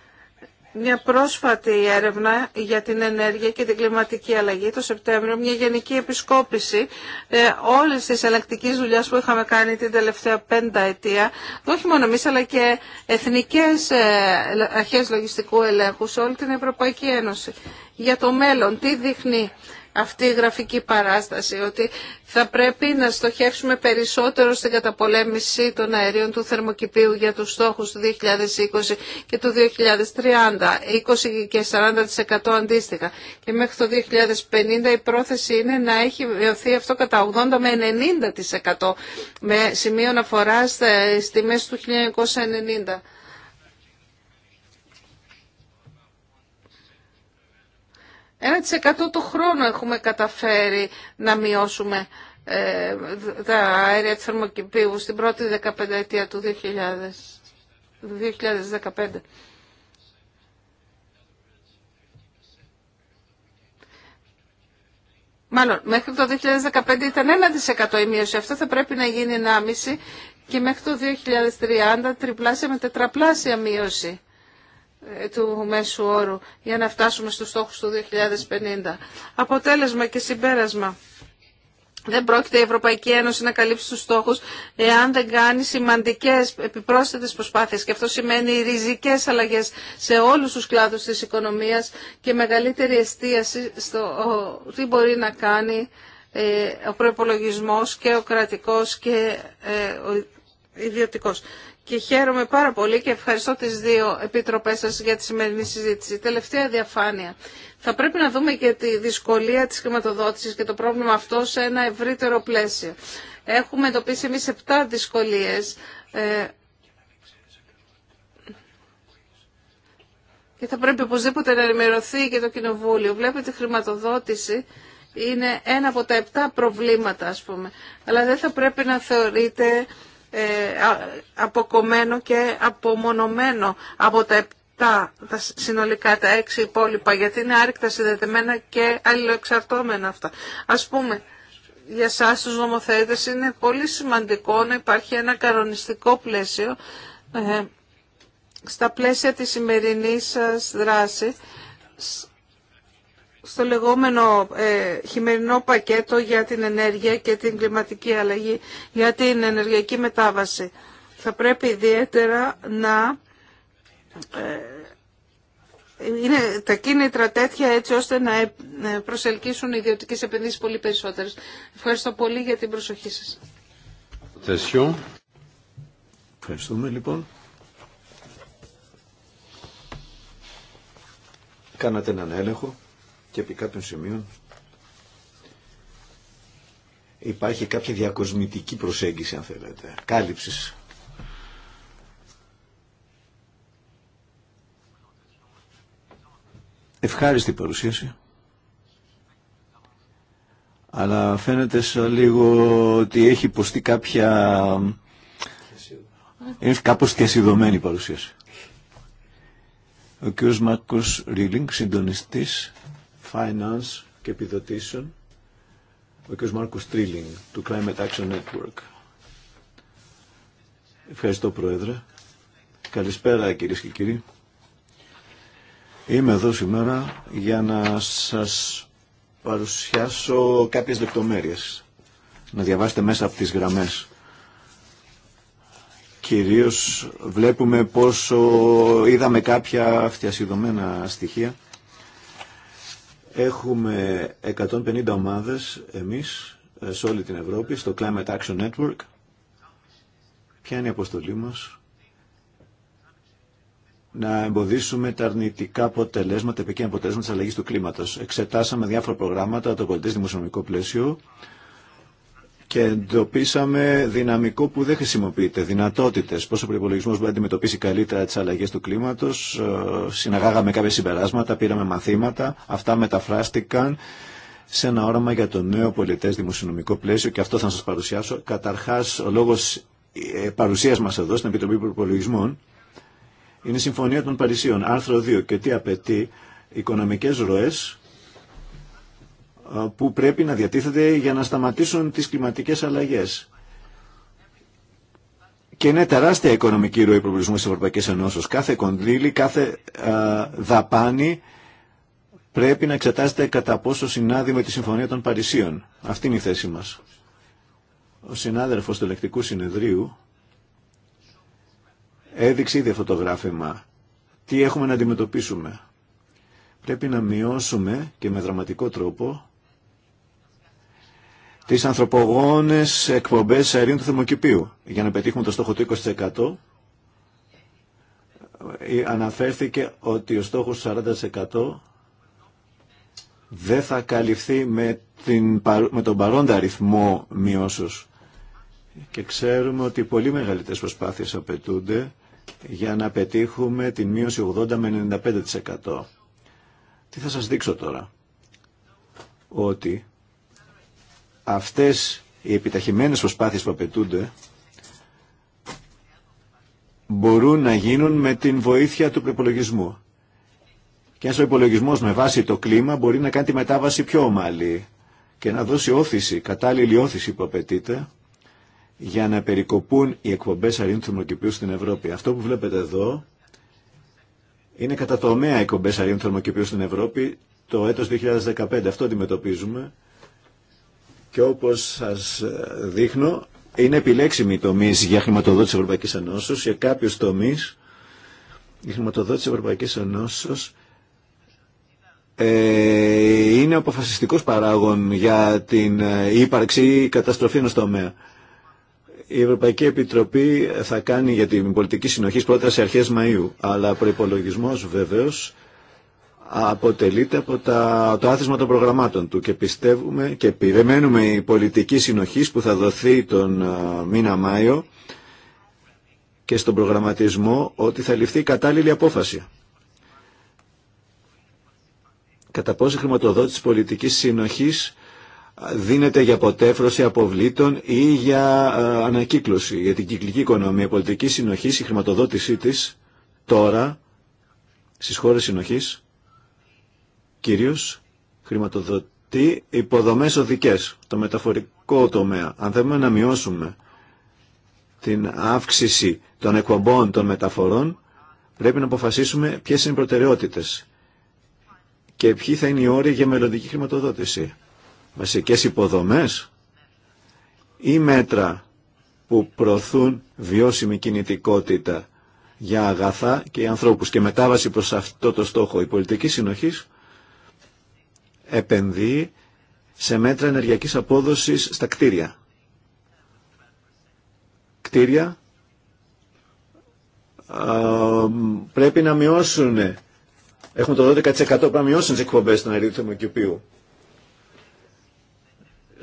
μια πρόσφατη έρευνα για την ενέργεια και την κλιματική αλλαγή το Σεπτέμβριο, μια γενική επισκόπηση ε, όλης της ελεκτικής που είχαμε κάνει την τελευταία πέντα ετία, όχι μόνο εμείς αλλά και εθνικές ε, αρχές λογιστικού ελέγχου σε όλη την Ευρωπαϊκή Ένωση. Για το μέλλον, τι δείχνει αυτή η γραφική παράσταση, ότι θα πρέπει να στοχεύσουμε περισσότερο στην καταπολέμηση των αερίων του θερμοκηπίου για τους στόχους του 2020 και του 2030, 20 και 40% αντίστοιχα. Και μέχρι το 2050 η πρόθεση είναι να έχει βιωθεί αυτό κατά 80 με 90% με σημείο αναφοράς στις τιμές του 1990. 1% το χρόνο έχουμε καταφέρει να μειώσουμε ε, τα αέρια της θερμοκηπίου στην πρώτη δεκαπενταετία του 2000, 2015. Μάλλον, μέχρι το 2015 ήταν 1% η μείωση. Αυτό θα πρέπει να γίνει 1,5% και μέχρι το 2030 τριπλάσια με τετραπλάσια μείωση. Ε, του μέσου όρου για να φτάσουμε στους στόχους του 2050. Αποτέλεσμα και συμπέρασμα. Δεν πρόκειται η Ευρωπαϊκή Ένωση να καλύψει τους στόχους εάν δεν κάνει σημαντικές επιπρόσθετες προσπάθειες και αυτό σημαίνει ριζικές αλλαγές σε όλους τους κλάδους της οικονομίας και μεγαλύτερη εστίαση στο τι μπορεί να κάνει ε, ο προπολογισμό και ο κρατικός και ε, ο ιδιωτικός και χαίρομαι πάρα πολύ και ευχαριστώ τις δύο επιτροπές σας για τη σημερινή συζήτηση. Τελευταία διαφάνεια. Θα πρέπει να δούμε και τη δυσκολία της χρηματοδότησης και το πρόβλημα αυτό σε ένα ευρύτερο πλαίσιο. Έχουμε εντοπίσει εμείς 7 δυσκολίες ε, και θα πρέπει οπωσδήποτε να ενημερωθεί και το Κοινοβούλιο. Βλέπετε η χρηματοδότηση είναι ένα από τα επτά προβλήματα, ας πούμε. Αλλά δεν θα πρέπει να θεωρείται ε, αποκομμένο και απομονωμένο από τα τα, τα συνολικά τα έξι υπόλοιπα, γιατί είναι άρρηκτα συνδεδεμένα και αλληλοεξαρτώμενα αυτά. Ας πούμε, για εσάς τους νομοθέτες είναι πολύ σημαντικό να υπάρχει ένα κανονιστικό πλαίσιο ε, στα πλαίσια της σημερινής σας δράση στο λεγόμενο ε, χειμερινό πακέτο για την ενέργεια και την κλιματική αλλαγή, για την ενεργειακή μετάβαση. Θα πρέπει ιδιαίτερα να ε, είναι τα κίνητρα τέτοια έτσι ώστε να ε, προσελκύσουν ιδιωτικέ επενδύσει πολύ περισσότερες. Ευχαριστώ πολύ για την προσοχή σας. Ευχαριστούμε λοιπόν. Κάνατε έναν έλεγχο και επί κάποιων σημείων υπάρχει κάποια διακοσμητική προσέγγιση αν θέλετε, κάλυψης. Ευχάριστη παρουσίαση. Αλλά φαίνεται σαν λίγο ότι έχει υποστεί κάποια... Είναι κάπως θεσιδωμένη παρουσίαση. Ο κ. Μάκος Ρίλινγκ, συντονιστής Finance και επιδοτήσεων, ο κ. Μάρκος Τρίλινγκ του Climate Action Network. Ευχαριστώ Πρόεδρε. Καλησπέρα κύριε και κύριοι. Είμαι εδώ σήμερα για να σας παρουσιάσω κάποιες λεπτομέρειες. Να διαβάσετε μέσα από τις γραμμές. Κυρίως βλέπουμε πόσο είδαμε κάποια αυτιασυδωμένα στοιχεία Έχουμε 150 ομάδες εμείς ε, σε όλη την Ευρώπη, στο Climate Action Network. Ποια είναι η αποστολή μας? Να εμποδίσουμε τα αρνητικά αποτελέσματα, επικίνδυνα αποτελέσματα της αλλαγής του κλίματος. Εξετάσαμε διάφορα προγράμματα, το πολιτικό δημοσιονομικό πλαίσιο, και εντοπίσαμε δυναμικό που δεν χρησιμοποιείται, δυνατότητες, πώς ο προπολογισμό μπορεί να αντιμετωπίσει καλύτερα τις αλλαγές του κλίματος, ε, συναγάγαμε κάποια συμπεράσματα, πήραμε μαθήματα, αυτά μεταφράστηκαν σε ένα όραμα για το νέο πολιτές δημοσιονομικό πλαίσιο και αυτό θα σας παρουσιάσω. Καταρχάς, ο λόγος ε, παρουσίας μας εδώ στην Επιτροπή Προπολογισμών είναι η Συμφωνία των Παρισίων, άρθρο 2 και τι απαιτεί οικονομικές ροές ε, που πρέπει να διατίθεται για να σταματήσουν τις κλιματικές αλλαγές. Και είναι τεράστια οικονομική ροή προβλησμού της Ευρωπαϊκής Ενώσεις. Κάθε κονδύλι, κάθε α, ε, δαπάνη πρέπει να εξετάζεται κατά πόσο συνάδει με τη Συμφωνία των Παρισίων. Αυτή είναι η θέση μας. Ο συνάδελφος του Ελεκτικού Συνεδρίου έδειξε ήδη φωτογράφημα Τι έχουμε να αντιμετωπίσουμε. Πρέπει να μειώσουμε και με δραματικό τρόπο τι ανθρωπογόνες εκπομπές αερίων του θερμοκηπίου για να πετύχουμε το στόχο του 20% ε, αναφέρθηκε ότι ο στόχο του 40% δεν θα καλυφθεί με, την, με τον παρόντα αριθμό μειώσεως. Και ξέρουμε ότι πολύ μεγαλύτερε προσπάθειες απαιτούνται για να πετύχουμε την μείωση 80 με 95%. Τι θα σας δείξω τώρα. Ότι αυτές οι επιταχυμένες προσπάθειες που απαιτούνται μπορούν να γίνουν με την βοήθεια του προπολογισμού. Και ένας ο υπολογισμό με βάση το κλίμα μπορεί να κάνει τη μετάβαση πιο ομαλή και να δώσει όθηση, κατάλληλη όθηση που απαιτείται για να περικοπούν οι εκπομπές αρήνου θερμοκηπίου στην Ευρώπη. Αυτό που βλέπετε εδώ είναι κατά τομέα εκπομπές αρήνου θερμοκηπίου στην Ευρώπη το έτος 2015. Αυτό αντιμετωπίζουμε και όπως σας ε, δείχνω, είναι επιλέξιμη η τομή για χρηματοδότηση Ευρωπαϊκής Ενώσεως. Για κάποιους τομείς, η χρηματοδότηση Ευρωπαϊκής Ενώσεως ε, είναι αποφασιστικός παράγων για την ε, ύπαρξη ή καταστροφή ενός τομέα. Η Ευρωπαϊκή Επιτροπή θα κάνει για την πολιτική συνοχή πρόταση αρχές Μαΐου, αλλά προπολογισμό βεβαίως αποτελείται από το άθροισμα των προγραμμάτων του και πιστεύουμε και περιμένουμε η πολιτική συνοχής που θα δοθεί τον ε, μήνα Μάιο και στον προγραμματισμό ότι θα ληφθεί κατάλληλη απόφαση. Κατά πόσο χρηματοδότηση πολιτικής συνοχής ε, δίνεται για αποτέφρωση αποβλήτων ή για ε, ανακύκλωση, για την κυκλική οικονομία. Η πολιτική συνοχής, η χρηματοδότησή της τώρα στις χώρες συνοχής κυρίως χρηματοδοτεί υποδομές οδικές, το μεταφορικό τομέα. Αν θέλουμε να μειώσουμε την αύξηση των εκπομπών των μεταφορών, πρέπει να αποφασίσουμε ποιες είναι οι προτεραιότητες και ποιοι θα είναι οι όροι για μελλοντική χρηματοδότηση. Βασικές υποδομές ή μέτρα που προωθούν βιώσιμη κινητικότητα για αγαθά και ανθρώπους και μετάβαση προς αυτό το στόχο. Η πολιτική συνοχής επενδύει σε μέτρα ενεργειακής απόδοσης στα κτίρια. Κτίρια πρέπει να μειώσουν, έχουμε το 12% πρέπει να μειώσουν τις εκπομπές των αερίου θερμοκηπίου.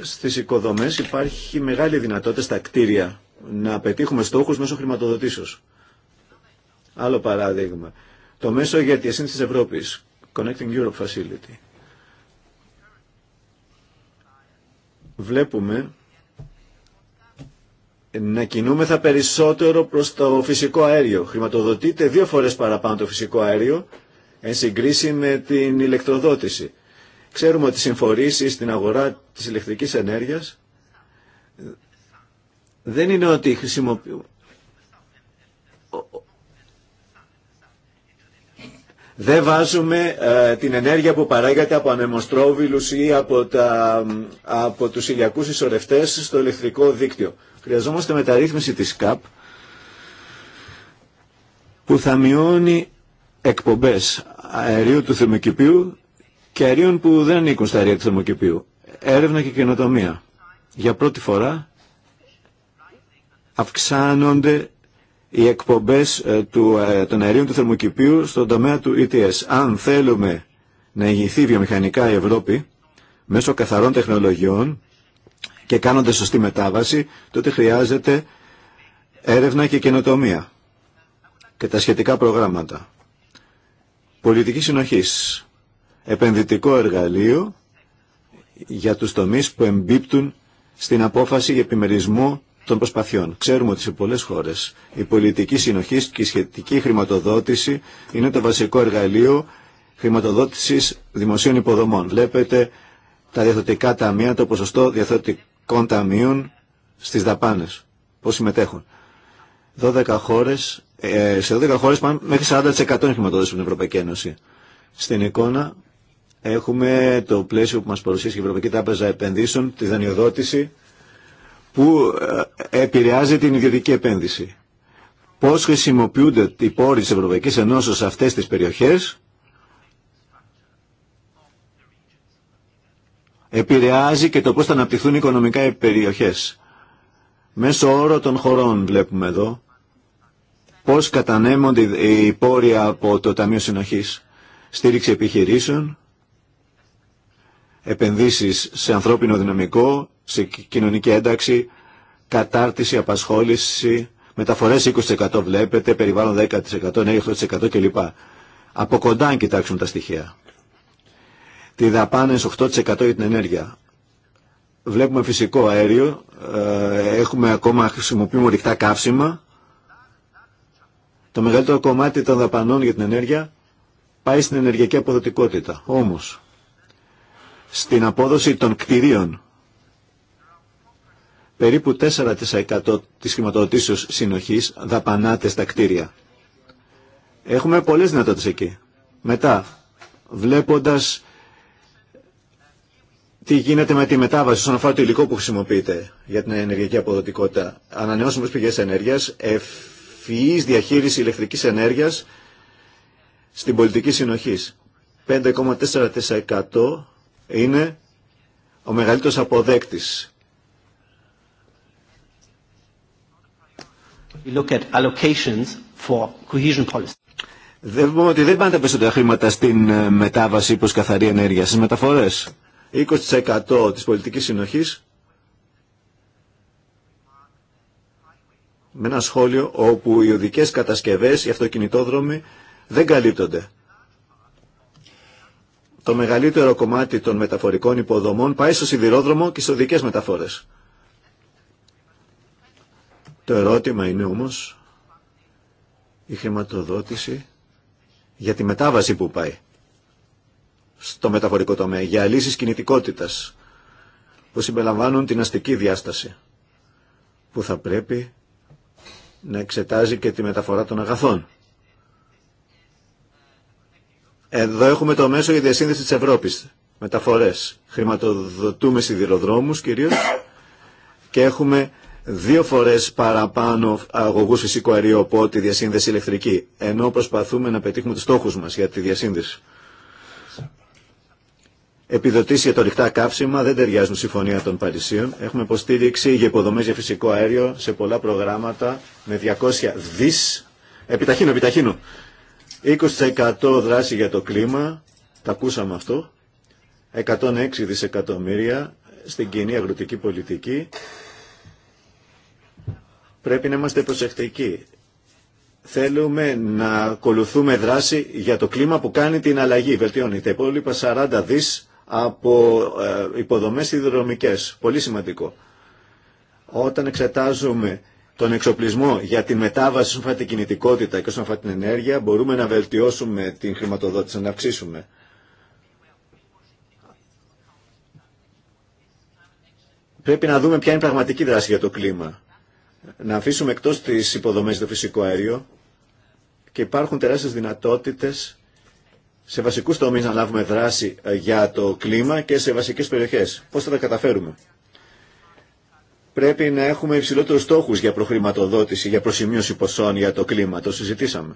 Στις οικοδομές υπάρχει μεγάλη δυνατότητα στα κτίρια να πετύχουμε στόχους μέσω χρηματοδοτήσεως. Άλλο παράδειγμα, το μέσο για τη της Ευρώπης, Connecting Europe Facility. βλέπουμε να κινούμεθα περισσότερο προς το φυσικό αέριο. Χρηματοδοτείται δύο φορές παραπάνω το φυσικό αέριο εν συγκρίση με την ηλεκτροδότηση. Ξέρουμε ότι συμφορήσει στην αγορά της ηλεκτρικής ενέργειας δεν είναι ότι χρησιμοποιούμε Δεν βάζουμε ε, την ενέργεια που παράγεται από ανεμοστρόβιλους ή από, τα, από τους ηλιακούς ισορρευτές στο ηλεκτρικό δίκτυο. Χρειαζόμαστε μεταρρύθμιση της ΚΑΠ που θα μειώνει εκπομπές αερίου του θερμοκηπίου και αερίων που δεν ανήκουν στα αερία του θερμοκηπίου. Έρευνα και καινοτομία. Για πρώτη φορά αυξάνονται οι εκπομπές ε, του, ε, των αερίων του θερμοκηπίου στον τομέα του ETS. Αν θέλουμε να ηγηθεί βιομηχανικά η Ευρώπη μέσω καθαρών τεχνολογιών και κάνοντας σωστή μετάβαση, τότε χρειάζεται έρευνα και καινοτομία και τα σχετικά προγράμματα. Πολιτική συνοχής, επενδυτικό εργαλείο για τους τομείς που εμπίπτουν στην απόφαση για επιμερισμό των προσπαθειών. Ξέρουμε ότι σε πολλές χώρες η πολιτική συνοχή και η σχετική χρηματοδότηση είναι το βασικό εργαλείο χρηματοδότησης δημοσίων υποδομών. Βλέπετε τα διαθωτικά ταμεία, το ποσοστό διαθωτικών ταμείων στις δαπάνες, πώς συμμετέχουν. 12 χώρες, ε, σε 12 χώρες πάνε μέχρι 40% χρηματοδότηση στην Ευρωπαϊκή Ένωση. Στην εικόνα έχουμε το πλαίσιο που μας παρουσίασε η Ευρωπαϊκή Τράπεζα Επενδύσεων, τη δανειοδότηση, που ε, επηρεάζει την ιδιωτική επένδυση. Πώς χρησιμοποιούνται οι πόροι της Ευρωπαϊκής Ενώσεως σε αυτές τις περιοχές επηρεάζει και το πώς θα αναπτυχθούν οικονομικά οι περιοχές. Μέσω όρο των χωρών βλέπουμε εδώ πώς κατανέμονται οι πόροι από το Ταμείο Συνοχής. Στήριξη επιχειρήσεων, επενδύσεις σε ανθρώπινο δυναμικό, σε κοινωνική ένταξη, κατάρτιση, απασχόληση, μεταφορές 20% βλέπετε, περιβάλλον 10%, ενέργεια 8% κλπ. Από κοντά αν κοιτάξουν τα στοιχεία. Τη δαπάνες 8% για την ενέργεια. Βλέπουμε φυσικό αέριο, ε, έχουμε ακόμα χρησιμοποιούμε ρηχτά καύσιμα. Το μεγαλύτερο κομμάτι των δαπανών για την ενέργεια πάει στην ενεργειακή αποδοτικότητα. Όμως, στην απόδοση των κτηρίων. Περίπου 4% της χρηματοδοτήσεως συνοχής δαπανάται στα κτίρια. Έχουμε πολλές δυνατότητες εκεί. Μετά, βλέποντας τι γίνεται με τη μετάβαση στον αφορά το υλικό που χρησιμοποιείται για την ενεργειακή αποδοτικότητα. Ανανεώσιμες πηγές ενέργειας, ευφυής διαχείριση ηλεκτρικής ενέργειας στην πολιτική συνοχής. 5,4% είναι ο μεγαλύτερος αποδέκτης. Δεν ότι δεν πάνε τα περισσότερα χρήματα στην ε, μετάβαση προς καθαρή ενέργεια, στις μεταφορές. 20% της πολιτικής συνοχής με ένα σχόλιο όπου οι οδικές κατασκευές, οι αυτοκινητόδρομοι δεν καλύπτονται. Το μεγαλύτερο κομμάτι των μεταφορικών υποδομών πάει στο σιδηρόδρομο και στι οδικές μεταφορές. Το ερώτημα είναι όμως η χρηματοδότηση για τη μετάβαση που πάει στο μεταφορικό τομέα, για λύσεις κινητικότητας που συμπεριλαμβάνουν την αστική διάσταση που θα πρέπει να εξετάζει και τη μεταφορά των αγαθών. Εδώ έχουμε το μέσο για διασύνδεση της Ευρώπης. Μεταφορές. Χρηματοδοτούμε σιδηροδρόμους κυρίως και έχουμε δύο φορές παραπάνω αγωγούς φυσικού αερίου από τη διασύνδεση ηλεκτρική. Ενώ προσπαθούμε να πετύχουμε τους στόχους μας για τη διασύνδεση. Επιδοτήσει για το ρηχτά καύσιμα δεν ταιριάζουν συμφωνία των Παρισίων. Έχουμε υποστήριξη για υποδομέ για φυσικό αέριο σε πολλά προγράμματα με 200 δι. Επιταχύνω, επιταχύνω. 20% δράση για το κλίμα, τα ακούσαμε αυτό, 106 δισεκατομμύρια στην κοινή αγροτική πολιτική. Πρέπει να είμαστε προσεκτικοί. Θέλουμε να ακολουθούμε δράση για το κλίμα που κάνει την αλλαγή, βελτιώνει. Τα υπόλοιπα 40 δις από ε, υποδομές υδρομικές. Πολύ σημαντικό. Όταν εξετάζουμε τον εξοπλισμό για τη μετάβαση όσον αφορά την κινητικότητα και όσον αφορά την ενέργεια, μπορούμε να βελτιώσουμε την χρηματοδότηση, να αυξήσουμε. Πρέπει να δούμε ποια είναι η πραγματική δράση για το κλίμα. Να αφήσουμε εκτός τι υποδομέ το φυσικό αέριο και υπάρχουν τεράστιες δυνατότητες σε βασικούς τομείς να λάβουμε δράση για το κλίμα και σε βασικέ περιοχέ. Πώ θα τα καταφέρουμε πρέπει να έχουμε υψηλότερους στόχους για προχρηματοδότηση, για προσημείωση ποσών για το κλίμα. Το συζητήσαμε.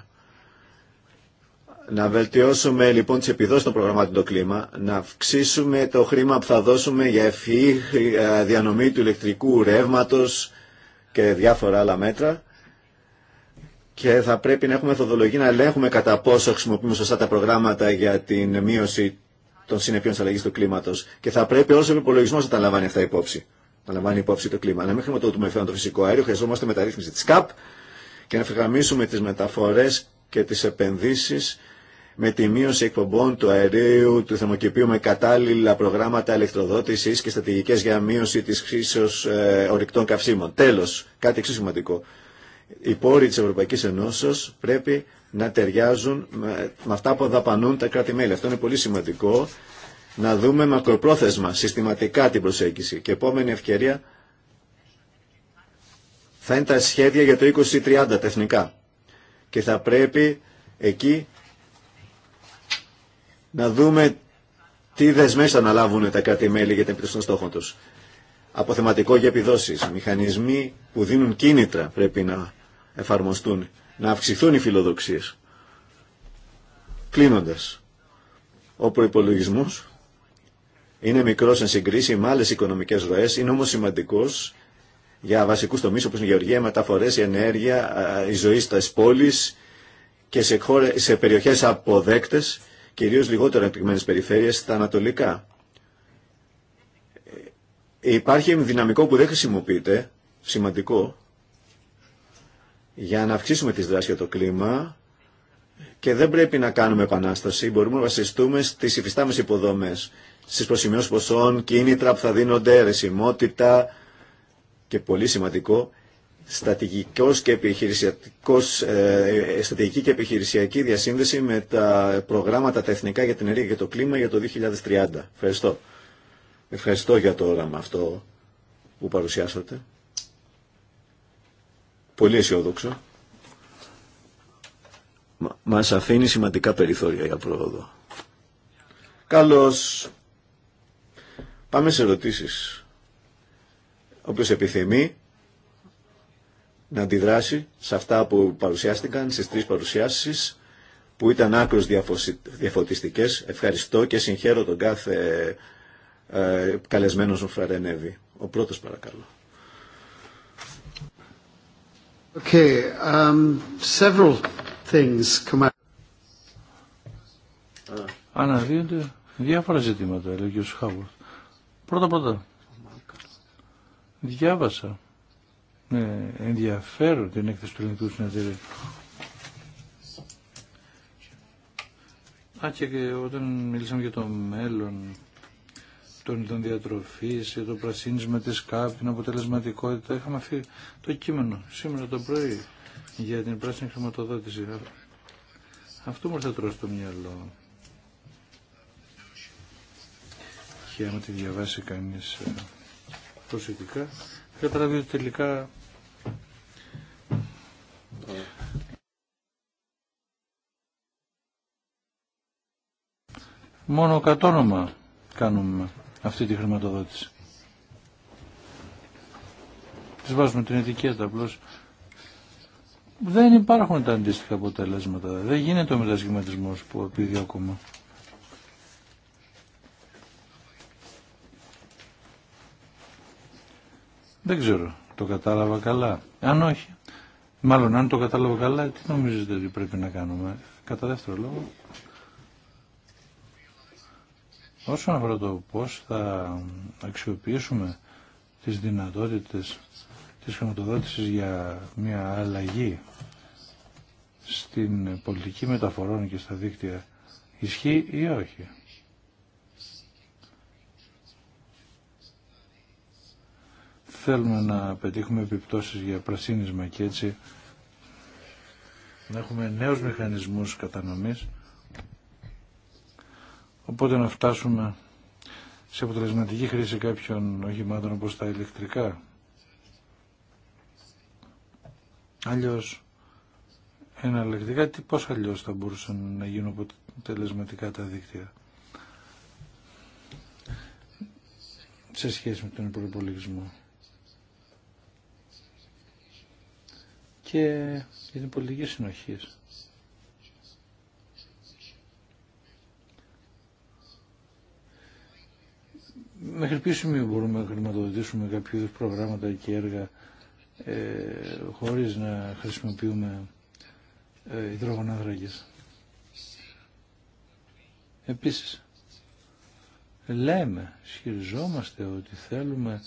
Να βελτιώσουμε λοιπόν τις επιδόσεις των προγραμμάτων το κλίμα, να αυξήσουμε το χρήμα που θα δώσουμε για ευφυή ε, διανομή του ηλεκτρικού ρεύματο και διάφορα άλλα μέτρα και θα πρέπει να έχουμε μεθοδολογία να ελέγχουμε κατά πόσο χρησιμοποιούμε σωστά τα προγράμματα για την μείωση των συνεπειών της αλλαγής του κλίματος και θα πρέπει όσο ο να τα λαμβάνει αυτά υπόψη να λαμβάνει υπόψη το κλίμα. Να μην χρηματοδοτούμε φέρον το φυσικό αέριο, χρειαζόμαστε μεταρρύθμιση τη ΚΑΠ και να ευθυγραμμίσουμε τι μεταφορέ και τι επενδύσει με τη μείωση εκπομπών του αερίου, του θερμοκηπίου με κατάλληλα προγράμματα ηλεκτροδότηση και στρατηγικέ για μείωση τη χρήση ε, ορυκτών καυσίμων. Τέλο, κάτι εξίσου σημαντικό. Οι πόροι τη Ευρωπαϊκή Ενώσεω πρέπει να ταιριάζουν με, με αυτά που δαπανούν τα κράτη-μέλη. Αυτό είναι πολύ σημαντικό να δούμε μακροπρόθεσμα συστηματικά την προσέγγιση. Και επόμενη ευκαιρία θα είναι τα σχέδια για το 2030 τεχνικά. Και θα πρέπει εκεί να δούμε τι δεσμές θα αναλάβουν τα κράτη-μέλη για την επιτυχία των στόχων τους. Αποθεματικό για επιδόσεις, μηχανισμοί που δίνουν κίνητρα πρέπει να εφαρμοστούν, να αυξηθούν οι φιλοδοξίες. Κλείνοντας, ο προϋπολογισμός είναι μικρό σε συγκρίση με άλλε οικονομικέ ροέ, είναι όμω σημαντικό για βασικού τομεί όπω η γεωργία, οι μεταφορέ, η ενέργεια, η ζωή στα πόλει και σε, σε περιοχές αποδέκτες, κυρίως λιγότερο ανεπτυγμένε περιφέρειες, στα ανατολικά. Ε, υπάρχει δυναμικό που δεν χρησιμοποιείται, σημαντικό, για να αυξήσουμε τις δράσεις για το κλίμα και δεν πρέπει να κάνουμε επανάσταση, μπορούμε να βασιστούμε στις υφιστάμενες υποδομές στις προσημειώσεις ποσών, κίνητρα που θα δίνονται, ρεσιμότητα και πολύ σημαντικό, στατηγικός και επιχειρησιακός, ε, ε, στατηγική και επιχειρησιακή διασύνδεση με τα προγράμματα τα εθνικά για την ενέργεια και το κλίμα για το 2030. Ευχαριστώ. Ευχαριστώ για το όραμα αυτό που παρουσιάσατε. Πολύ αισιόδοξο. Μας αφήνει σημαντικά περιθώρια για πρόοδο. Καλώς. Πάμε σε ερωτήσεις. Όποιος επιθυμεί να αντιδράσει σε αυτά που παρουσιάστηκαν, στις τρεις παρουσιάσεις, που ήταν άκρως διαφωτιστικές. Ευχαριστώ και συγχαίρω τον κάθε ε, καλεσμένο μου φαρενεύει. Ο πρώτος παρακαλώ. Okay, um, several things come Αναδύονται διάφορα ζητήματα, λέει ο κ. Πρώτα πρώτα. Διάβασα με ναι, ενδιαφέρον την έκθεση του ελληνικού συνεδρίου. Α, και όταν μιλήσαμε για το μέλλον των ειδών διατροφή, για το πρασίνισμα τη ΚΑΠ, την αποτελεσματικότητα, είχαμε αφήσει το κείμενο σήμερα το πρωί για την πράσινη χρηματοδότηση. Αυτό μου θα τώρα το μυαλό. και άμα τη διαβάσει κανείς ε, προσεκτικά, καταλαβεί ότι τελικά μόνο όνομα κάνουμε αυτή τη χρηματοδότηση. Τις βάζουμε την ετικέτα απλώς. Δεν υπάρχουν τα αντίστοιχα αποτελέσματα. Δεν γίνεται ο μετασχηματισμός που επίδει ακόμα. Δεν ξέρω, το κατάλαβα καλά. Αν όχι, μάλλον αν το κατάλαβα καλά, τι νομίζετε ότι πρέπει να κάνουμε. Κατά δεύτερο λόγο, όσον αφορά το πώς θα αξιοποιήσουμε τις δυνατότητες της χρηματοδότησης για μια αλλαγή στην πολιτική μεταφορών και στα δίκτυα, ισχύει ή όχι. θέλουμε να πετύχουμε επιπτώσεις για πρασίνισμα και έτσι να έχουμε νέους μηχανισμούς κατανομής οπότε να φτάσουμε σε αποτελεσματική χρήση κάποιων οχημάτων όπως τα ηλεκτρικά αλλιώς εναλλακτικά τι πώς αλλιώς θα μπορούσαν να γίνουν αποτελεσματικά τα δίκτυα σε σχέση με τον υπολογισμό. και για την πολιτική συνοχή. Μέχρι ποιο σημείο μπορούμε να χρηματοδοτήσουμε κάποιο προγράμματα και έργα ε, χωρίς να χρησιμοποιούμε ε, υδρογονάνθρακες. Επίσης, λέμε, ισχυριζόμαστε ότι θέλουμε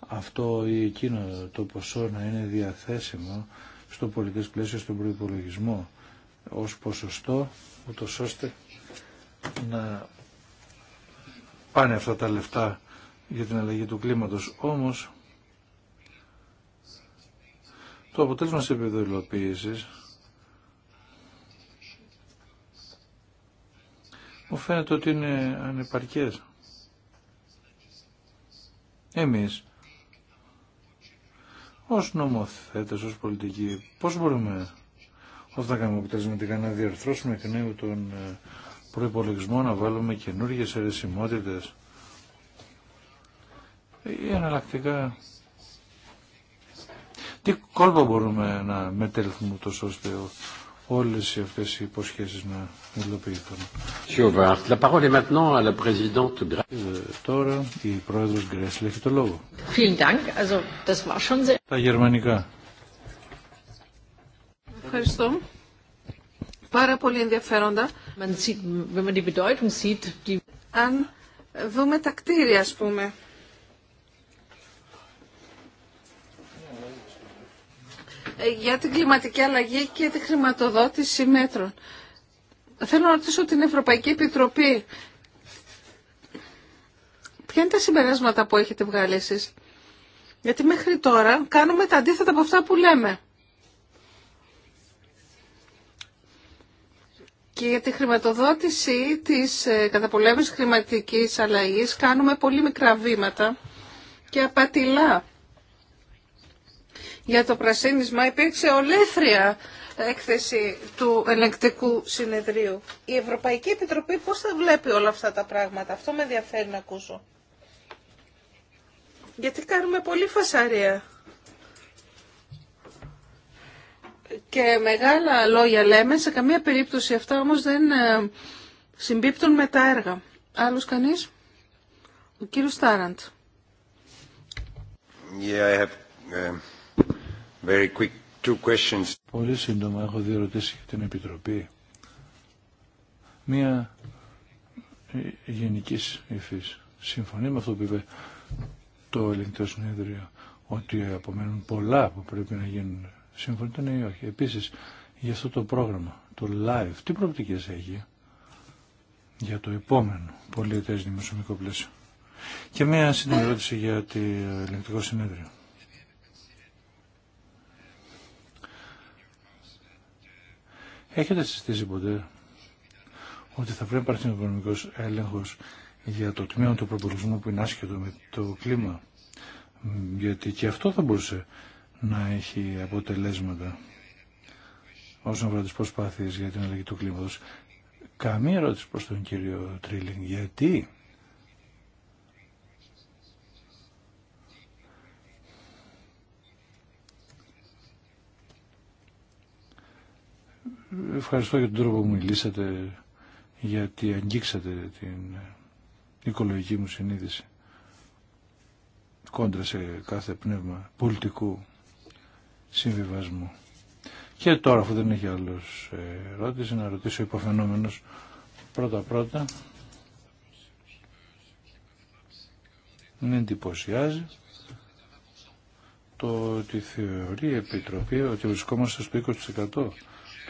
αυτό ή εκείνο το ποσό να είναι διαθέσιμο στο πολιτέ πλαίσιο, στον προπολογισμό ως ποσοστό, ούτω ώστε να πάνε αυτά τα λεφτά για την αλλαγή του κλίματος. Όμως, το αποτέλεσμα της επιδοηλοποίησης μου φαίνεται ότι είναι ανεπαρκές. Εμείς ως νομοθέτες, ως πολιτική, πώς μπορούμε όταν κάνουμε αποτελεσματικά να διαρθρώσουμε εκ νέου τον ε, προϋπολογισμό, να βάλουμε καινούργιες αιρεσιμότητες ή ε, εναλλακτικά τι κόλπο μπορούμε να μετέλθουμε τόσο ώστε όλες οι αυτές οι υποσχέσεις να υλοποιηθούν. La parole est maintenant à la présidente ε, Τώρα η πρόεδρος Γκρέσλε έχει το λόγο. Τα γερμανικά. Ευχαριστώ. Πάρα πολύ ενδιαφέροντα. Αν δούμε τα κτίρια, ας πούμε, για την κλιματική αλλαγή και τη χρηματοδότηση μέτρων. Θέλω να ρωτήσω την Ευρωπαϊκή Επιτροπή. Ποια είναι τα συμπεράσματα που έχετε βγάλει εσείς. Γιατί μέχρι τώρα κάνουμε τα αντίθετα από αυτά που λέμε. Και για τη χρηματοδότηση της ε, καταπολέμησης χρηματικής αλλαγής κάνουμε πολύ μικρά βήματα και απατηλά για το πρασίνισμα υπήρξε ολέθρια έκθεση του ελεγκτικού συνεδρίου. Η Ευρωπαϊκή Επιτροπή πώς θα βλέπει όλα αυτά τα πράγματα. Αυτό με ενδιαφέρει να ακούσω. Γιατί κάνουμε πολύ φασαρία. Και μεγάλα λόγια λέμε, σε καμία περίπτωση αυτά όμως δεν ε, συμπίπτουν με τα έργα. Άλλος κανείς, ο κύριος Τάραντ. Yeah, I have... Um, Πολύ σύντομα έχω δύο ερωτήσει για την Επιτροπή. Μία γενικής υφή Συμφωνεί με αυτό που είπε το Ελληνικό συνέδριο ότι απομένουν πολλά που πρέπει να γίνουν. Συμφωνείτε ναι ή όχι. Επίσης, για αυτό το πρόγραμμα, το live, τι προοπτικέ έχει για το επόμενο πολιτεύσιο δημοσιονομικό πλαίσιο. Και μια σύντομη για το Ελληνικό συνέδριο. Έχετε συστήσει ποτέ ότι θα πρέπει να υπάρχει οικονομικό έλεγχο για το τμήμα του προπολογισμού που είναι άσχετο με το κλίμα. Γιατί και αυτό θα μπορούσε να έχει αποτελέσματα όσον αφορά τι προσπάθειε για την αλλαγή του κλίματο. Καμία ερώτηση προ τον κύριο Τρίλινγκ. Γιατί Ευχαριστώ για τον τρόπο που μιλήσατε, γιατί αγγίξατε την οικολογική μου συνείδηση κόντρα σε κάθε πνεύμα πολιτικού συμβιβασμού. Και τώρα, αφού δεν έχει άλλος ερώτηση, να ρωτήσω υποφαινόμενος πρώτα-πρώτα. Με εντυπωσιάζει το ότι θεωρεί η Επιτροπή ότι βρισκόμαστε στο 20%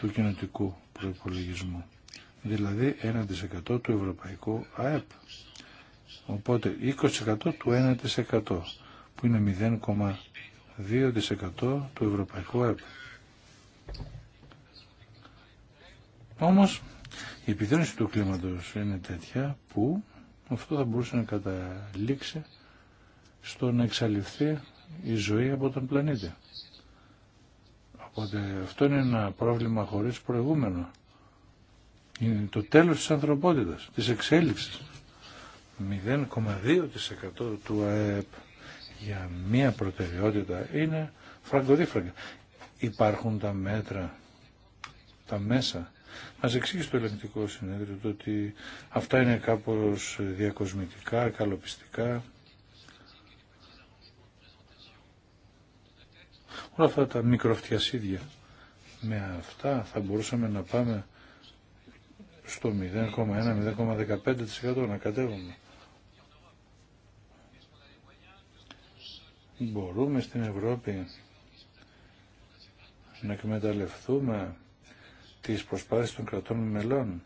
του κοινοτικού προϋπολογισμού, δηλαδή 1% του ευρωπαϊκού ΑΕΠ. Οπότε 20% του 1% που είναι 0,2% του ευρωπαϊκού ΑΕΠ. Όμως η επιδόνηση του κλίματος είναι τέτοια που αυτό θα μπορούσε να καταλήξει στο να εξαλειφθεί η ζωή από τον πλανήτη. Οπότε αυτό είναι ένα πρόβλημα χωρίς προηγούμενο. Είναι το τέλος της ανθρωπότητας, της εξέλιξης. 0,2% του ΑΕΠ για μία προτεραιότητα είναι φραγκοδίφραγκα. Υπάρχουν τα μέτρα, τα μέσα. Μας εξήγησε το ελεγκτικό συνέδριο ότι αυτά είναι κάπως διακοσμητικά, καλοπιστικά. όλα αυτά τα μικροφτιασίδια. Με αυτά θα μπορούσαμε να πάμε στο 0,1-0,15% να κατέβουμε. Μπορούμε στην Ευρώπη να εκμεταλλευτούμε τις προσπάθειες των κρατών μελών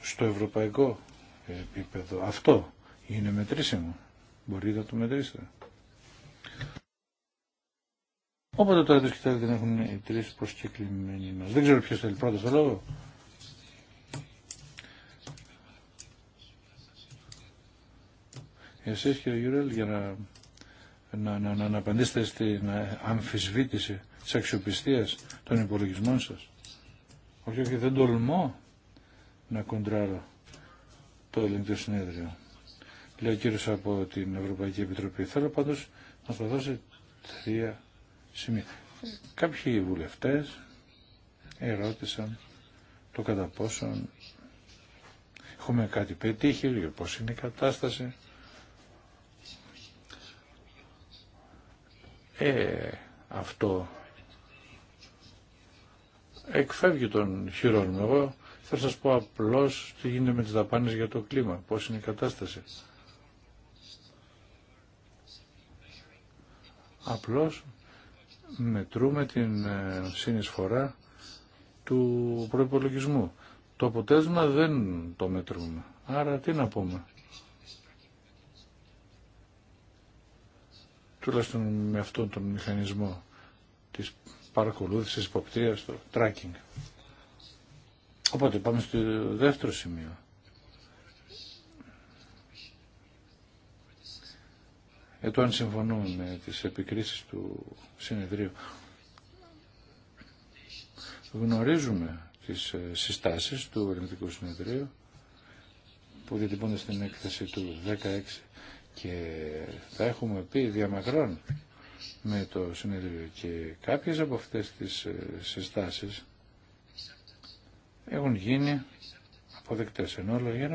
στο ευρωπαϊκό επίπεδο. Αυτό είναι μετρήσιμο. Μπορείτε να το μετρήσετε. Οπότε τώρα το κοιτάζετε δεν έχουν οι τρεις προσκεκλημένοι μας. Δεν ξέρω ποιος θέλει πρώτα το λόγο. Εσείς κύριε Γιουρέλ για να, να, να, να, απαντήσετε στην αμφισβήτηση της αξιοπιστίας των υπολογισμών σας. Όχι, όχι, δεν τολμώ να κοντράρω το ελληνικό συνέδριο. Λέω κύριος από την Ευρωπαϊκή Επιτροπή. Θέλω πάντως να σας δώσω τρία σημεία. Κάποιοι βουλευτές ερώτησαν το κατά πόσον έχουμε κάτι πετύχει, πώς είναι η κατάσταση. Ε, αυτό εκφεύγει τον χειρό. μου. Εγώ θα σας πω απλώς τι γίνεται με τις δαπάνες για το κλίμα, πώς είναι η κατάσταση. Απλώς μετρούμε την ε, συνεισφορά του προϋπολογισμού. Το αποτέλεσμα δεν το μετρούμε. Άρα τι να πούμε. Τουλάχιστον με αυτόν τον μηχανισμό της παρακολούθησης υποπτήρια, το tracking. Οπότε πάμε στο δεύτερο σημείο. Ε, αν συμφωνούμε με τις επικρίσεις του συνεδρίου. Γνωρίζουμε τις ε, συστάσεις του Ελληνικού Συνεδρίου που διατυπώνται στην έκθεση του 16 και θα έχουμε πει διαμακρών με το συνεδρίο και κάποιες από αυτές τις ε, συστάσεις έχουν γίνει αποδεκτές ενώ λόγια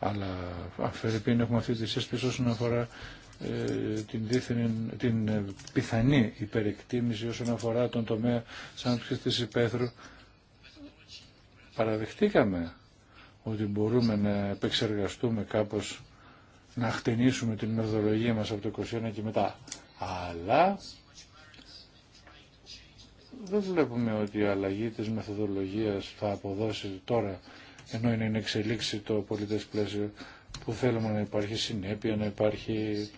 Αλλά αφαιρεπήν έχουμε αυτή τη σύσπιση όσον αφορά ε, την, δίθυνη, την ε, πιθανή υπερεκτίμηση όσον αφορά τον τομέα της ανάπτυξης της υπαίθρου. Παραδεχτήκαμε ότι μπορούμε να επεξεργαστούμε κάπως να χτενίσουμε την μεθοδολογία μας από το 21 και μετά. Αλλά δεν βλέπουμε ότι η αλλαγή της μεθοδολογίας θα αποδώσει τώρα ενώ είναι εξελίξει το πολιτές πλαίσιο που θέλουμε να υπάρχει συνέπεια, να υπάρχει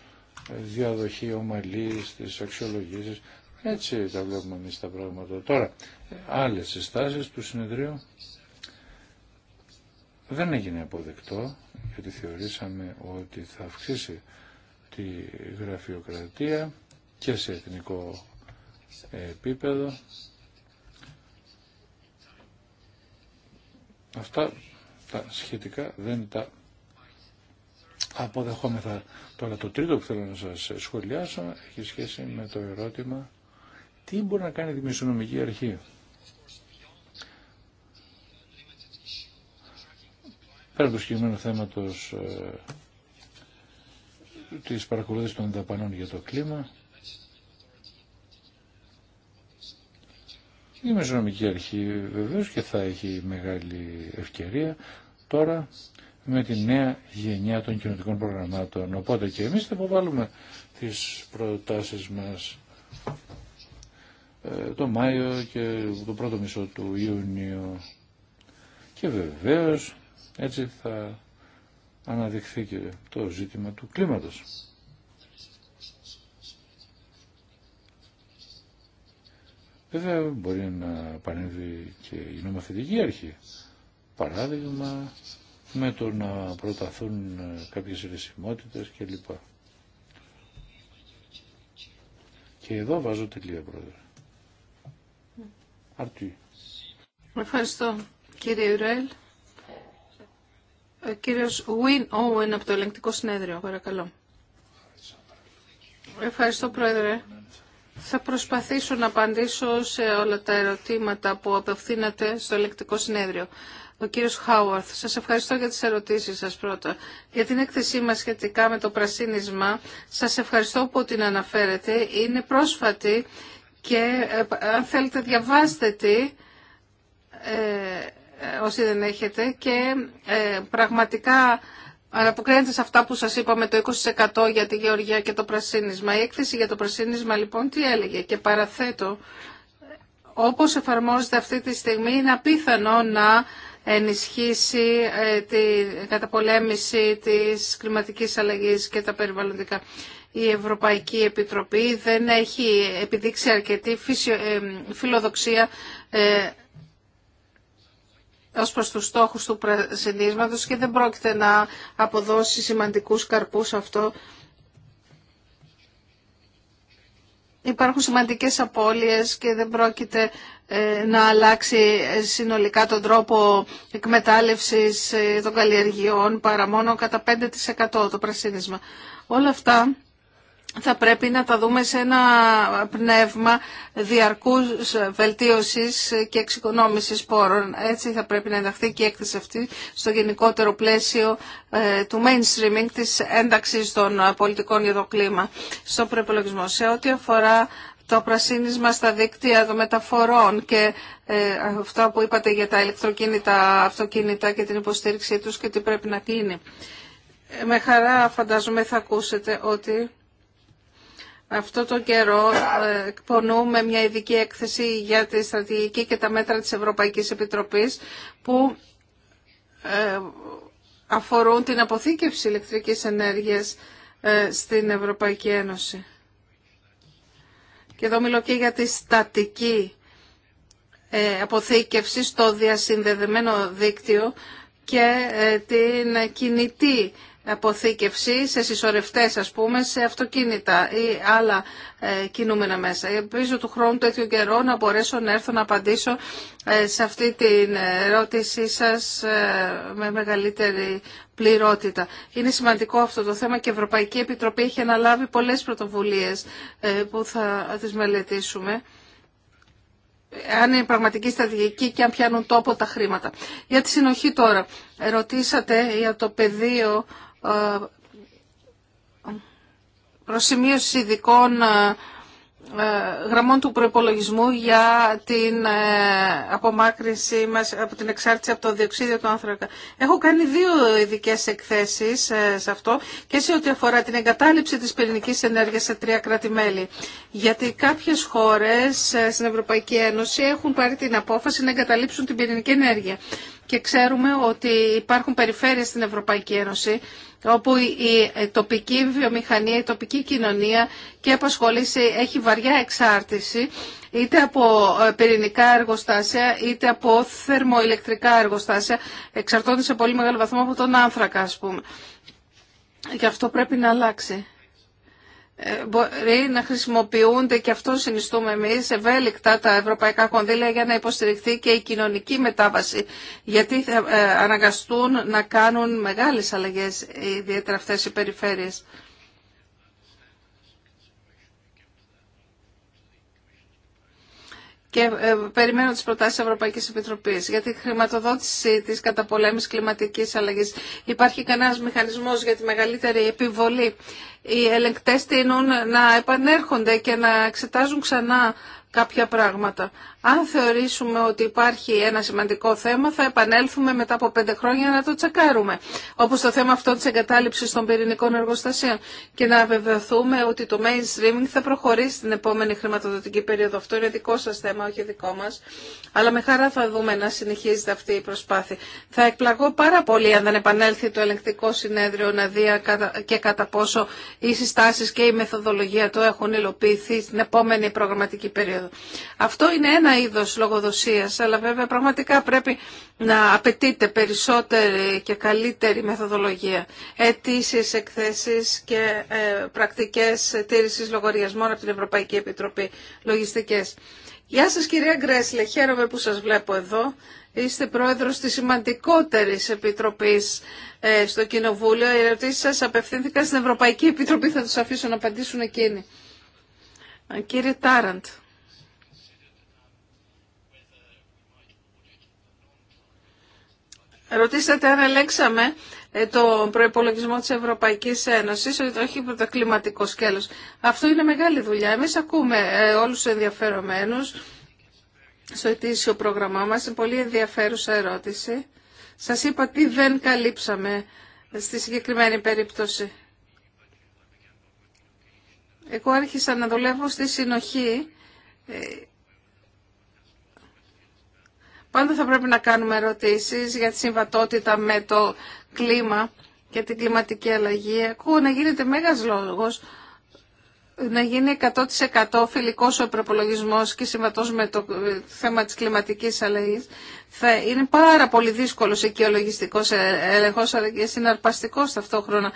ε, διαδοχή ομαλής, στις αξιολογήσεις. Έτσι τα βλέπουμε εμείς τα πράγματα. Τώρα, ε, άλλες συστάσεις του συνεδρίου δεν έγινε αποδεκτό, γιατί θεωρήσαμε ότι θα αυξήσει τη γραφειοκρατία και σε εθνικό επίπεδο Αυτά τα σχετικά δεν τα αποδεχόμεθα. Τώρα το τρίτο που θέλω να σας σχολιάσω έχει σχέση με το ερώτημα τι μπορεί να κάνει η Δημοσιονομική Αρχή. Πέρα το συγκεκριμένο θέμα ε, της παρακολούθησης των δαπανών για το κλίμα, η Μεσονομική Αρχή βεβαίως και θα έχει μεγάλη ευκαιρία τώρα με τη νέα γενιά των κοινωτικών προγραμμάτων. Οπότε και εμείς θα υποβάλουμε τις προτάσεις μας ε, το Μάιο και το πρώτο μισό του Ιουνίου. Και βεβαίως έτσι θα αναδειχθεί και το ζήτημα του κλίματος. Βέβαια μπορεί να παρέμβει και η νομοθετική αρχή. Παράδειγμα με το να προταθούν κάποιες ρεσιμότητες κλπ. Και εδώ βάζω τελεία πρόεδρε. Αρτή. Ευχαριστώ κύριε Ιουρέλ. Ο ε, κύριος Βιν Όουεν από το Ελεγκτικό Συνέδριο, παρακαλώ. Ευχαριστώ πρόεδρε. Θα προσπαθήσω να απαντήσω σε όλα τα ερωτήματα που απευθύνατε στο ελεκτικό συνέδριο. Ο κύριος Χάουαρθ, σας ευχαριστώ για τις ερωτήσεις σας πρώτα. Για την έκθεσή μας σχετικά με το πρασίνισμα, σας ευχαριστώ που την αναφέρετε. Είναι πρόσφατη και ε, αν θέλετε διαβάστε τη, ε, ε, όσοι δεν έχετε, και ε, πραγματικά Αναποκρίνεται σε αυτά που σας είπαμε το 20% για τη γεωργία και το πρασίνισμα. Η έκθεση για το πρασίνισμα λοιπόν τι έλεγε και παραθέτω όπως εφαρμόζεται αυτή τη στιγμή είναι απίθανο να ενισχύσει ε, την καταπολέμηση της κλιματικής αλλαγής και τα περιβαλλοντικά. Η Ευρωπαϊκή Επιτροπή δεν έχει επιδείξει αρκετή ε, φιλοδοξία ε, ως προς τους στόχους του πρασινίσματος και δεν πρόκειται να αποδώσει σημαντικούς καρπούς αυτό. Υπάρχουν σημαντικές απώλειες και δεν πρόκειται ε, να αλλάξει ε, συνολικά τον τρόπο εκμετάλλευσης ε, των καλλιεργειών παρά μόνο κατά 5% το πρασίνισμα. Όλα αυτά θα πρέπει να τα δούμε σε ένα πνεύμα διαρκούς βελτίωσης και εξοικονόμησης πόρων. Έτσι θα πρέπει να ενταχθεί και η έκθεση αυτή στο γενικότερο πλαίσιο ε, του mainstreaming της ένταξης των πολιτικών για το κλίμα στο προπολογισμό. Σε ό,τι αφορά το πρασίνισμα στα δίκτυα των μεταφορών και ε, αυτό που είπατε για τα ηλεκτροκίνητα, αυτοκίνητα και την υποστήριξή τους και τι πρέπει να κλείνει. Ε, με χαρά φαντάζομαι θα ακούσετε ότι αυτό το καιρό ε, εκπονούμε μια ειδική έκθεση για τη στρατηγική και τα μέτρα της Ευρωπαϊκής Επιτροπής που ε, αφορούν την αποθήκευση ηλεκτρικής ενέργειας ε, στην Ευρωπαϊκή Ένωση. Και εδώ μιλώ και για τη στατική αποθήκευση στο διασυνδεδεμένο δίκτυο και την κινητή αποθήκευση σε συσσωρευτές ας πούμε, σε αυτοκίνητα ή άλλα ε, κινούμενα μέσα. Ελπίζω του χρόνου τέτοιου καιρό να μπορέσω να έρθω να απαντήσω ε, σε αυτή την ερώτησή σας ε, με μεγαλύτερη πληρότητα. Είναι σημαντικό αυτό το θέμα και η Ευρωπαϊκή Επιτροπή έχει αναλάβει πολλές πρωτοβουλίες που θα τις μελετήσουμε αν είναι πραγματική στρατηγική και αν πιάνουν τόπο τα χρήματα. Για τη συνοχή τώρα, ρωτήσατε για το πεδίο ε, προσημείωση ειδικών ε, ε, γραμμών του προπολογισμού για την απομάκρυνση μας από την εξάρτηση από το διοξίδιο του άνθρακα. Έχω κάνει δύο ειδικέ εκθέσεις σε αυτό και σε ό,τι αφορά την εγκατάλειψη της πυρηνικής ενέργειας σε τρία κράτη-μέλη. Γιατί κάποιες χώρες στην Ευρωπαϊκή Ένωση έχουν πάρει την απόφαση να εγκαταλείψουν την πυρηνική ενέργεια και ξέρουμε ότι υπάρχουν περιφέρειες στην Ευρωπαϊκή Ένωση όπου η τοπική βιομηχανία, η τοπική κοινωνία και απασχολήσει έχει βαριά εξάρτηση είτε από ε, πυρηνικά εργοστάσια είτε από θερμοηλεκτρικά εργοστάσια εξαρτώνται σε πολύ μεγάλο βαθμό από τον άνθρακα ας πούμε. Και αυτό πρέπει να αλλάξει. Ε, μπορεί να χρησιμοποιούνται και αυτό συνιστούμε εμείς ευέλικτα τα ευρωπαϊκά κονδύλια για να υποστηριχθεί και η κοινωνική μετάβαση γιατί ε, ε, αναγκαστούν να κάνουν μεγάλες αλλαγές ιδιαίτερα αυτές οι περιφέρειες. και ε, περιμένω τις προτάσεις της Ευρωπαϊκής Επιτροπής για τη χρηματοδότηση της καταπολέμησης κλιματικής αλλαγής. Υπάρχει κανένας μηχανισμός για τη μεγαλύτερη επιβολή. Οι ελεγκτές τείνουν να επανέρχονται και να εξετάζουν ξανά κάποια πράγματα. Αν θεωρήσουμε ότι υπάρχει ένα σημαντικό θέμα, θα επανέλθουμε μετά από πέντε χρόνια να το τσεκάρουμε. Όπω το θέμα αυτό τη εγκατάλειψη των πυρηνικών εργοστασίων. Και να βεβαιωθούμε ότι το mainstreaming θα προχωρήσει την επόμενη χρηματοδοτική περίοδο. Αυτό είναι δικό σα θέμα, όχι δικό μα. Αλλά με χαρά θα δούμε να συνεχίζεται αυτή η προσπάθεια. Θα εκπλαγώ πάρα πολύ αν δεν επανέλθει το ελεγκτικό συνέδριο να δει και κατά πόσο οι συστάσει και η μεθοδολογία του έχουν υλοποιηθεί στην επόμενη προγραμματική περίοδο. Αυτό είναι ένα ένα είδος λογοδοσίας, αλλά βέβαια πραγματικά πρέπει να απαιτείται περισσότερη και καλύτερη μεθοδολογία. αιτήσει, εκθέσεις και ε, πρακτικές τήρησης λογαριασμών από την Ευρωπαϊκή Επιτροπή Λογιστικές. Γεια σας κυρία Γκρέσλε, χαίρομαι που σας βλέπω εδώ. Είστε πρόεδρος της σημαντικότερης επιτροπής ε, στο Κοινοβούλιο. Οι ερωτήσεις σας απευθύνθηκαν στην Ευρωπαϊκή Επιτροπή, θα τους αφήσω να απαντήσουν εκείνοι. Ε, κύριε Τάραντ, Ρωτήσατε αν ελέγξαμε ε, το προπολογισμό της Ευρωπαϊκής Ένωσης, όχι το κλιματικό σκέλος. Αυτό είναι μεγάλη δουλειά. Εμείς ακούμε ε, όλους τους ενδιαφερομένους στο ετήσιο πρόγραμμά μας. Είναι πολύ ενδιαφέρουσα ερώτηση. Σας είπα τι δεν καλύψαμε ε, στη συγκεκριμένη περίπτωση. Εγώ άρχισα να δουλεύω στη συνοχή Πάντα θα πρέπει να κάνουμε ερωτήσεις για τη συμβατότητα με το κλίμα και την κλιματική αλλαγή. Ακούω να γίνεται μέγας λόγος να γίνει 100% φιλικός ο προπολογισμός και συμβατός με το θέμα της κλιματικής αλλαγής. Θα είναι πάρα πολύ δύσκολος λογιστικός έλεγχος, αλλά και συναρπαστικός ταυτόχρονα.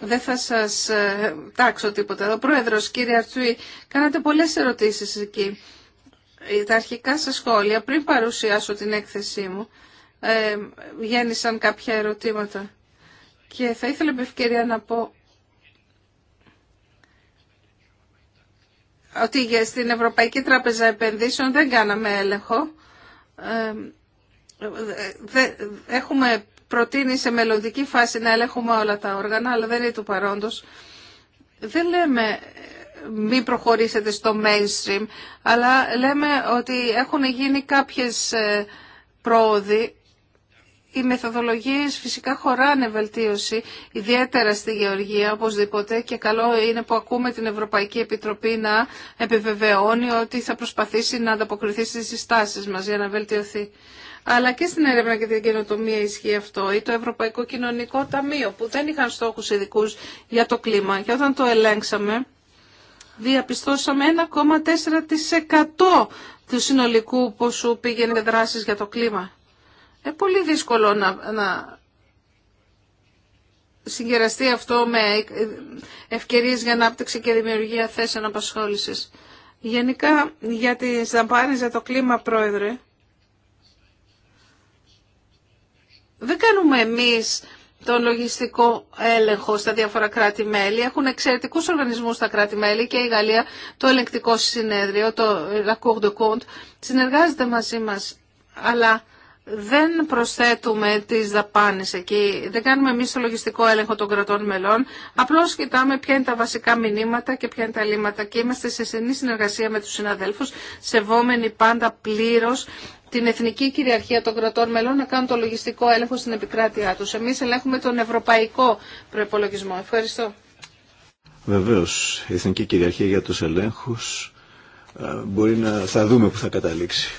Δεν θα σας ε, τάξω τίποτα. Ο Πρόεδρος, κύριε Αρτσουή, κάνατε πολλές ερωτήσεις εκεί τα αρχικά σας σχόλια πριν παρουσιάσω την έκθεσή μου ε, γέννησαν κάποια ερωτήματα και θα ήθελα με ευκαιρία να πω ότι στην Ευρωπαϊκή Τράπεζα Επενδύσεων δεν κάναμε έλεγχο. Ε, έχουμε προτείνει σε μελλοντική φάση να ελέγχουμε όλα τα όργανα, αλλά δεν είναι του παρόντος. Δεν λέμε μην προχωρήσετε στο mainstream, αλλά λέμε ότι έχουν γίνει κάποιες ε, πρόοδοι. Οι μεθοδολογίες φυσικά χωράνε βελτίωση, ιδιαίτερα στη Γεωργία οπωσδήποτε και καλό είναι που ακούμε την Ευρωπαϊκή Επιτροπή να επιβεβαιώνει ότι θα προσπαθήσει να ανταποκριθεί στις συστάσεις μας για να βελτιωθεί. Αλλά και στην έρευνα και την καινοτομία ισχύει αυτό ή το Ευρωπαϊκό Κοινωνικό Ταμείο που δεν είχαν στόχους ειδικού για το κλίμα και όταν το ελέγξαμε διαπιστώσαμε 1,4% του συνολικού ποσού πήγαινε με δράσεις για το κλίμα. Είναι πολύ δύσκολο να, να συγκεραστεί αυτό με ευκαιρίες για ανάπτυξη και δημιουργία θέσεων απασχόλησης. Γενικά για τις δαπάνες για το κλίμα, Πρόεδρε, δεν κάνουμε εμείς το λογιστικό έλεγχο στα διάφορα κράτη-μέλη. Έχουν εξαιρετικού οργανισμού στα κράτη-μέλη και η Γαλλία, το ελεγκτικό συνέδριο, το La Cour de Compte, συνεργάζεται μαζί μα. Αλλά δεν προσθέτουμε τις δαπάνε εκεί, δεν κάνουμε εμεί το λογιστικό έλεγχο των κρατών μελών, απλώς κοιτάμε ποια είναι τα βασικά μηνύματα και ποια είναι τα λύματα και είμαστε σε στενή συνεργασία με τους συναδέλφους, σεβόμενοι πάντα πλήρω την εθνική κυριαρχία των κρατών μελών να κάνουν το λογιστικό έλεγχο στην επικράτειά τους. Εμείς ελέγχουμε τον ευρωπαϊκό προπολογισμό. Ευχαριστώ. Βεβαίως, η εθνική κυριαρχία για τους ελέγχους ε, μπορεί να θα δούμε που θα καταλήξει.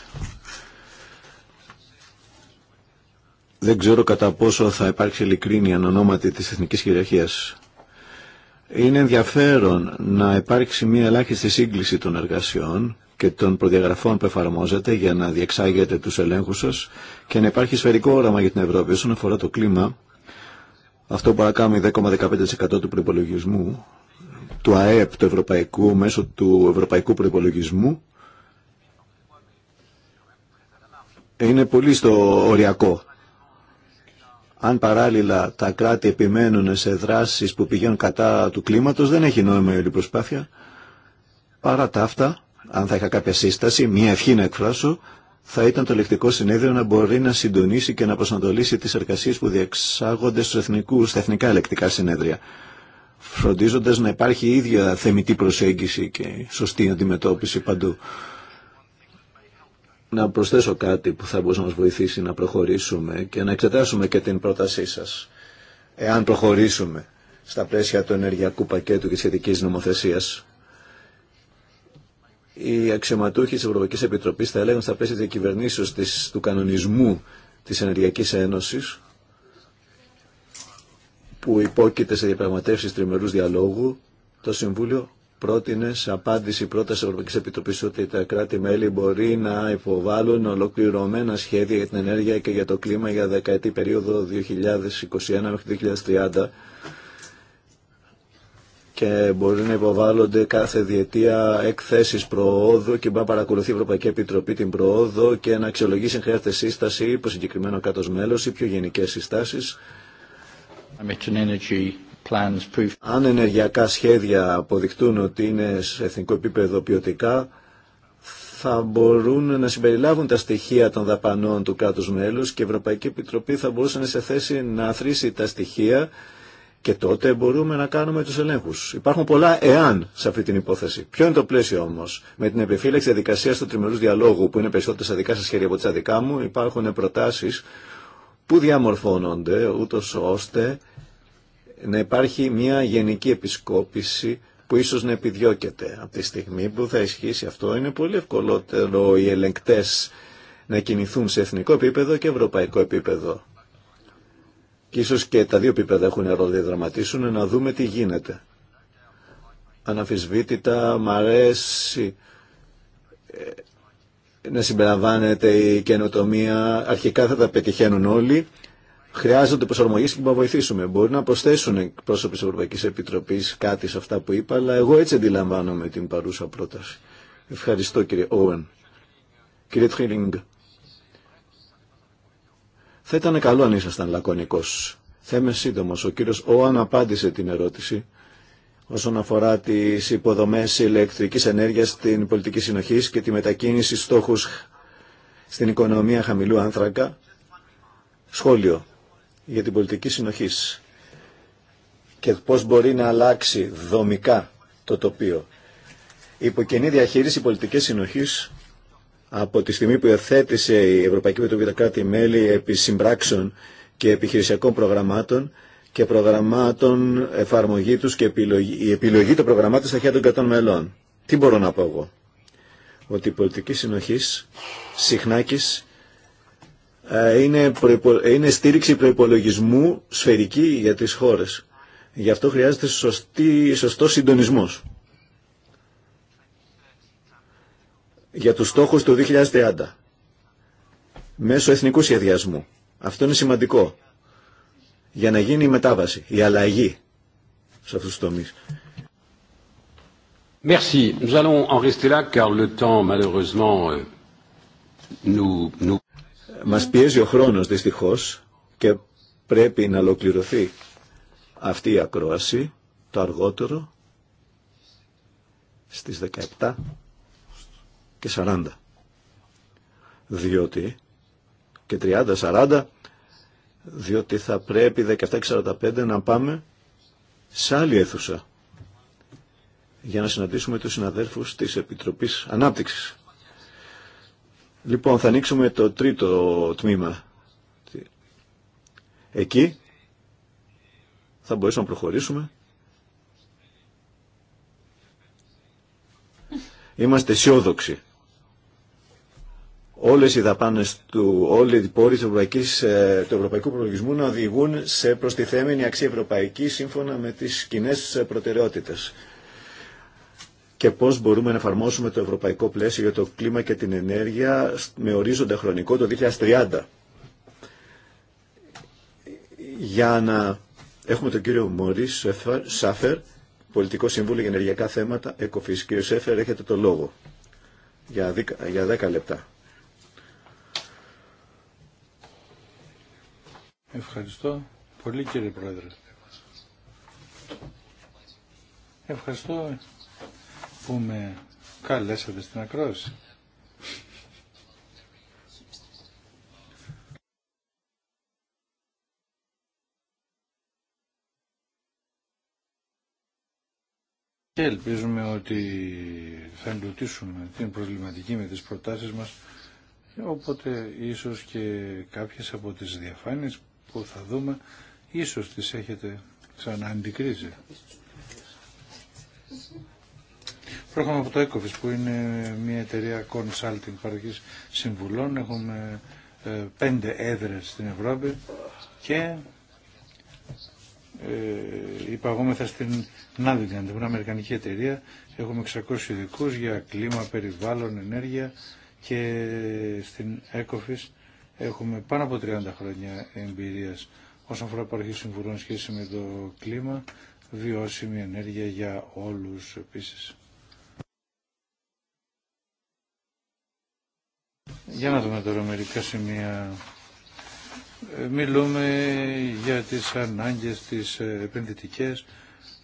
Δεν ξέρω κατά πόσο θα υπάρξει ειλικρίνη αν ονόματι της εθνικής κυριαρχίας. Είναι ενδιαφέρον να υπάρξει μια ελάχιστη σύγκληση των εργασιών και των προδιαγραφών που εφαρμόζεται για να διεξάγετε τους ελέγχους σα και να υπάρχει σφαιρικό όραμα για την Ευρώπη όσον αφορά το κλίμα. Αυτό που παρακάμει 10,15% του προπολογισμού του ΑΕΠ του Ευρωπαϊκού μέσω του Ευρωπαϊκού Προπολογισμού είναι πολύ στο οριακό. Αν παράλληλα τα κράτη επιμένουν σε δράσεις που πηγαίνουν κατά του κλίματος δεν έχει νόημα η όλη προσπάθεια. Παρά τα αυτά αν θα είχα κάποια σύσταση, μια ευχή να εκφράσω, θα ήταν το λεκτικό συνέδριο να μπορεί να συντονίσει και να προσανατολίσει τι εργασίε που διεξάγονται στους εθνικούς, στα εθνικά Ελεκτικά συνέδρια, φροντίζοντα να υπάρχει η ίδια θεμητή προσέγγιση και σωστή αντιμετώπιση παντού. Να προσθέσω κάτι που θα μπορούσε να μα βοηθήσει να προχωρήσουμε και να εξετάσουμε και την πρότασή σα εάν προχωρήσουμε στα πλαίσια του ενεργειακού πακέτου και σχετική νομοθεσία οι αξιωματούχοι τη Ευρωπαϊκή Επιτροπή θα έλεγαν στα πλαίσια τη του κανονισμού τη Ενεργειακή Ένωση, που υπόκειται σε διαπραγματεύσει τριμερούς διαλόγου, το Συμβούλιο πρότεινε σε απάντηση πρώτα τη Ευρωπαϊκή Επιτροπή ότι τα κράτη-μέλη μπορεί να υποβάλουν ολοκληρωμένα σχέδια για την ενέργεια και για το κλίμα για δεκαετή περίοδο 2021 2030 και μπορεί να υποβάλλονται κάθε διετία εκθέσεις προόδου και μπορεί να παρακολουθεί η Ευρωπαϊκή Επιτροπή την προόδο και να αξιολογήσει χρειάζεται σύσταση υπό συγκεκριμένο κάτω μέλος ή πιο γενικές συστάσεις. Αν ενεργειακά σχέδια αποδεικτούν ότι είναι σε εθνικό επίπεδο ποιοτικά, θα μπορούν να συμπεριλάβουν τα στοιχεία των δαπανών του κράτους μέλους και η Ευρωπαϊκή Επιτροπή θα μπορούσε να σε θέση να αθροίσει τα στοιχεία και τότε μπορούμε να κάνουμε τους ελέγχους. Υπάρχουν πολλά εάν σε αυτή την υπόθεση. Ποιο είναι το πλαίσιο όμως. Με την επιφύλαξη διαδικασία του τριμερούς διαλόγου που είναι περισσότερο στα δικά σας χέρια από τα δικά μου υπάρχουν προτάσεις που διαμορφώνονται ούτω ώστε να υπάρχει μια γενική επισκόπηση που ίσως να επιδιώκεται. Από τη στιγμή που θα ισχύσει αυτό είναι πολύ ευκολότερο οι ελεγκτές να κινηθούν σε εθνικό επίπεδο και ευρωπαϊκό επίπεδο και ίσως και τα δύο επίπεδα έχουν ρόλο δραματίσουν να δούμε τι γίνεται. Αναφισβήτητα, μ' αρέσει ε, να συμπεριλαμβάνεται η καινοτομία. Αρχικά θα τα πετυχαίνουν όλοι. Χρειάζονται προσαρμογή και να βοηθήσουμε. Μπορεί να προσθέσουν πρόσωποι τη Ευρωπαϊκή Επιτροπής κάτι σε αυτά που είπα, αλλά εγώ έτσι αντιλαμβάνομαι την παρούσα πρόταση. Ευχαριστώ κύριε Όεν. Κύριε Τχίλινγκ, θα ήταν καλό αν ήσασταν λακωνικός. Θα είμαι σύντομο. Ο κύριος Όαν απάντησε την ερώτηση όσον αφορά τι υποδομέ ηλεκτρική ενέργειας στην πολιτική συνοχή και τη μετακίνηση στόχους στην οικονομία χαμηλού άνθρακα. Σχόλιο για την πολιτική συνοχή και πώς μπορεί να αλλάξει δομικά το τοπίο. Υπό κοινή διαχείριση πολιτικής συνοχής από τη στιγμή που υιοθέτησε η Ευρωπαϊκή Επιτροπή τα κράτη-μέλη επί συμπράξεων και επιχειρησιακών προγραμμάτων και προγραμμάτων εφαρμογή τους και επιλογή, η επιλογή των προγραμμάτων στα χέρια των κρατών μελών. Τι μπορώ να πω εγώ. Ότι η πολιτική συνοχής, συχνάκης, ε, είναι, είναι στήριξη προϋπολογισμού σφαιρική για τις χώρες. Γι' αυτό χρειάζεται σωστή, σωστός συντονισμός. για τους στόχους του 2030 μέσω εθνικού σχεδιασμού. Αυτό είναι σημαντικό για να γίνει η μετάβαση, η αλλαγή σε αυτούς τους τομείς. Merci. Nous allons en rester là car le temps malheureusement euh, nous, nous... Μας πιέζει ο χρόνος δυστυχώς και πρέπει να ολοκληρωθεί αυτή η ακρόαση το αργότερο στις 17 και 40. Διότι και 30-40 διότι θα πρέπει 17 17-45 να πάμε σε άλλη αίθουσα για να συναντήσουμε τους συναδέλφους της Επιτροπής Ανάπτυξης. Λοιπόν, θα ανοίξουμε το τρίτο τμήμα. Εκεί θα μπορέσουμε να προχωρήσουμε. Είμαστε αισιόδοξοι όλες οι δαπάνες του, όλοι οι πόροι του, ευρωπαϊκού προλογισμού να οδηγούν σε προστιθέμενη αξία ευρωπαϊκή σύμφωνα με τις κοινέ προτεραιότητες. Και πώς μπορούμε να εφαρμόσουμε το ευρωπαϊκό πλαίσιο για το κλίμα και την ενέργεια με ορίζοντα χρονικό το 2030. Για να έχουμε τον κύριο Μωρή Σάφερ, πολιτικό σύμβουλο για ενεργειακά θέματα, ΕΚΟΦΙΣ. Κύριο Σάφερ, έχετε το λόγο για 10 λεπτά. Ευχαριστώ πολύ κύριε Πρόεδρε. Ευχαριστώ που με καλέσατε στην ακρόαση. Και ελπίζουμε ότι θα εντοπίσουμε την προβληματική με τις προτάσεις μας, οπότε ίσως και κάποιες από τις διαφάνειες που θα δούμε, ίσως τις έχετε αντικρίζει. Πρόγραμμα από το ECOFIS που είναι μια εταιρεία consulting παροχής συμβουλών. Έχουμε ε, πέντε έδρες στην Ευρώπη και ε, υπαγόμεθα στην Νάδικαν, την Αμερικανική εταιρεία. Έχουμε 600 ειδικού για κλίμα, περιβάλλον, ενέργεια και ε, στην ε, Έχουμε πάνω από 30 χρόνια εμπειρίας όσον αφορά παροχή συμβουλών σχέση με το κλίμα, βιώσιμη ενέργεια για όλους επίσης. Για να δούμε τώρα μερικά σημεία. Ε, μιλούμε για τις ανάγκες τις ε, επενδυτικές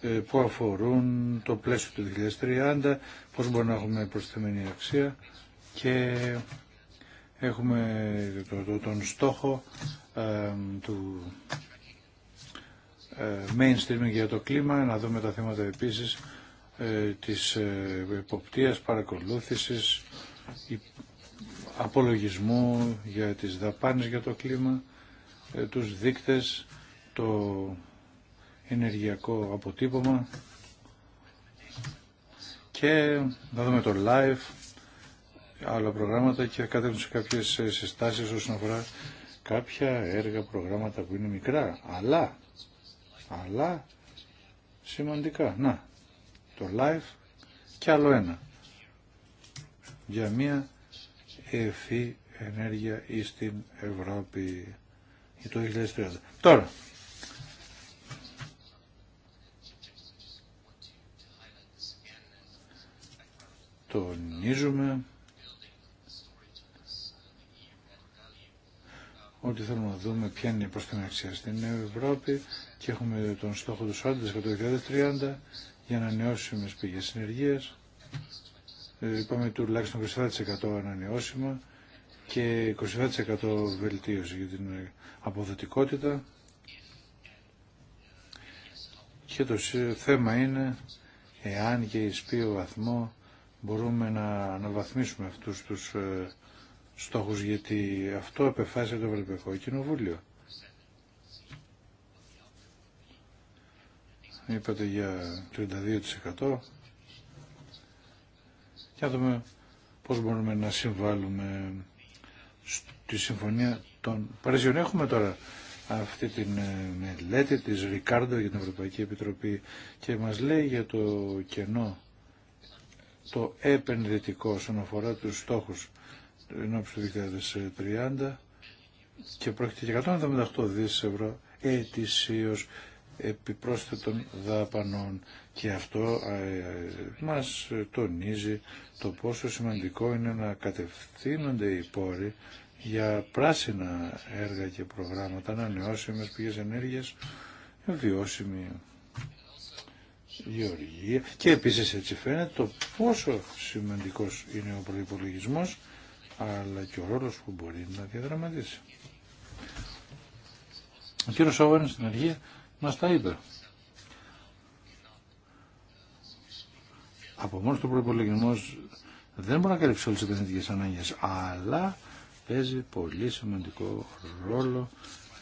ε, που αφορούν το πλαίσιο του 2030, πώς μπορούμε να έχουμε προσθεμένη αξία και Έχουμε τον στόχο του ε, mainstream για το κλίμα, να δούμε τα θέματα επίσης ε, της ε, εποπτείας, παρακολούθησης, απολογισμού για τις δαπάνες για το κλίμα, τους δείκτες, το ενεργειακό αποτύπωμα και να δούμε το live άλλα προγράμματα και κατέβουν σε κάποιες ε, συστάσεις όσον αφορά κάποια έργα, προγράμματα που είναι μικρά, αλλά, αλλά σημαντικά. Να, το live και άλλο ένα. Για μια ευφύ ενέργεια στην Ευρώπη το 2030. Τώρα, τονίζουμε ότι θέλουμε να δούμε ποια είναι η αξία στην Ευρώπη και έχουμε τον στόχο του 40% το 2030 για ανανεώσιμε πηγέ συνεργεία. Ε, είπαμε τουλάχιστον 27% ανανεώσιμα και 27% βελτίωση για την αποδοτικότητα. Και το θέμα είναι εάν και εις ποιο βαθμό μπορούμε να αναβαθμίσουμε αυτούς τους ε, στόχους γιατί αυτό επεφάσισε το Ευρωπαϊκό Κοινοβούλιο. Είπατε για 32% και να δούμε πώς μπορούμε να συμβάλλουμε στη Συμφωνία των Παρισιών. Έχουμε τώρα αυτή την ε, μελέτη της Ρικάρντο για την Ευρωπαϊκή Επιτροπή και μας λέει για το κενό το επενδυτικό όσον αφορά τους στόχους ενώπιση του 2030 και πρόκειται για 178 δις ευρώ ετησίως επιπρόσθετων δαπανών και αυτό ε, μας τονίζει το πόσο σημαντικό είναι να κατευθύνονται οι πόροι για πράσινα έργα και προγράμματα, ανανεώσιμες πηγές ενέργειας, βιώσιμη γεωργία και επίσης έτσι φαίνεται το πόσο σημαντικός είναι ο προϋπολογισμός αλλά και ο ρόλος που μπορεί να διαδραματίσει. Ο κύριο Σόβεν στην αρχή μας τα είπε. Από μόνο του προπολογισμό δεν μπορεί να καλύψει όλε τι επενδυτικέ ανάγκε, αλλά παίζει πολύ σημαντικό ρόλο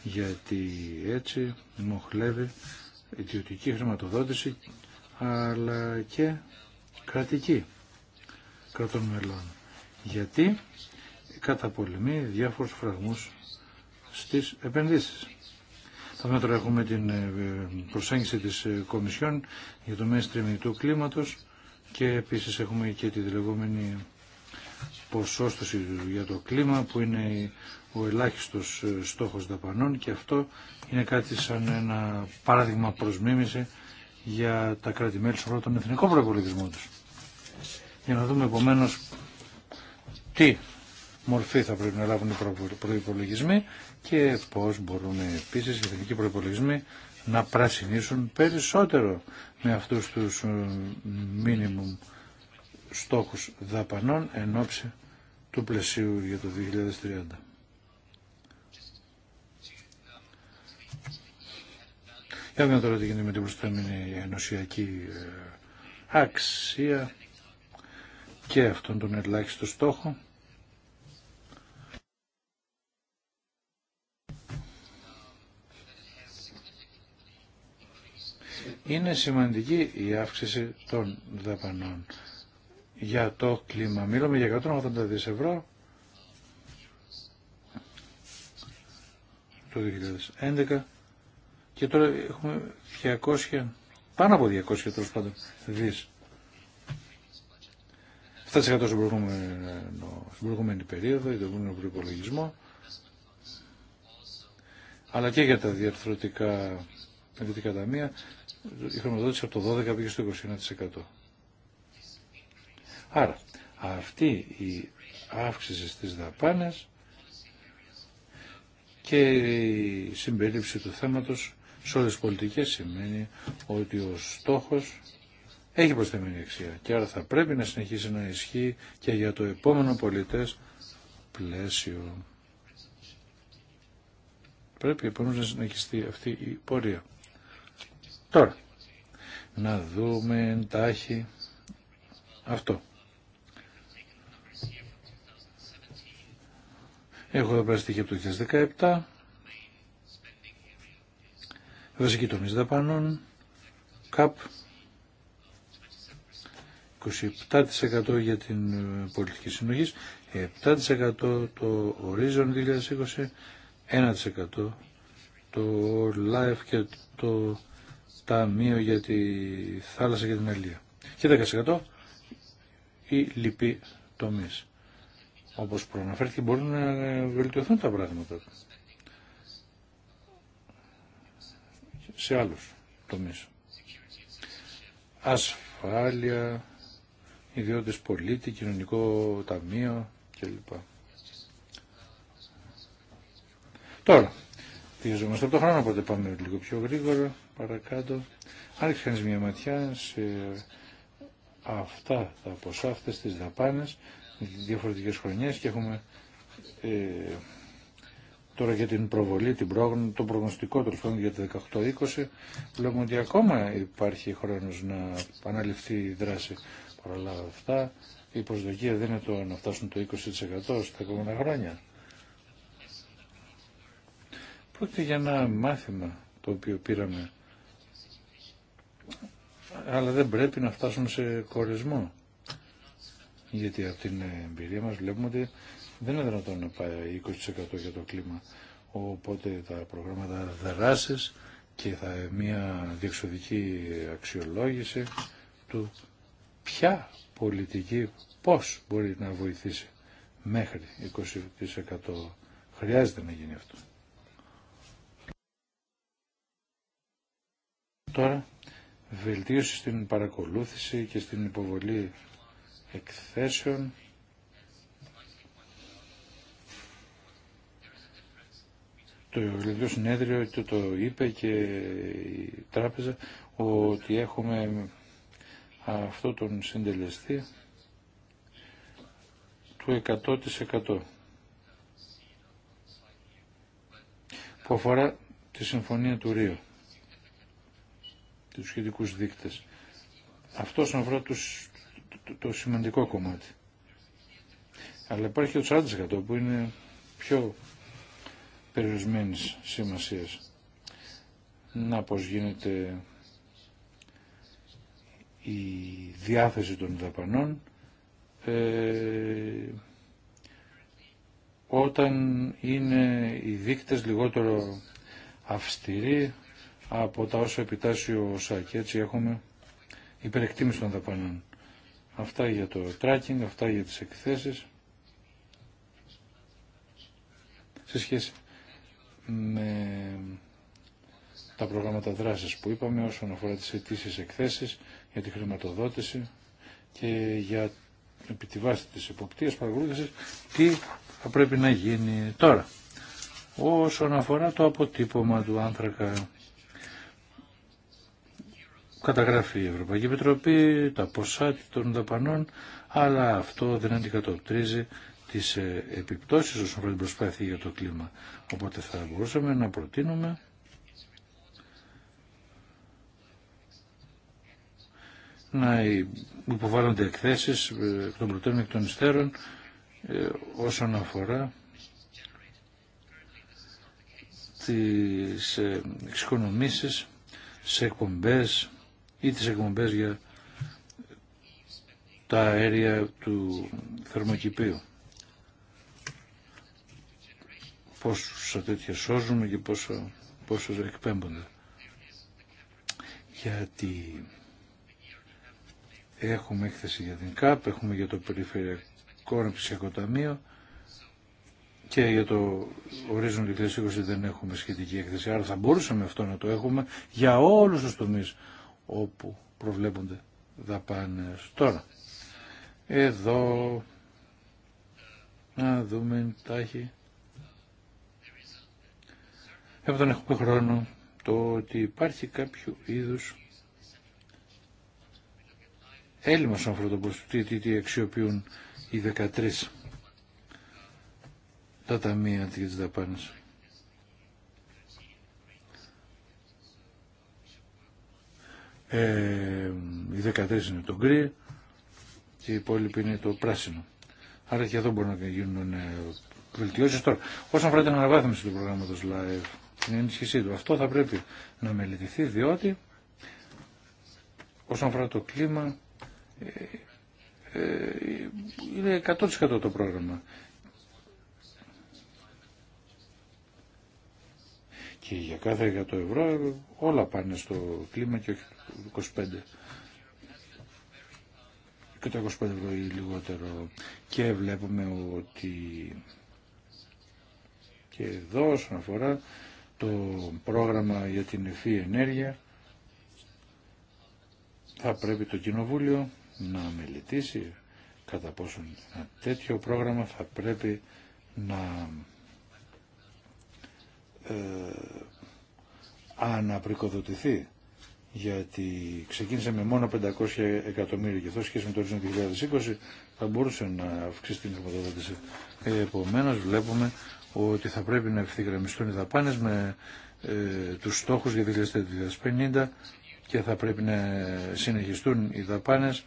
γιατί έτσι μοχλεύει ιδιωτική χρηματοδότηση αλλά και κρατική κρατών μελών γιατί καταπολεμεί διάφορους φραγμούς στις επενδύσεις. Θα δούμε έχουμε την ε, προσέγγιση της ε, Κομισιόν για το mainstream του κλίματος και επίσης έχουμε και τη λεγόμενη ποσόστοση για το κλίμα που είναι ο ελάχιστος ε, στόχος δαπανών και αυτό είναι κάτι σαν ένα παράδειγμα προς για τα κράτη-μέλη σε όλο τον εθνικό τους. Για να δούμε επομένω τι μορφή θα πρέπει να λάβουν οι προπολογισμοί και πώς μπορούν επίσης οι εθνικοί προπολογισμοί να πρασινίσουν περισσότερο με αυτούς τους ε, μίνιμουμ στόχους δαπανών εν ώψη του πλαισίου για το 2030. Για δούμε τώρα τι γίνεται με την προστάμινη ενωσιακή ε, αξία και αυτόν τον ελάχιστο στόχο. Είναι σημαντική η αύξηση των δαπανών για το κλίμα. Μίλαμε για 180 δις ευρώ το 2011 και τώρα έχουμε 200, πάνω από 200 τέλο δις 7% στην προηγούμενη περίοδο, για τον προηγούμενο προπολογισμό, αλλά και για τα διαρθρωτικά επιδικά ταμεία, η χρηματοδότηση από το 12% πήγε στο 21%. Άρα, αυτή η αύξηση στις δαπάνες και η συμπερίληψη του θέματος σε όλες τις πολιτικές σημαίνει ότι ο στόχος έχει προσθεμένη αξία και άρα θα πρέπει να συνεχίσει να ισχύει και για το επόμενο πολιτές πλαίσιο. Πρέπει επομένως να συνεχιστεί αυτή η πορεία. Τώρα, να δούμε εντάχει αυτό. Έχω εδώ πέρα από το 2017. Βασική τομή δαπανών. ΚΑΠ 27% για την ε, πολιτική συνοχή, 7% το Horizon 2020, 1% το Life και το Ταμείο για τη Θάλασσα και την Αλία. Και 10% οι λοιποί τομεί. Όπω προαναφέρθηκε, μπορούν να βελτιωθούν τα πράγματα σε άλλου τομεί. Ασφάλεια, ιδιώτες πολίτη, κοινωνικό ταμείο κλπ. Τώρα, διαζόμαστε από το χρόνο, οπότε πάμε λίγο πιο γρήγορα, παρακάτω. Άρχισε κανεί μια ματιά σε αυτά τα ποσά, αυτέ τις δαπάνες, διαφορετικές χρονιές και έχουμε ε, τώρα για την προβολή, την πρόγνω, το προγνωστικό του για το 18-20, βλέπουμε ότι ακόμα υπάρχει χρόνο να αναλυφθεί η δράση. Παρ' όλα αυτά η προσδοκία δεν είναι το να φτάσουν το 20% στα επόμενα χρόνια. Πρόκειται για ένα μάθημα το οποίο πήραμε αλλά δεν πρέπει να φτάσουν σε κορεσμό. Γιατί από την εμπειρία μας βλέπουμε ότι δεν είναι δυνατόν να πάει 20% για το κλίμα. Οπότε τα προγράμματα δράσης και θα μια διεξοδική αξιολόγηση του ποια πολιτική πώς μπορεί να βοηθήσει μέχρι 20%. Χρειάζεται να γίνει αυτό. Τώρα, βελτίωση στην παρακολούθηση και στην υποβολή εκθέσεων. Το Ελληνικό Συνέδριο το, το είπε και η τράπεζα ότι έχουμε αυτό τον συντελεστή του 100% που αφορά τη Συμφωνία του ΡΙΟ τους σχετικούς δείκτες. Αυτό να αφορά το, σημαντικό κομμάτι. Αλλά υπάρχει και το 40% που είναι πιο περιορισμένης σημασίας. Να πώς γίνεται η διάθεση των δαπανών ε, όταν είναι οι δείκτες λιγότερο αυστηροί από τα όσα επιτάσσει ο ΣΑΚ. Έτσι έχουμε υπερεκτίμηση των δαπανών. Αυτά για το tracking, αυτά για τις εκθέσεις. Σε σχέση με τα προγράμματα δράσης που είπαμε όσον αφορά τις αιτήσεις εκθέσεις, για τη χρηματοδότηση και για επί τη βάση της τι θα πρέπει να γίνει τώρα. Όσον αφορά το αποτύπωμα του άνθρακα καταγράφει η Ευρωπαϊκή Επιτροπή τα ποσά των δαπανών αλλά αυτό δεν αντικατοπτρίζει τις ε, επιπτώσεις όσον αφορά την προσπάθεια για το κλίμα. Οπότε θα μπορούσαμε να προτείνουμε να υποβάλλονται εκθέσεις ε, εκ των προτέρων και των υστέρων ε, όσον αφορά τις ε, εξοικονομήσεις σε εκπομπές ή τις εκπομπές για τα αέρια του θερμοκηπίου. Πόσα τέτοια σώζουμε και πόσο πόσα εκπέμπονται. Γιατί Έχουμε έκθεση για την ΚΑΠ, έχουμε για το Περιφερειακό Αναπτυσιακό Ταμείο και για το ορίζον 2020 δεν έχουμε σχετική έκθεση. Άρα θα μπορούσαμε αυτό να το έχουμε για όλους τους τομείς όπου προβλέπονται δαπάνες. Τώρα, εδώ να δούμε τα έχει. Έπειτα έχουμε χρόνο το ότι υπάρχει κάποιο είδους έλλειμμα στον αυτό τι, τι, τι αξιοποιούν οι 13 τα ταμεία για τι δαπάνε. Ε, οι 13 είναι το γκρι και οι υπόλοιποι είναι το πράσινο. Άρα και εδώ μπορούν να γίνουν ε, βελτιώσει. Τώρα, όσον αφορά την αναβάθμιση του προγράμματο live, την ενίσχυσή του, αυτό θα πρέπει να μελετηθεί διότι όσον αφορά το κλίμα ε, ε, ε, είναι 100% το πρόγραμμα. Και για κάθε 100 ευρώ όλα πάνε στο κλίμα και όχι 25. Και το 25 ευρώ ή λιγότερο. Και βλέπουμε ότι και εδώ όσον αφορά το πρόγραμμα για την ευφύ ενέργεια θα πρέπει το Κοινοβούλιο να μελετήσει κατά πόσον ένα τέτοιο πρόγραμμα θα πρέπει να ε, αναπρικοδοτηθεί γιατί ξεκίνησε με μόνο 500 εκατομμύρια και αυτό σχέση με το 2020 θα μπορούσε να αυξήσει την χρηματοδότηση. Επομένως βλέπουμε ότι θα πρέπει να ευθυγραμμιστούν οι δαπάνες με ε, τους στόχους για 2050 και θα πρέπει να συνεχιστούν οι δαπάνες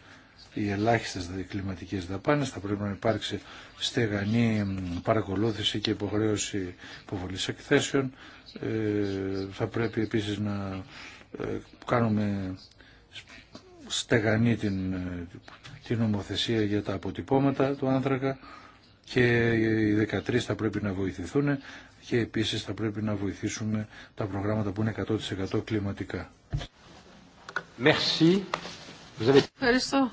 οι ελάχιστε κλιματικές δαπάνε, θα πρέπει να υπάρξει στεγανή παρακολούθηση και υποχρέωση υποβολή εκθέσεων. Ε, θα πρέπει επίσης να ε, κάνουμε στεγανή την, ε, την νομοθεσία για τα αποτυπώματα του άνθρακα και οι 13 θα πρέπει να βοηθηθούν και επίσης θα πρέπει να βοηθήσουμε τα προγράμματα που είναι 100% κλιματικά. Merci. Ευχαριστώ.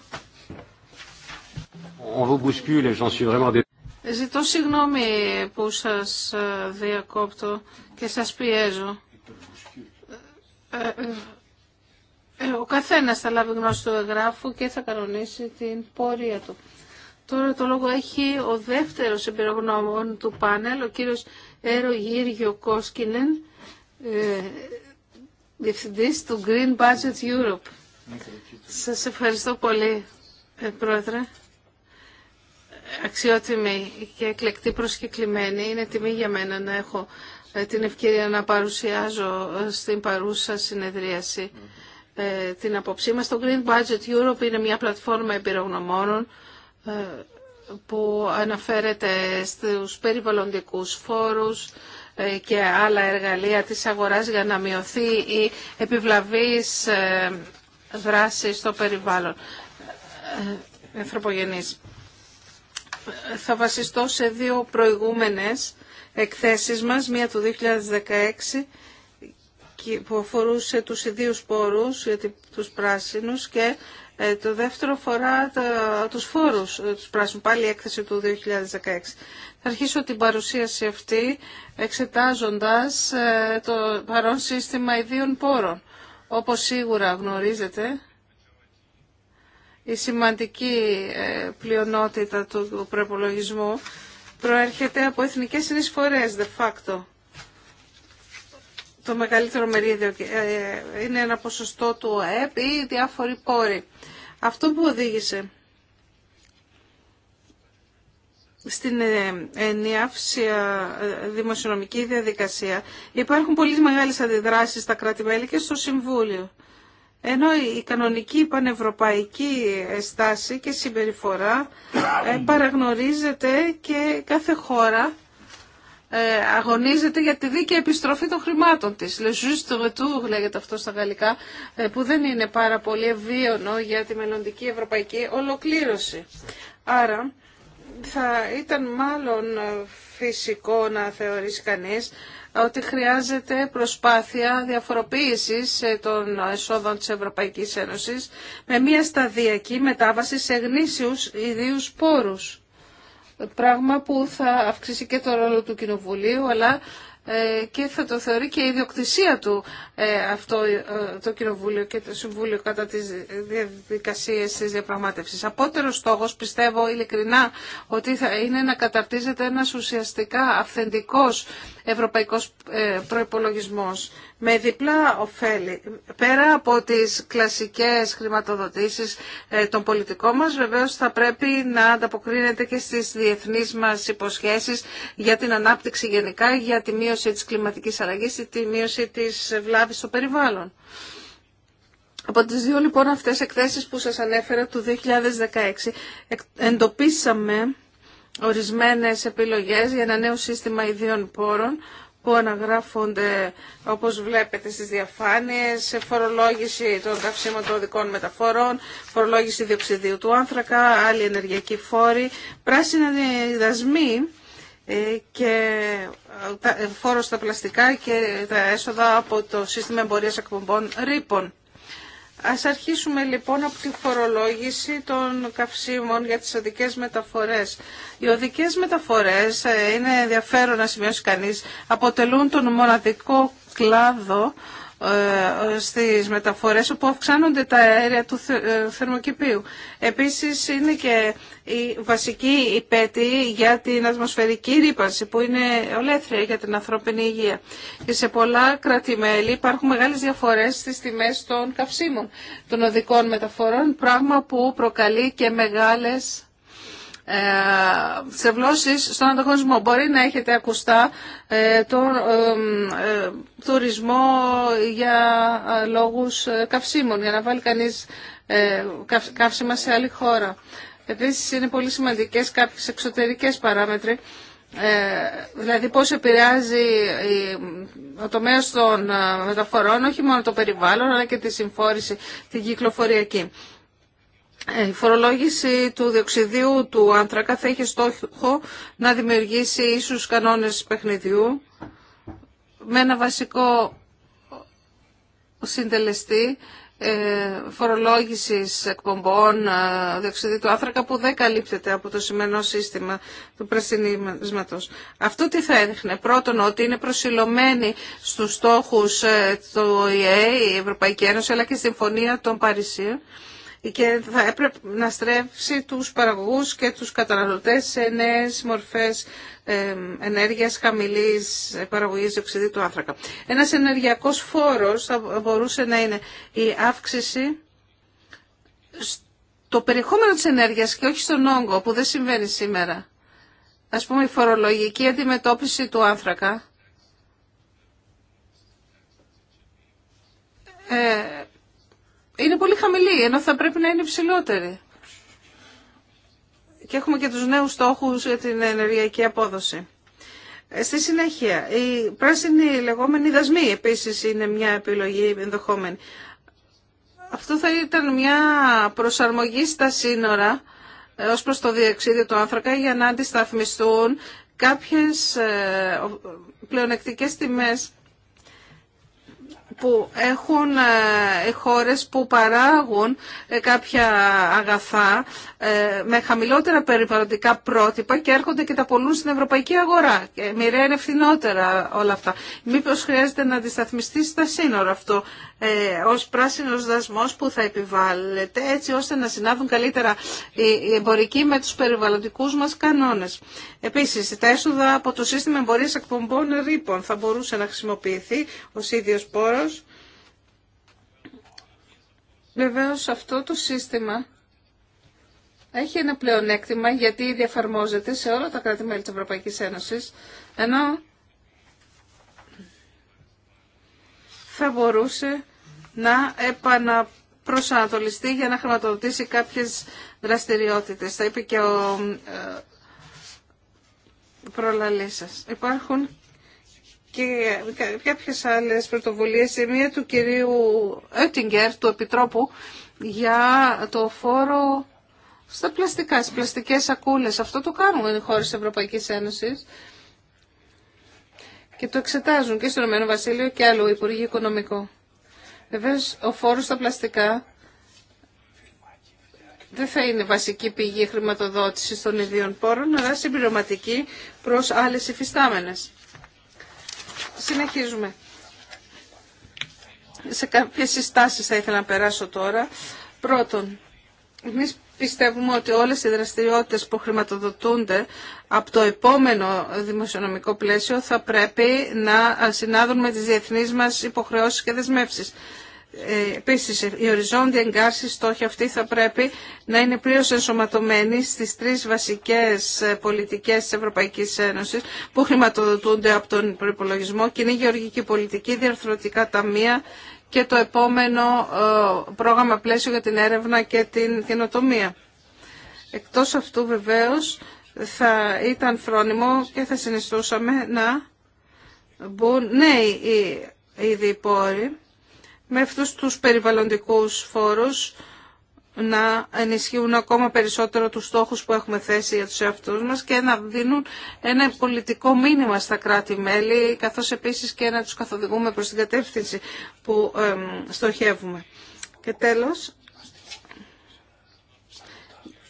Ζητώ συγγνώμη που σας ε, διακόπτω και σας πιέζω. Ε, ε, ο καθένας θα λάβει γνώση του εγγράφου και θα κανονίσει την πορεία του. Τώρα το λόγο έχει ο δεύτερος εμπειρογνώμων του πάνελ, ο κύριος Έρο Γύριο Κόσκινεν, διευθυντής του Green Budget Europe. Ναι, σας ευχαριστώ πολύ, Πρόεδρε αξιότιμη και εκλεκτή προσκεκλημένη. Είναι τιμή για μένα να έχω ε, την ευκαιρία να παρουσιάζω ε, στην παρούσα συνεδρίαση ε, την απόψή μας. Το Green Budget Europe είναι μια πλατφόρμα εμπειρογνωμόνων που αναφέρεται στους περιβαλλοντικούς φόρους και άλλα εργαλεία της αγοράς για να μειωθεί η επιβλαβής δράση στο περιβάλλον. Ανθρωπογενής θα βασιστώ σε δύο προηγούμενες εκθέσεις μας, μία του 2016 που αφορούσε τους ιδίους πόρους, γιατί τους πράσινους και ε, το δεύτερο φορά τους φόρους, ε, τους πράσινους, πάλι η έκθεση του 2016. Θα αρχίσω την παρουσίαση αυτή εξετάζοντας ε, το παρόν σύστημα ιδίων πόρων. Όπως σίγουρα γνωρίζετε, η σημαντική ε, πλειονότητα του προπολογισμού προέρχεται από εθνικές συνεισφορές de facto. Το μεγαλύτερο μερίδιο ε, είναι ένα ποσοστό του ΟΕΠ ή διάφοροι πόροι. Αυτό που οδήγησε στην ε, ενιαύσια δημοσιονομική διαδικασία υπάρχουν πολύ μεγάλες αντιδράσεις στα κράτη-μέλη και στο Συμβούλιο ενώ η κανονική πανευρωπαϊκή στάση και συμπεριφορά ε, παραγνωρίζεται και κάθε χώρα ε, αγωνίζεται για τη δίκαιη επιστροφή των χρημάτων της. Le juste retour λέγεται αυτό στα γαλλικά, ε, που δεν είναι πάρα πολύ ευβίωνο για τη μελλοντική ευρωπαϊκή ολοκλήρωση. Άρα θα ήταν μάλλον φυσικό να θεωρήσει κανείς ότι χρειάζεται προσπάθεια διαφοροποίησης ε, των εσόδων της Ευρωπαϊκής Ένωσης με μια σταδιακή μετάβαση σε γνήσιους ιδίους πόρους. Πράγμα που θα αυξήσει και το ρόλο του Κοινοβουλίου αλλά ε, και θα το θεωρεί και η ιδιοκτησία του ε, αυτό ε, το Κοινοβούλιο και το Συμβούλιο κατά τις διαδικασίες της διαπραγμάτευσης. Απότερο στόχος πιστεύω ειλικρινά ότι θα είναι να καταρτίζεται ένας ουσιαστικά αυθεντικός ευρωπαϊκός προϋπολογισμός με διπλά ωφέλη. Πέρα από τις κλασικές χρηματοδοτήσεις ε, των πολιτικών μας, βεβαίως θα πρέπει να ανταποκρίνεται και στις διεθνείς μας υποσχέσεις για την ανάπτυξη γενικά, για τη μείωση της κλιματικής αλλαγής, τη μείωση της βλάβης στο περιβάλλον. Από τις δύο λοιπόν αυτές εκθέσεις που σας ανέφερα του 2016 εντοπίσαμε ορισμένες επιλογές για ένα νέο σύστημα ιδίων πόρων που αναγράφονται όπως βλέπετε στις διαφάνειες, φορολόγηση των καυσίμων των οδικών μεταφορών, φορολόγηση διοξιδίου του άνθρακα, άλλοι ενεργειακοί φόροι, πράσινα δασμοί ε, και ε, ε, φόρο στα πλαστικά και τα έσοδα από το σύστημα εμπορίας εκπομπών ρήπων. Ας αρχίσουμε λοιπόν από τη φορολόγηση των καυσίμων για τις οδικές μεταφορές. Οι οδικές μεταφορές, ε, είναι ενδιαφέρον να σημειώσει κανείς, αποτελούν τον μοναδικό κλάδο ε, στις μεταφορές όπου αυξάνονται τα αέρια του ε, θερμοκηπίου. Επίσης είναι και η βασική υπέτη για την ατμοσφαιρική ρήπανση που είναι ολέθρια για την ανθρώπινη υγεία. Και σε πολλά υπάρχουν μεγάλες διαφορές στις τιμές των καυσίμων των οδικών μεταφορών, πράγμα που προκαλεί και μεγάλες ε, στρεβλώσει στον ανταγωνισμό. Μπορεί να έχετε ακουστά ε, τον ε, τουρισμό για λόγους καυσίμων, για να βάλει κανείς καύσιμα σε άλλη χώρα. Επίση είναι πολύ σημαντικές κάποιε εξωτερικές παράμετροι, δηλαδή πώς επηρεάζει ο τομέας των μεταφορών, όχι μόνο το περιβάλλον, αλλά και τη συμφόρηση, την κυκλοφοριακή. Ε, η φορολόγηση του διοξιδίου του άνθρακα θα έχει στόχο να δημιουργήσει ίσους κανόνες παιχνιδιού με ένα βασικό συντελεστή ε, φορολόγησης εκπομπών ε, διοξιδίου του άνθρακα που δεν καλύπτεται από το σημερινό σύστημα του πρασινίσματος. Αυτό τι θα έδειχνε. Πρώτον ότι είναι προσιλωμένη στους στόχους του ΕΕ, η Ευρωπαϊκή Ένωση αλλά και στη Συμφωνία των Παρισίων και θα έπρεπε να στρέψει τους παραγωγούς και τους καταναλωτές σε νέες μορφές ενέργειας χαμηλής παραγωγής διοξιδίου του άνθρακα. Ένας ενεργειακός φόρος θα μπορούσε να είναι η αύξηση στο περιεχόμενο της ενέργειας και όχι στον όγκο που δεν συμβαίνει σήμερα. Ας πούμε η φορολογική αντιμετώπιση του άνθρακα. Ε, είναι πολύ χαμηλή, ενώ θα πρέπει να είναι υψηλότερη. Και έχουμε και τους νέους στόχους για την ενεργειακή απόδοση. Ε, στη συνέχεια, οι πράσινοι λεγόμενοι δασμοί επίσης είναι μια επιλογή ενδεχόμενη. Αυτό θα ήταν μια προσαρμογή στα σύνορα ε, ως προς το διεξίδιο του άνθρακα για να αντισταθμιστούν κάποιες ε, πλεονεκτικές τιμές που έχουν ε, χώρες που παράγουν ε, κάποια αγαθά ε, με χαμηλότερα περιβαλλοντικά πρότυπα και έρχονται και τα πολλούν στην ευρωπαϊκή αγορά. Μοιραία είναι φθηνότερα όλα αυτά. Μήπως χρειάζεται να αντισταθμιστεί στα σύνορα αυτό ως πράσινος δασμός που θα επιβάλλεται έτσι ώστε να συνάδουν καλύτερα οι εμπορικοί με τους περιβαλλοντικούς μας κανόνες. Επίσης, τα έσοδα από το σύστημα εμπορίας εκπομπών ρήπων θα μπορούσε να χρησιμοποιηθεί ως ίδιος πόρο Βεβαίω βεβαίως αυτό το σύστημα έχει ένα πλεονέκτημα γιατί ήδη σε όλα τα κράτη-μέλη της Ευρωπαϊκής Ένωσης, ενώ θα μπορούσε να επαναπροσανατολιστεί για να χρηματοδοτήσει κάποιες δραστηριότητες. θα είπε και ο ε, προλαλής σας. Υπάρχουν και κάποιες άλλες πρωτοβουλίες. Η μία του κυρίου Έτιγκερ, του Επιτρόπου, για το φόρο στα πλαστικά, στις πλαστικές σακούλες. Αυτό το κάνουν οι χώρες της Ευρωπαϊκής Ένωσης και το εξετάζουν και στον Ηνωμένο Βασίλειο και άλλο Υπουργείο Οικονομικό. Βεβαίω ο φόρο στα πλαστικά δεν θα είναι βασική πηγή χρηματοδότησης των ιδίων πόρων, αλλά συμπληρωματική προς άλλες υφιστάμενες. Συνεχίζουμε. Σε κάποιες συστάσεις θα ήθελα να περάσω τώρα. Πρώτον, εμείς πιστεύουμε ότι όλες οι δραστηριότητες που χρηματοδοτούνται από το επόμενο δημοσιονομικό πλαίσιο θα πρέπει να συνάδουν με τις διεθνείς μας υποχρεώσεις και δεσμεύσεις. Ε, επίσης, η οριζόντια εγκάρση στόχη αυτή θα πρέπει να είναι πλήρως ενσωματωμένη στις τρεις βασικές ε, πολιτικές της Ευρωπαϊκής Ένωσης που χρηματοδοτούνται από τον προϋπολογισμό, κοινή γεωργική πολιτική, διαρθρωτικά ταμεία και το επόμενο ε, πρόγραμμα πλαίσιο για την έρευνα και την καινοτομία. Εκτός αυτού βεβαίως θα ήταν φρόνιμο και θα συνιστούσαμε να μπουν νέοι ήδη διπόροι, με αυτούς τους περιβαλλοντικούς φόρους να ενισχύουν ακόμα περισσότερο τους στόχους που έχουμε θέσει για τους εαυτούς μας και να δίνουν ένα πολιτικό μήνυμα στα κράτη-μέλη, καθώς επίσης και να τους καθοδηγούμε προς την κατεύθυνση που στοχεύουμε. Και τέλος,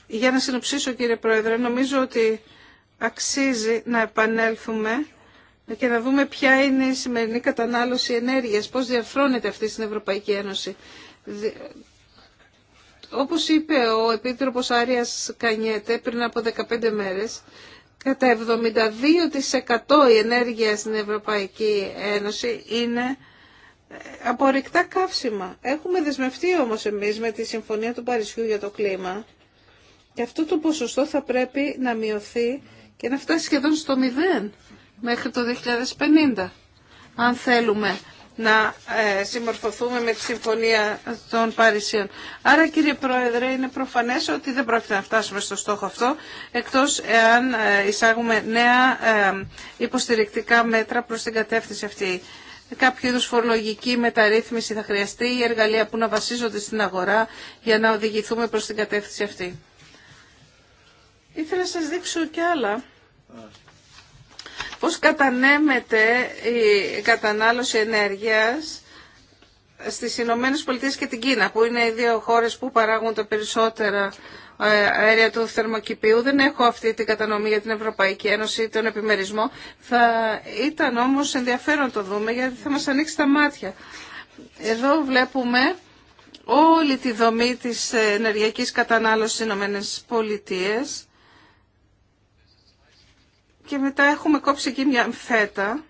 για να συνοψίσω κύριε Πρόεδρε, νομίζω ότι αξίζει να επανέλθουμε και να δούμε ποια είναι η σημερινή κατανάλωση ενέργειας, πώς διαφρόνεται αυτή στην Ευρωπαϊκή Ένωση. Όπως είπε ο Επίτροπος Άριας Κανιέτε πριν από 15 μέρες, κατά 72% η ενέργεια στην Ευρωπαϊκή Ένωση είναι ε, απορρικτά καύσιμα. Έχουμε δεσμευτεί όμως εμείς με τη Συμφωνία του Παρισιού για το κλίμα και αυτό το ποσοστό θα πρέπει να μειωθεί και να φτάσει σχεδόν στο μηδέν μέχρι το 2050. Αν θέλουμε να ε, συμμορφωθούμε με τη Συμφωνία των Παρισίων. Άρα κύριε Πρόεδρε είναι προφανές ότι δεν πρόκειται να φτάσουμε στο στόχο αυτό εκτός εάν ε, εισάγουμε νέα ε, υποστηρικτικά μέτρα προς την κατεύθυνση αυτή. Κάποιο είδου φορολογική μεταρρύθμιση θα χρειαστεί ή εργαλεία που να βασίζονται στην αγορά για να οδηγηθούμε προς την κατεύθυνση αυτή. Ήθελα να σας δείξω κι άλλα πώς κατανέμεται η κατανάλωση ενέργειας στις Ηνωμένε Πολιτείες και την Κίνα, που είναι οι δύο χώρες που παράγουν τα περισσότερα ε, αέρια του θερμοκηπίου. Δεν έχω αυτή την κατανομή για την Ευρωπαϊκή Ένωση ή τον επιμερισμό. Θα ήταν όμως ενδιαφέρον το δούμε, γιατί θα μας ανοίξει τα μάτια. Εδώ βλέπουμε όλη τη δομή της ενεργειακής κατανάλωσης στις Ηνωμένε Πολιτείες και μετά έχουμε κόψει εκεί μια φέτα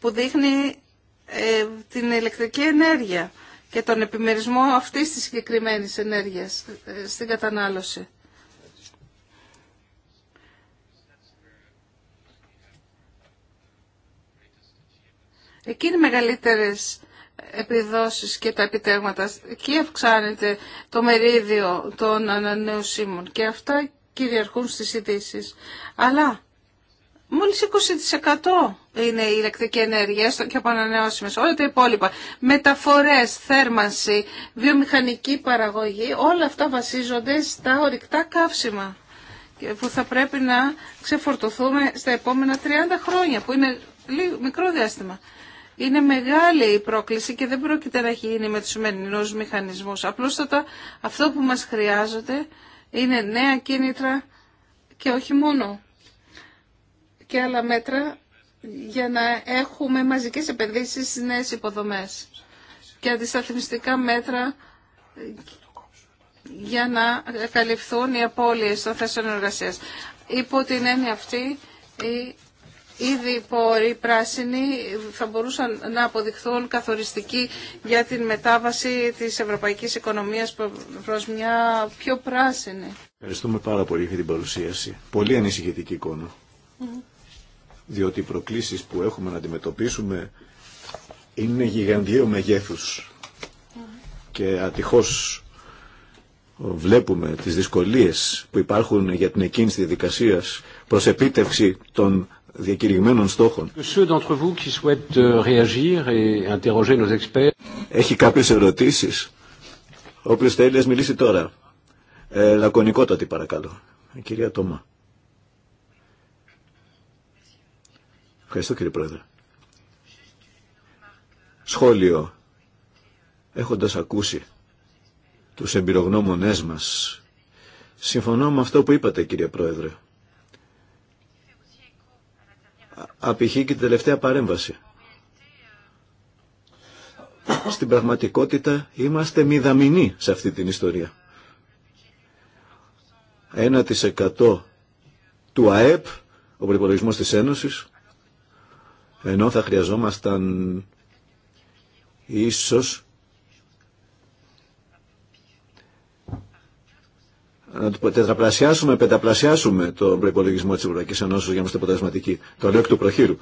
που δείχνει ε, την ηλεκτρική ενέργεια και τον επιμερισμό αυτής της συγκεκριμένης ενέργειας ε, στην κατανάλωση. Εκεί είναι μεγαλύτερες επιδόσεις και τα επιτέγματα. Εκεί αυξάνεται το μερίδιο των ανανεωσίμων και αυτά κυριαρχούν στις ειδήσει. Αλλά μόλις 20% είναι η ηλεκτρική ενέργεια, και από ανανεώσιμες. Όλα τα υπόλοιπα, μεταφορές, θέρμανση, βιομηχανική παραγωγή, όλα αυτά βασίζονται στα ορυκτά καύσιμα που θα πρέπει να ξεφορτωθούμε στα επόμενα 30 χρόνια, που είναι μικρό διάστημα. Είναι μεγάλη η πρόκληση και δεν πρόκειται να γίνει με τους σημερινούς μηχανισμούς. Απλούστατα αυτό που μας χρειάζεται είναι νέα κίνητρα και όχι μόνο και άλλα μέτρα για να έχουμε μαζικές επενδύσεις στις νέες υποδομές και αντισταθμιστικά μέτρα για να καλυφθούν οι απώλειες των θέσεων εργασίας. Υπό την έννοια αυτή η ήδη πόροι πράσινοι θα μπορούσαν να αποδειχθούν καθοριστικοί για την μετάβαση της ευρωπαϊκής οικονομίας προς μια πιο πράσινη. Ευχαριστούμε πάρα πολύ για την παρουσίαση. Πολύ ανησυχητική εικόνα. Διότι οι προκλήσεις που έχουμε να αντιμετωπίσουμε είναι γιγαντιαίου μεγέθους. Και ατυχώς βλέπουμε τις δυσκολίες που υπάρχουν για την εκείνη τη προς επίτευξη των διακηρυγμένων στόχων. Euh, Έχει κάποιε ερωτήσεις. Όποιο θέλει, μιλήσει τώρα. Ε, λακωνικότατη παρακαλώ. κυρία Τόμα. Ευχαριστώ κύριε Πρόεδρε. Σχόλιο. Έχοντας ακούσει τους εμπειρογνώμονές μας, συμφωνώ με αυτό που είπατε κύριε Πρόεδρε απηχεί και την τελευταία παρέμβαση. Στην πραγματικότητα είμαστε μηδαμινοί σε αυτή την ιστορία. 1% του ΑΕΠ, ο προπολογισμό της Ένωσης, ενώ θα χρειαζόμασταν ίσως να το τετραπλασιάσουμε, πενταπλασιάσουμε τον προπολογισμό τη Ευρωπαϊκή Ενώσεω για να είμαστε αποτελεσματικοί. Το λέω εκ του προχείρου.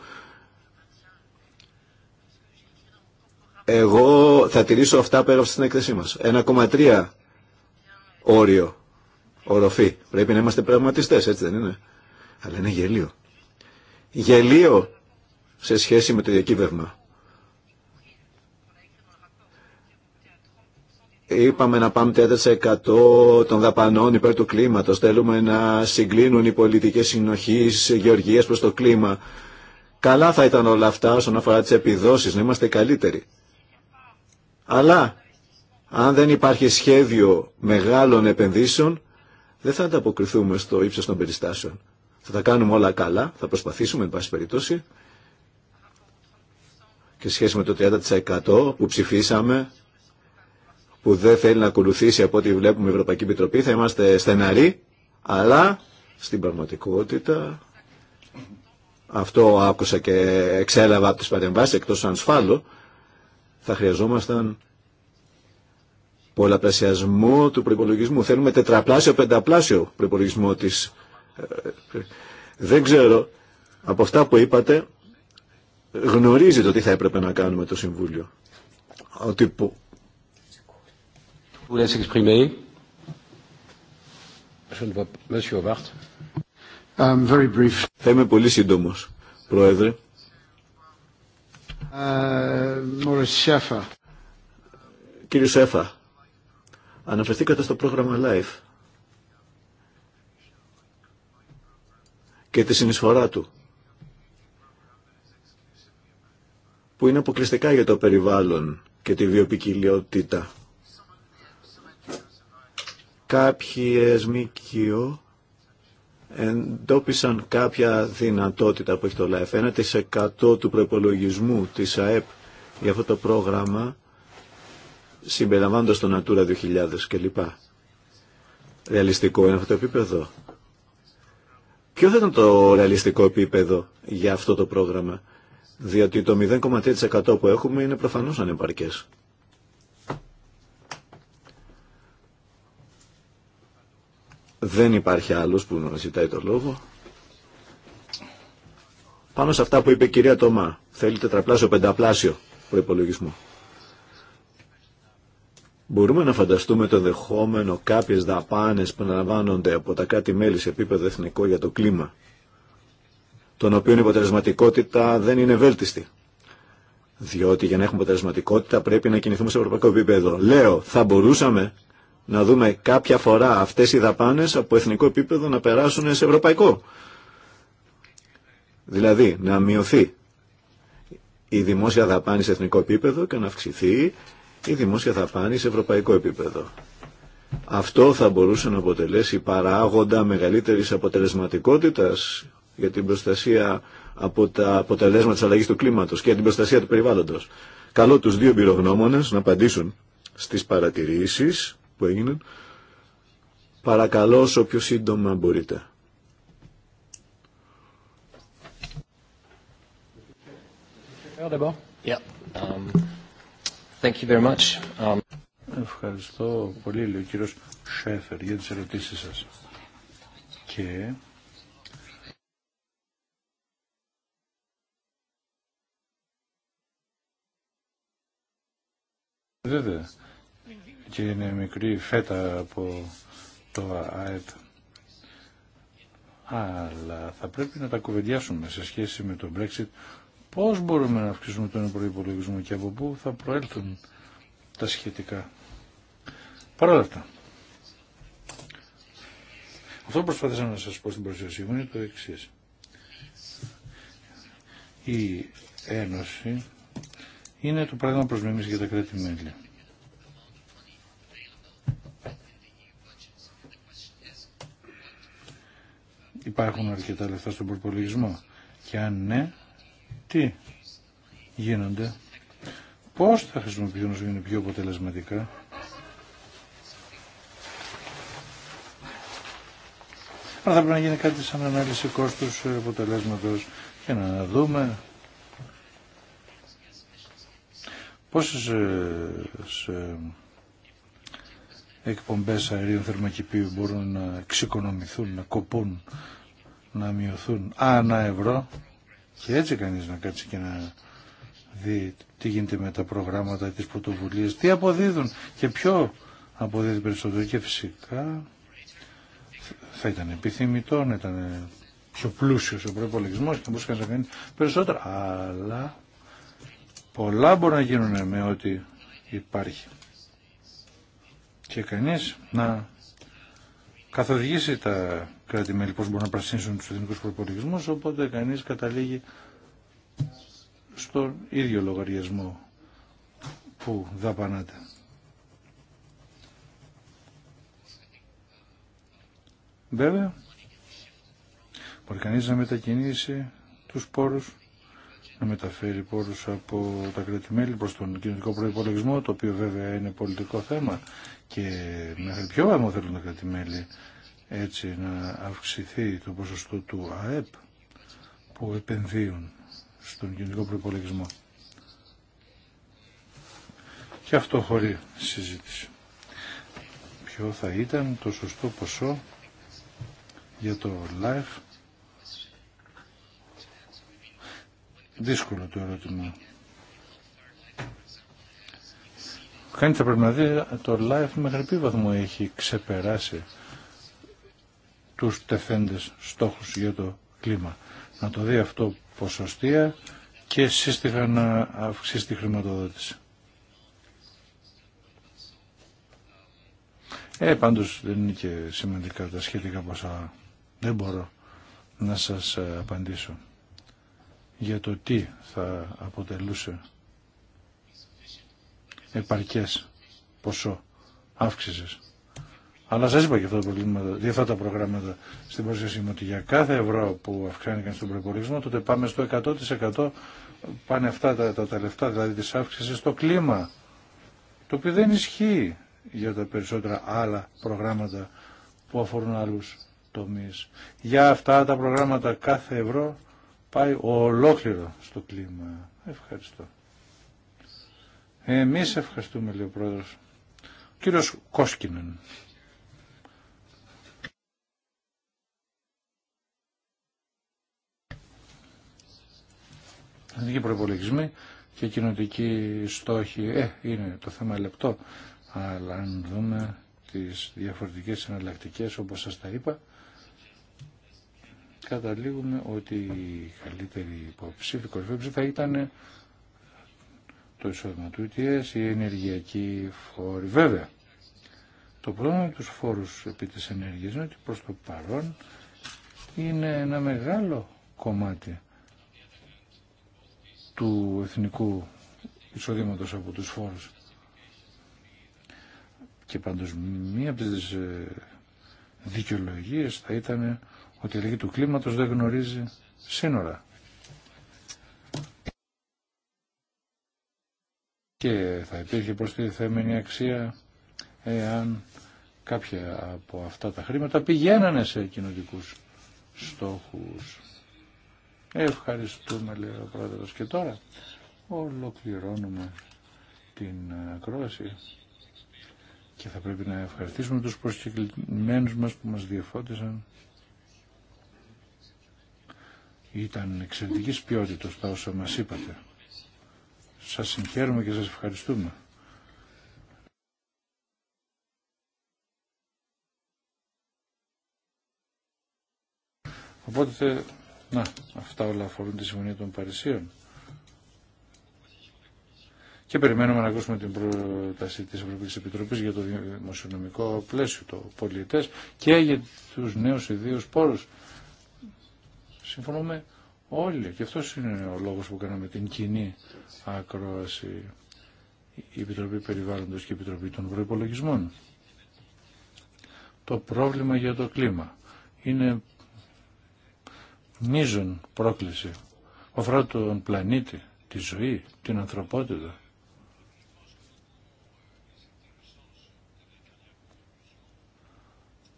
Εγώ θα τηρήσω αυτά που έγραψα στην έκθεσή μα. 1,3 όριο, οροφή. Πρέπει να είμαστε πραγματιστέ, έτσι δεν είναι. Αλλά είναι γελίο. Γελίο σε σχέση με το διακύβευμα. Είπαμε να πάμε 4% των δαπανών υπέρ του κλίματος. Θέλουμε να συγκλίνουν οι πολιτικές συνοχής γεωργίας προς το κλίμα. Καλά θα ήταν όλα αυτά όσον αφορά τις επιδόσεις, να είμαστε καλύτεροι. Αλλά αν δεν υπάρχει σχέδιο μεγάλων επενδύσεων, δεν θα ανταποκριθούμε στο ύψος των περιστάσεων. Θα τα κάνουμε όλα καλά, θα προσπαθήσουμε, εν πάση περιπτώσει, και σχέση με το 30% που ψηφίσαμε που δεν θέλει να ακολουθήσει από ό,τι βλέπουμε η Ευρωπαϊκή Επιτροπή. Θα είμαστε στεναροί, αλλά στην πραγματικότητα αυτό άκουσα και εξέλαβα από τις παρεμβάσεις εκτός αν σφάλω, θα χρειαζόμασταν πολλαπλασιασμό του προπολογισμού. Θέλουμε τετραπλάσιο, πενταπλάσιο προπολογισμό της. Ε, δεν ξέρω, από αυτά που είπατε, γνωρίζετε ότι θα έπρεπε να κάνουμε το Συμβούλιο. Ότι Um, Θα είμαι πολύ σύντομο, Πρόεδρε. Uh, Κύριε Σέφα, αναφερθήκατε στο πρόγραμμα LIFE και τη συνεισφορά του, που είναι αποκλειστικά για το περιβάλλον και τη βιοπικιλιότητα κάποιοι ΕΣΜΙΚΙΟ εντόπισαν κάποια δυνατότητα που έχει το ΛΑΕΦ. 1% του προπολογισμού της ΑΕΠ για αυτό το πρόγραμμα συμπεριλαμβάνοντας το Natura 2000 κλπ. Ρεαλιστικό είναι αυτό το επίπεδο. Ποιο θα ήταν το ρεαλιστικό επίπεδο για αυτό το πρόγραμμα, διότι το 0,3% που έχουμε είναι προφανώς ανεπαρκές. Δεν υπάρχει άλλος που να ζητάει το λόγο. Πάνω σε αυτά που είπε η κυρία Τωμά, θέλει τετραπλάσιο, πενταπλάσιο προϋπολογισμό. Μπορούμε να φανταστούμε το δεχόμενο κάποιες δαπάνες που αναλαμβάνονται από τα κάτι μέλη σε επίπεδο εθνικό για το κλίμα, των οποίων η αποτελεσματικότητα δεν είναι βέλτιστη. Διότι για να έχουμε αποτελεσματικότητα πρέπει να κινηθούμε σε ευρωπαϊκό επίπεδο. Λέω, θα μπορούσαμε να δούμε κάποια φορά αυτές οι δαπάνες από εθνικό επίπεδο να περάσουν σε ευρωπαϊκό. Δηλαδή να μειωθεί η δημόσια δαπάνη σε εθνικό επίπεδο και να αυξηθεί η δημόσια δαπάνη σε ευρωπαϊκό επίπεδο. Αυτό θα μπορούσε να αποτελέσει παράγοντα μεγαλύτερης αποτελεσματικότητας για την προστασία από τα αποτελέσματα της αλλαγής του κλίματος και για την προστασία του περιβάλλοντος. Καλό τους δύο πυρογνώμονες να απαντήσουν στις παρατηρήσεις που έγιναν. Παρακαλώ όσο πιο σύντομα μπορείτε. Um, um, Ευχαριστώ πολύ, λέει ο κύριος Σέφερ, για τις ερωτήσεις σας. Και... Βέβαια, και είναι μικρή φέτα από το ΑΕΠ. Αλλά θα πρέπει να τα κουβεντιάσουμε σε σχέση με το Brexit πώς μπορούμε να αυξήσουμε τον προϋπολογισμό και από πού θα προέλθουν τα σχετικά. Παρ' όλα αυτά, αυτό που προσπάθησα να σας πω στην προσοχή μου είναι το εξή. Η Ένωση είναι το πράγμα προς για τα κράτη-μέλη. Υπάρχουν αρκετά λεφτά στον προπολογισμό. Και αν ναι, τι γίνονται. Πώς θα χρησιμοποιούν να γίνουν πιο αποτελεσματικά. Αλλά θα πρέπει να γίνει κάτι σαν ανάλυση κόστους ε, αποτελέσματος και να δούμε πόσες σε ε, εκπομπές αερίων θερμακηπίου μπορούν να ξεκονομηθούν, να κοπούν να μειωθούν ανά ευρώ και έτσι κανείς να κάτσει και να δει τι γίνεται με τα προγράμματα, της πρωτοβουλίας, τι αποδίδουν και ποιο αποδίδει περισσότερο και φυσικά θα ήταν επιθυμητό να ήταν πιο πλούσιος ο προπολογισμό και να μπορούσε να κάνει περισσότερα. Αλλά πολλά μπορούν να γίνουν με ό,τι υπάρχει. Και κανείς να καθοδηγήσει τα κράτη-μέλη πώς μπορούν να πρασίνσουν τους εθνικούς προπολογισμούς, οπότε κανείς καταλήγει στον ίδιο λογαριασμό που δαπανάται. Βέβαια, μπορεί κανείς να μετακινήσει τους πόρους, να μεταφέρει πόρους από τα κρατημέλη προς τον κοινωνικό προϋπολογισμό, το οποίο βέβαια είναι πολιτικό θέμα και μέχρι ποιο άμα θέλουν τα κρατημέλη έτσι να αυξηθεί το ποσοστό του ΑΕΠ που επενδύουν στον κοινωνικό προπολογισμό. Και αυτό χωρί συζήτηση. Ποιο θα ήταν το σωστό ποσό για το live. Δύσκολο το ερώτημα. Κάνει θα πρέπει να δει το live μέχρι ποιο βαθμό έχει ξεπεράσει τους τεθέντες στόχους για το κλίμα. Να το δει αυτό ποσοστία και σύστηχα να αυξήσει τη χρηματοδότηση. Ε, πάντως δεν είναι και σημαντικά τα σχετικά ποσά. Δεν μπορώ να σας απαντήσω για το τι θα αποτελούσε επαρκές ποσό αύξησης. Αλλά σα είπα και αυτά τα, για αυτά τα προγράμματα στην πρόσθεση μου ότι για κάθε ευρώ που αυξάνηκαν στον προπολογισμό τότε πάμε στο 100% πάνε αυτά τα, τα, τα λεφτά δηλαδή τη αύξηση στο κλίμα το οποίο δεν ισχύει για τα περισσότερα άλλα προγράμματα που αφορούν άλλου τομεί. Για αυτά τα προγράμματα κάθε ευρώ πάει ολόκληρο στο κλίμα. Ευχαριστώ. Εμείς ευχαριστούμε λέει ο Πρόεδρος. Ο κύριος Κόσκινεν. εθνικοί προπολογισμοί και κοινοτικοί στόχοι. Ε, είναι το θέμα λεπτό. Αλλά αν δούμε τις διαφορετικές εναλλακτικέ, όπως σας τα είπα, καταλήγουμε ότι η καλύτερη υποψήφη κορυφή θα ήταν το εισόδημα του ETS, ε η ενεργειακή φόρη. Βέβαια, το πρόβλημα με τους φόρους επί της ενέργειας είναι ότι προς το παρόν είναι ένα μεγάλο κομμάτι του εθνικού εισοδήματος από τους φόρους. Και πάντως μία από τις ε, δικαιολογίες θα ήταν ότι η αλλαγή του κλίματος δεν γνωρίζει σύνορα. Και θα υπήρχε προστιθέμενη αξία εάν κάποια από αυτά τα χρήματα πηγαίνανε σε κοινωνικούς στόχους. Ευχαριστούμε, λέει ο πρόεδρος. Και τώρα ολοκληρώνουμε την ακρόαση και θα πρέπει να ευχαριστήσουμε τους προσκεκλημένους μας που μας διαφώτισαν. Ήταν εξαιρετική ποιότητα τα όσα μας είπατε. Σας συγχαίρουμε και σας ευχαριστούμε. Οπότε να, αυτά όλα αφορούν τη Συμφωνία των Παρισίων. Και περιμένουμε να ακούσουμε την πρόταση της Ευρωπαϊκής Επιτροπής για το δημοσιονομικό πλαίσιο, το πολιτές και για τους νέους ιδίους πόρους. Συμφωνούμε όλοι και αυτός είναι ο λόγος που κάναμε την κοινή ακρόαση η Επιτροπή Περιβάλλοντος και η Επιτροπή των Προϋπολογισμών. Το πρόβλημα για το κλίμα είναι μείζον πρόκληση που αφορά τον πλανήτη, τη ζωή, την ανθρωπότητα.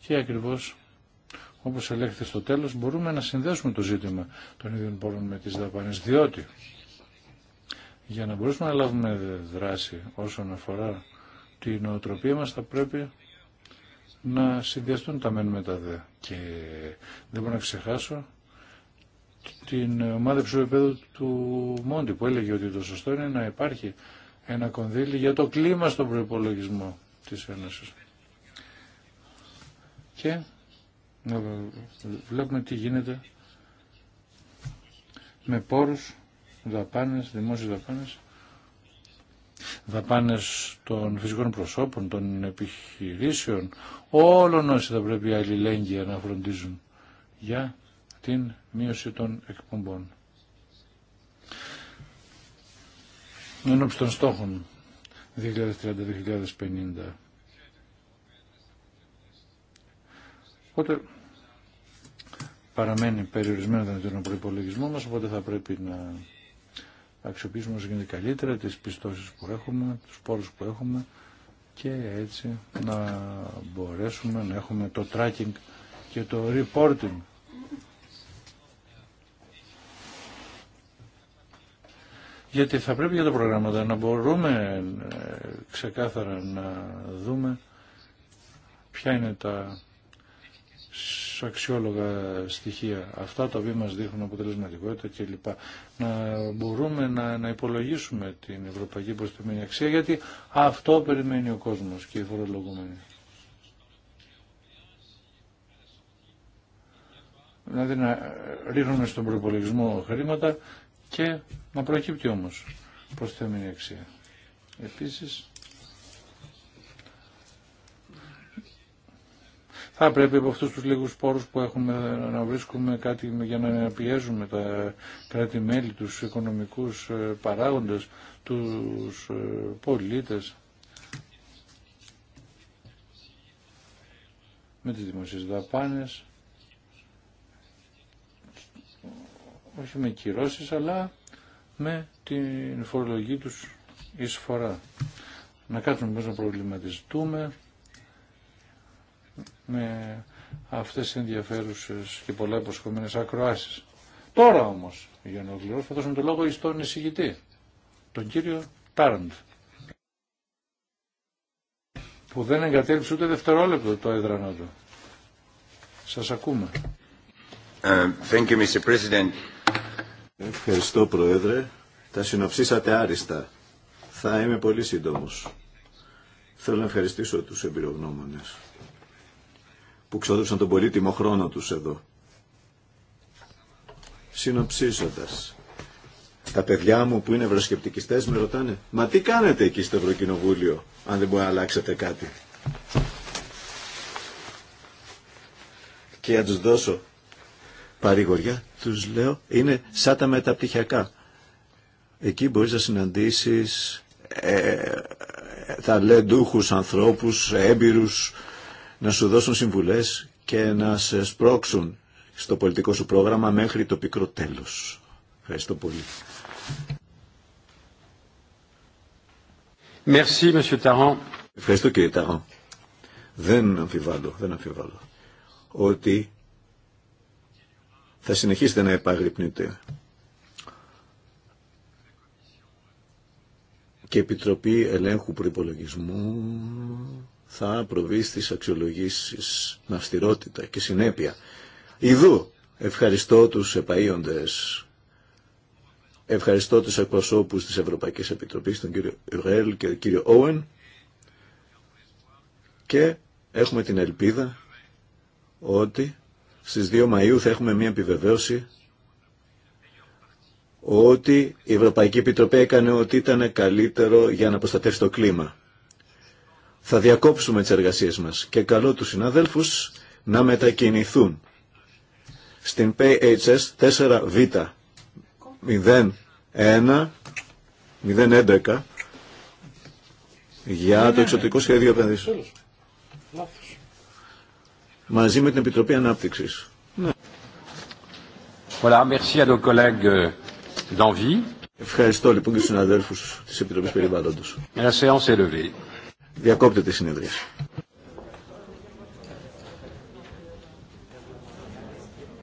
Και ακριβώς όπως ελέγχεται στο τέλος μπορούμε να συνδέσουμε το ζήτημα των ίδιων πόρων με τις δαπάνες διότι για να μπορούμε να λάβουμε δράση όσον αφορά την νοοτροπία μας θα πρέπει να συνδυαστούν τα μεν τα δε. Και δεν μπορώ να ξεχάσω την ομάδα ψηφοπαίδου του Μόντι που έλεγε ότι το σωστό είναι να υπάρχει ένα κονδύλι για το κλίμα στον προπολογισμό της Ένωση. Και ε, βλέπουμε τι γίνεται με πόρους, δαπάνες, δημόσιες δαπάνες, δαπάνες των φυσικών προσώπων, των επιχειρήσεων, όλων όσοι θα πρέπει αλληλέγγυα να φροντίζουν για την μείωση των εκπομπών. ενωπιστων των στόχων 2030-2050. Οπότε παραμένει περιορισμένο το προϋπολογισμό προπολογισμό μας, οπότε θα πρέπει να αξιοποιήσουμε όσο γίνεται καλύτερα τις πιστώσεις που έχουμε, τους πόρους που έχουμε και έτσι να μπορέσουμε να έχουμε το tracking και το reporting γιατί θα πρέπει για τα προγράμματα να μπορούμε ε, ξεκάθαρα να δούμε ποια είναι τα αξιόλογα στοιχεία, αυτά τα οποία μας δείχνουν αποτελεσματικότητα κλπ. Να μπορούμε να, να υπολογίσουμε την ευρωπαϊκή προστιμένη αξία, γιατί αυτό περιμένει ο κόσμος και οι φορολογούμενοι. Δηλαδή να ρίχνουμε στον προπολογισμό χρήματα και να προκύπτει όμως προς θεμένη αξία. Επίσης, θα πρέπει από αυτούς τους λίγους πόρους που έχουμε να βρίσκουμε κάτι για να πιέζουμε τα κράτη-μέλη, τους οικονομικούς ε, παράγοντες, τους ε, πολίτες, με τις δημοσίες δαπάνες, όχι με κυρώσεις, αλλά με την φορολογική τους εισφορά. Να κάτσουμε μέσα να προβληματιστούμε με αυτές τις ενδιαφέρουσες και πολλά υποσχομένες ακροάσεις. Τώρα όμως, για να ολοκληρώσω, θα δώσουμε το λόγο στον εισηγητή, τον κύριο Τάραντ, που δεν εγκατέλειψε ούτε δευτερόλεπτο το έδρανό του. Σας ακούμε. Uh, thank you, Mr. President. Ευχαριστώ Πρόεδρε. Τα συνοψίσατε άριστα. Θα είμαι πολύ σύντομος. Θέλω να ευχαριστήσω τους εμπειρογνώμονες που ξόδεψαν τον πολύτιμο χρόνο τους εδώ. Συνοψίζοντας, τα παιδιά μου που είναι ευρωσκεπτικιστές με ρωτάνε «Μα τι κάνετε εκεί στο Ευρωκοινοβούλιο αν δεν μπορεί να αλλάξετε κάτι» και να τους δώσω παρηγοριά τους λέω, είναι σαν τα μεταπτυχιακά. Εκεί μπορείς να συναντήσεις ε, ταλεντούχους ανθρώπους, έμπειρους, να σου δώσουν συμβουλές και να σε σπρώξουν στο πολιτικό σου πρόγραμμα μέχρι το πικρό τέλος. Ευχαριστώ πολύ. Merci, Monsieur Taran. Ευχαριστώ κύριε Ταρόν. Δεν αμφιβάλλω, δεν αμφιβάλλω ότι θα συνεχίσετε να επαγρυπνείτε. Και η Επιτροπή Ελέγχου Προϋπολογισμού θα προβεί στις αξιολογήσεις με αυστηρότητα και συνέπεια. Ιδού ευχαριστώ τους επαΐοντες, ευχαριστώ τους εκπροσώπους της Ευρωπαϊκής Επιτροπής, τον κύριο Ρέλ και τον κύριο Όεν και έχουμε την ελπίδα ότι στις 2 Μαΐου θα έχουμε μια επιβεβαίωση ότι η Ευρωπαϊκή Επιτροπή έκανε ότι ήταν καλύτερο για να προστατεύσει το κλίμα. Θα διακόψουμε τις εργασίες μας και καλώ τους συναδέλφους να μετακινηθούν στην PHS 4Β 01 011 για το εξωτικό σχέδιο επενδύσεων μαζί με την Επιτροπή Ανάπτυξης. Ναι. Euh, Ευχαριστώ λοιπόν και τους συναδέλφους της Επιτροπής Περιβάλλοντος. Διακόπτεται η συνεδρίαση.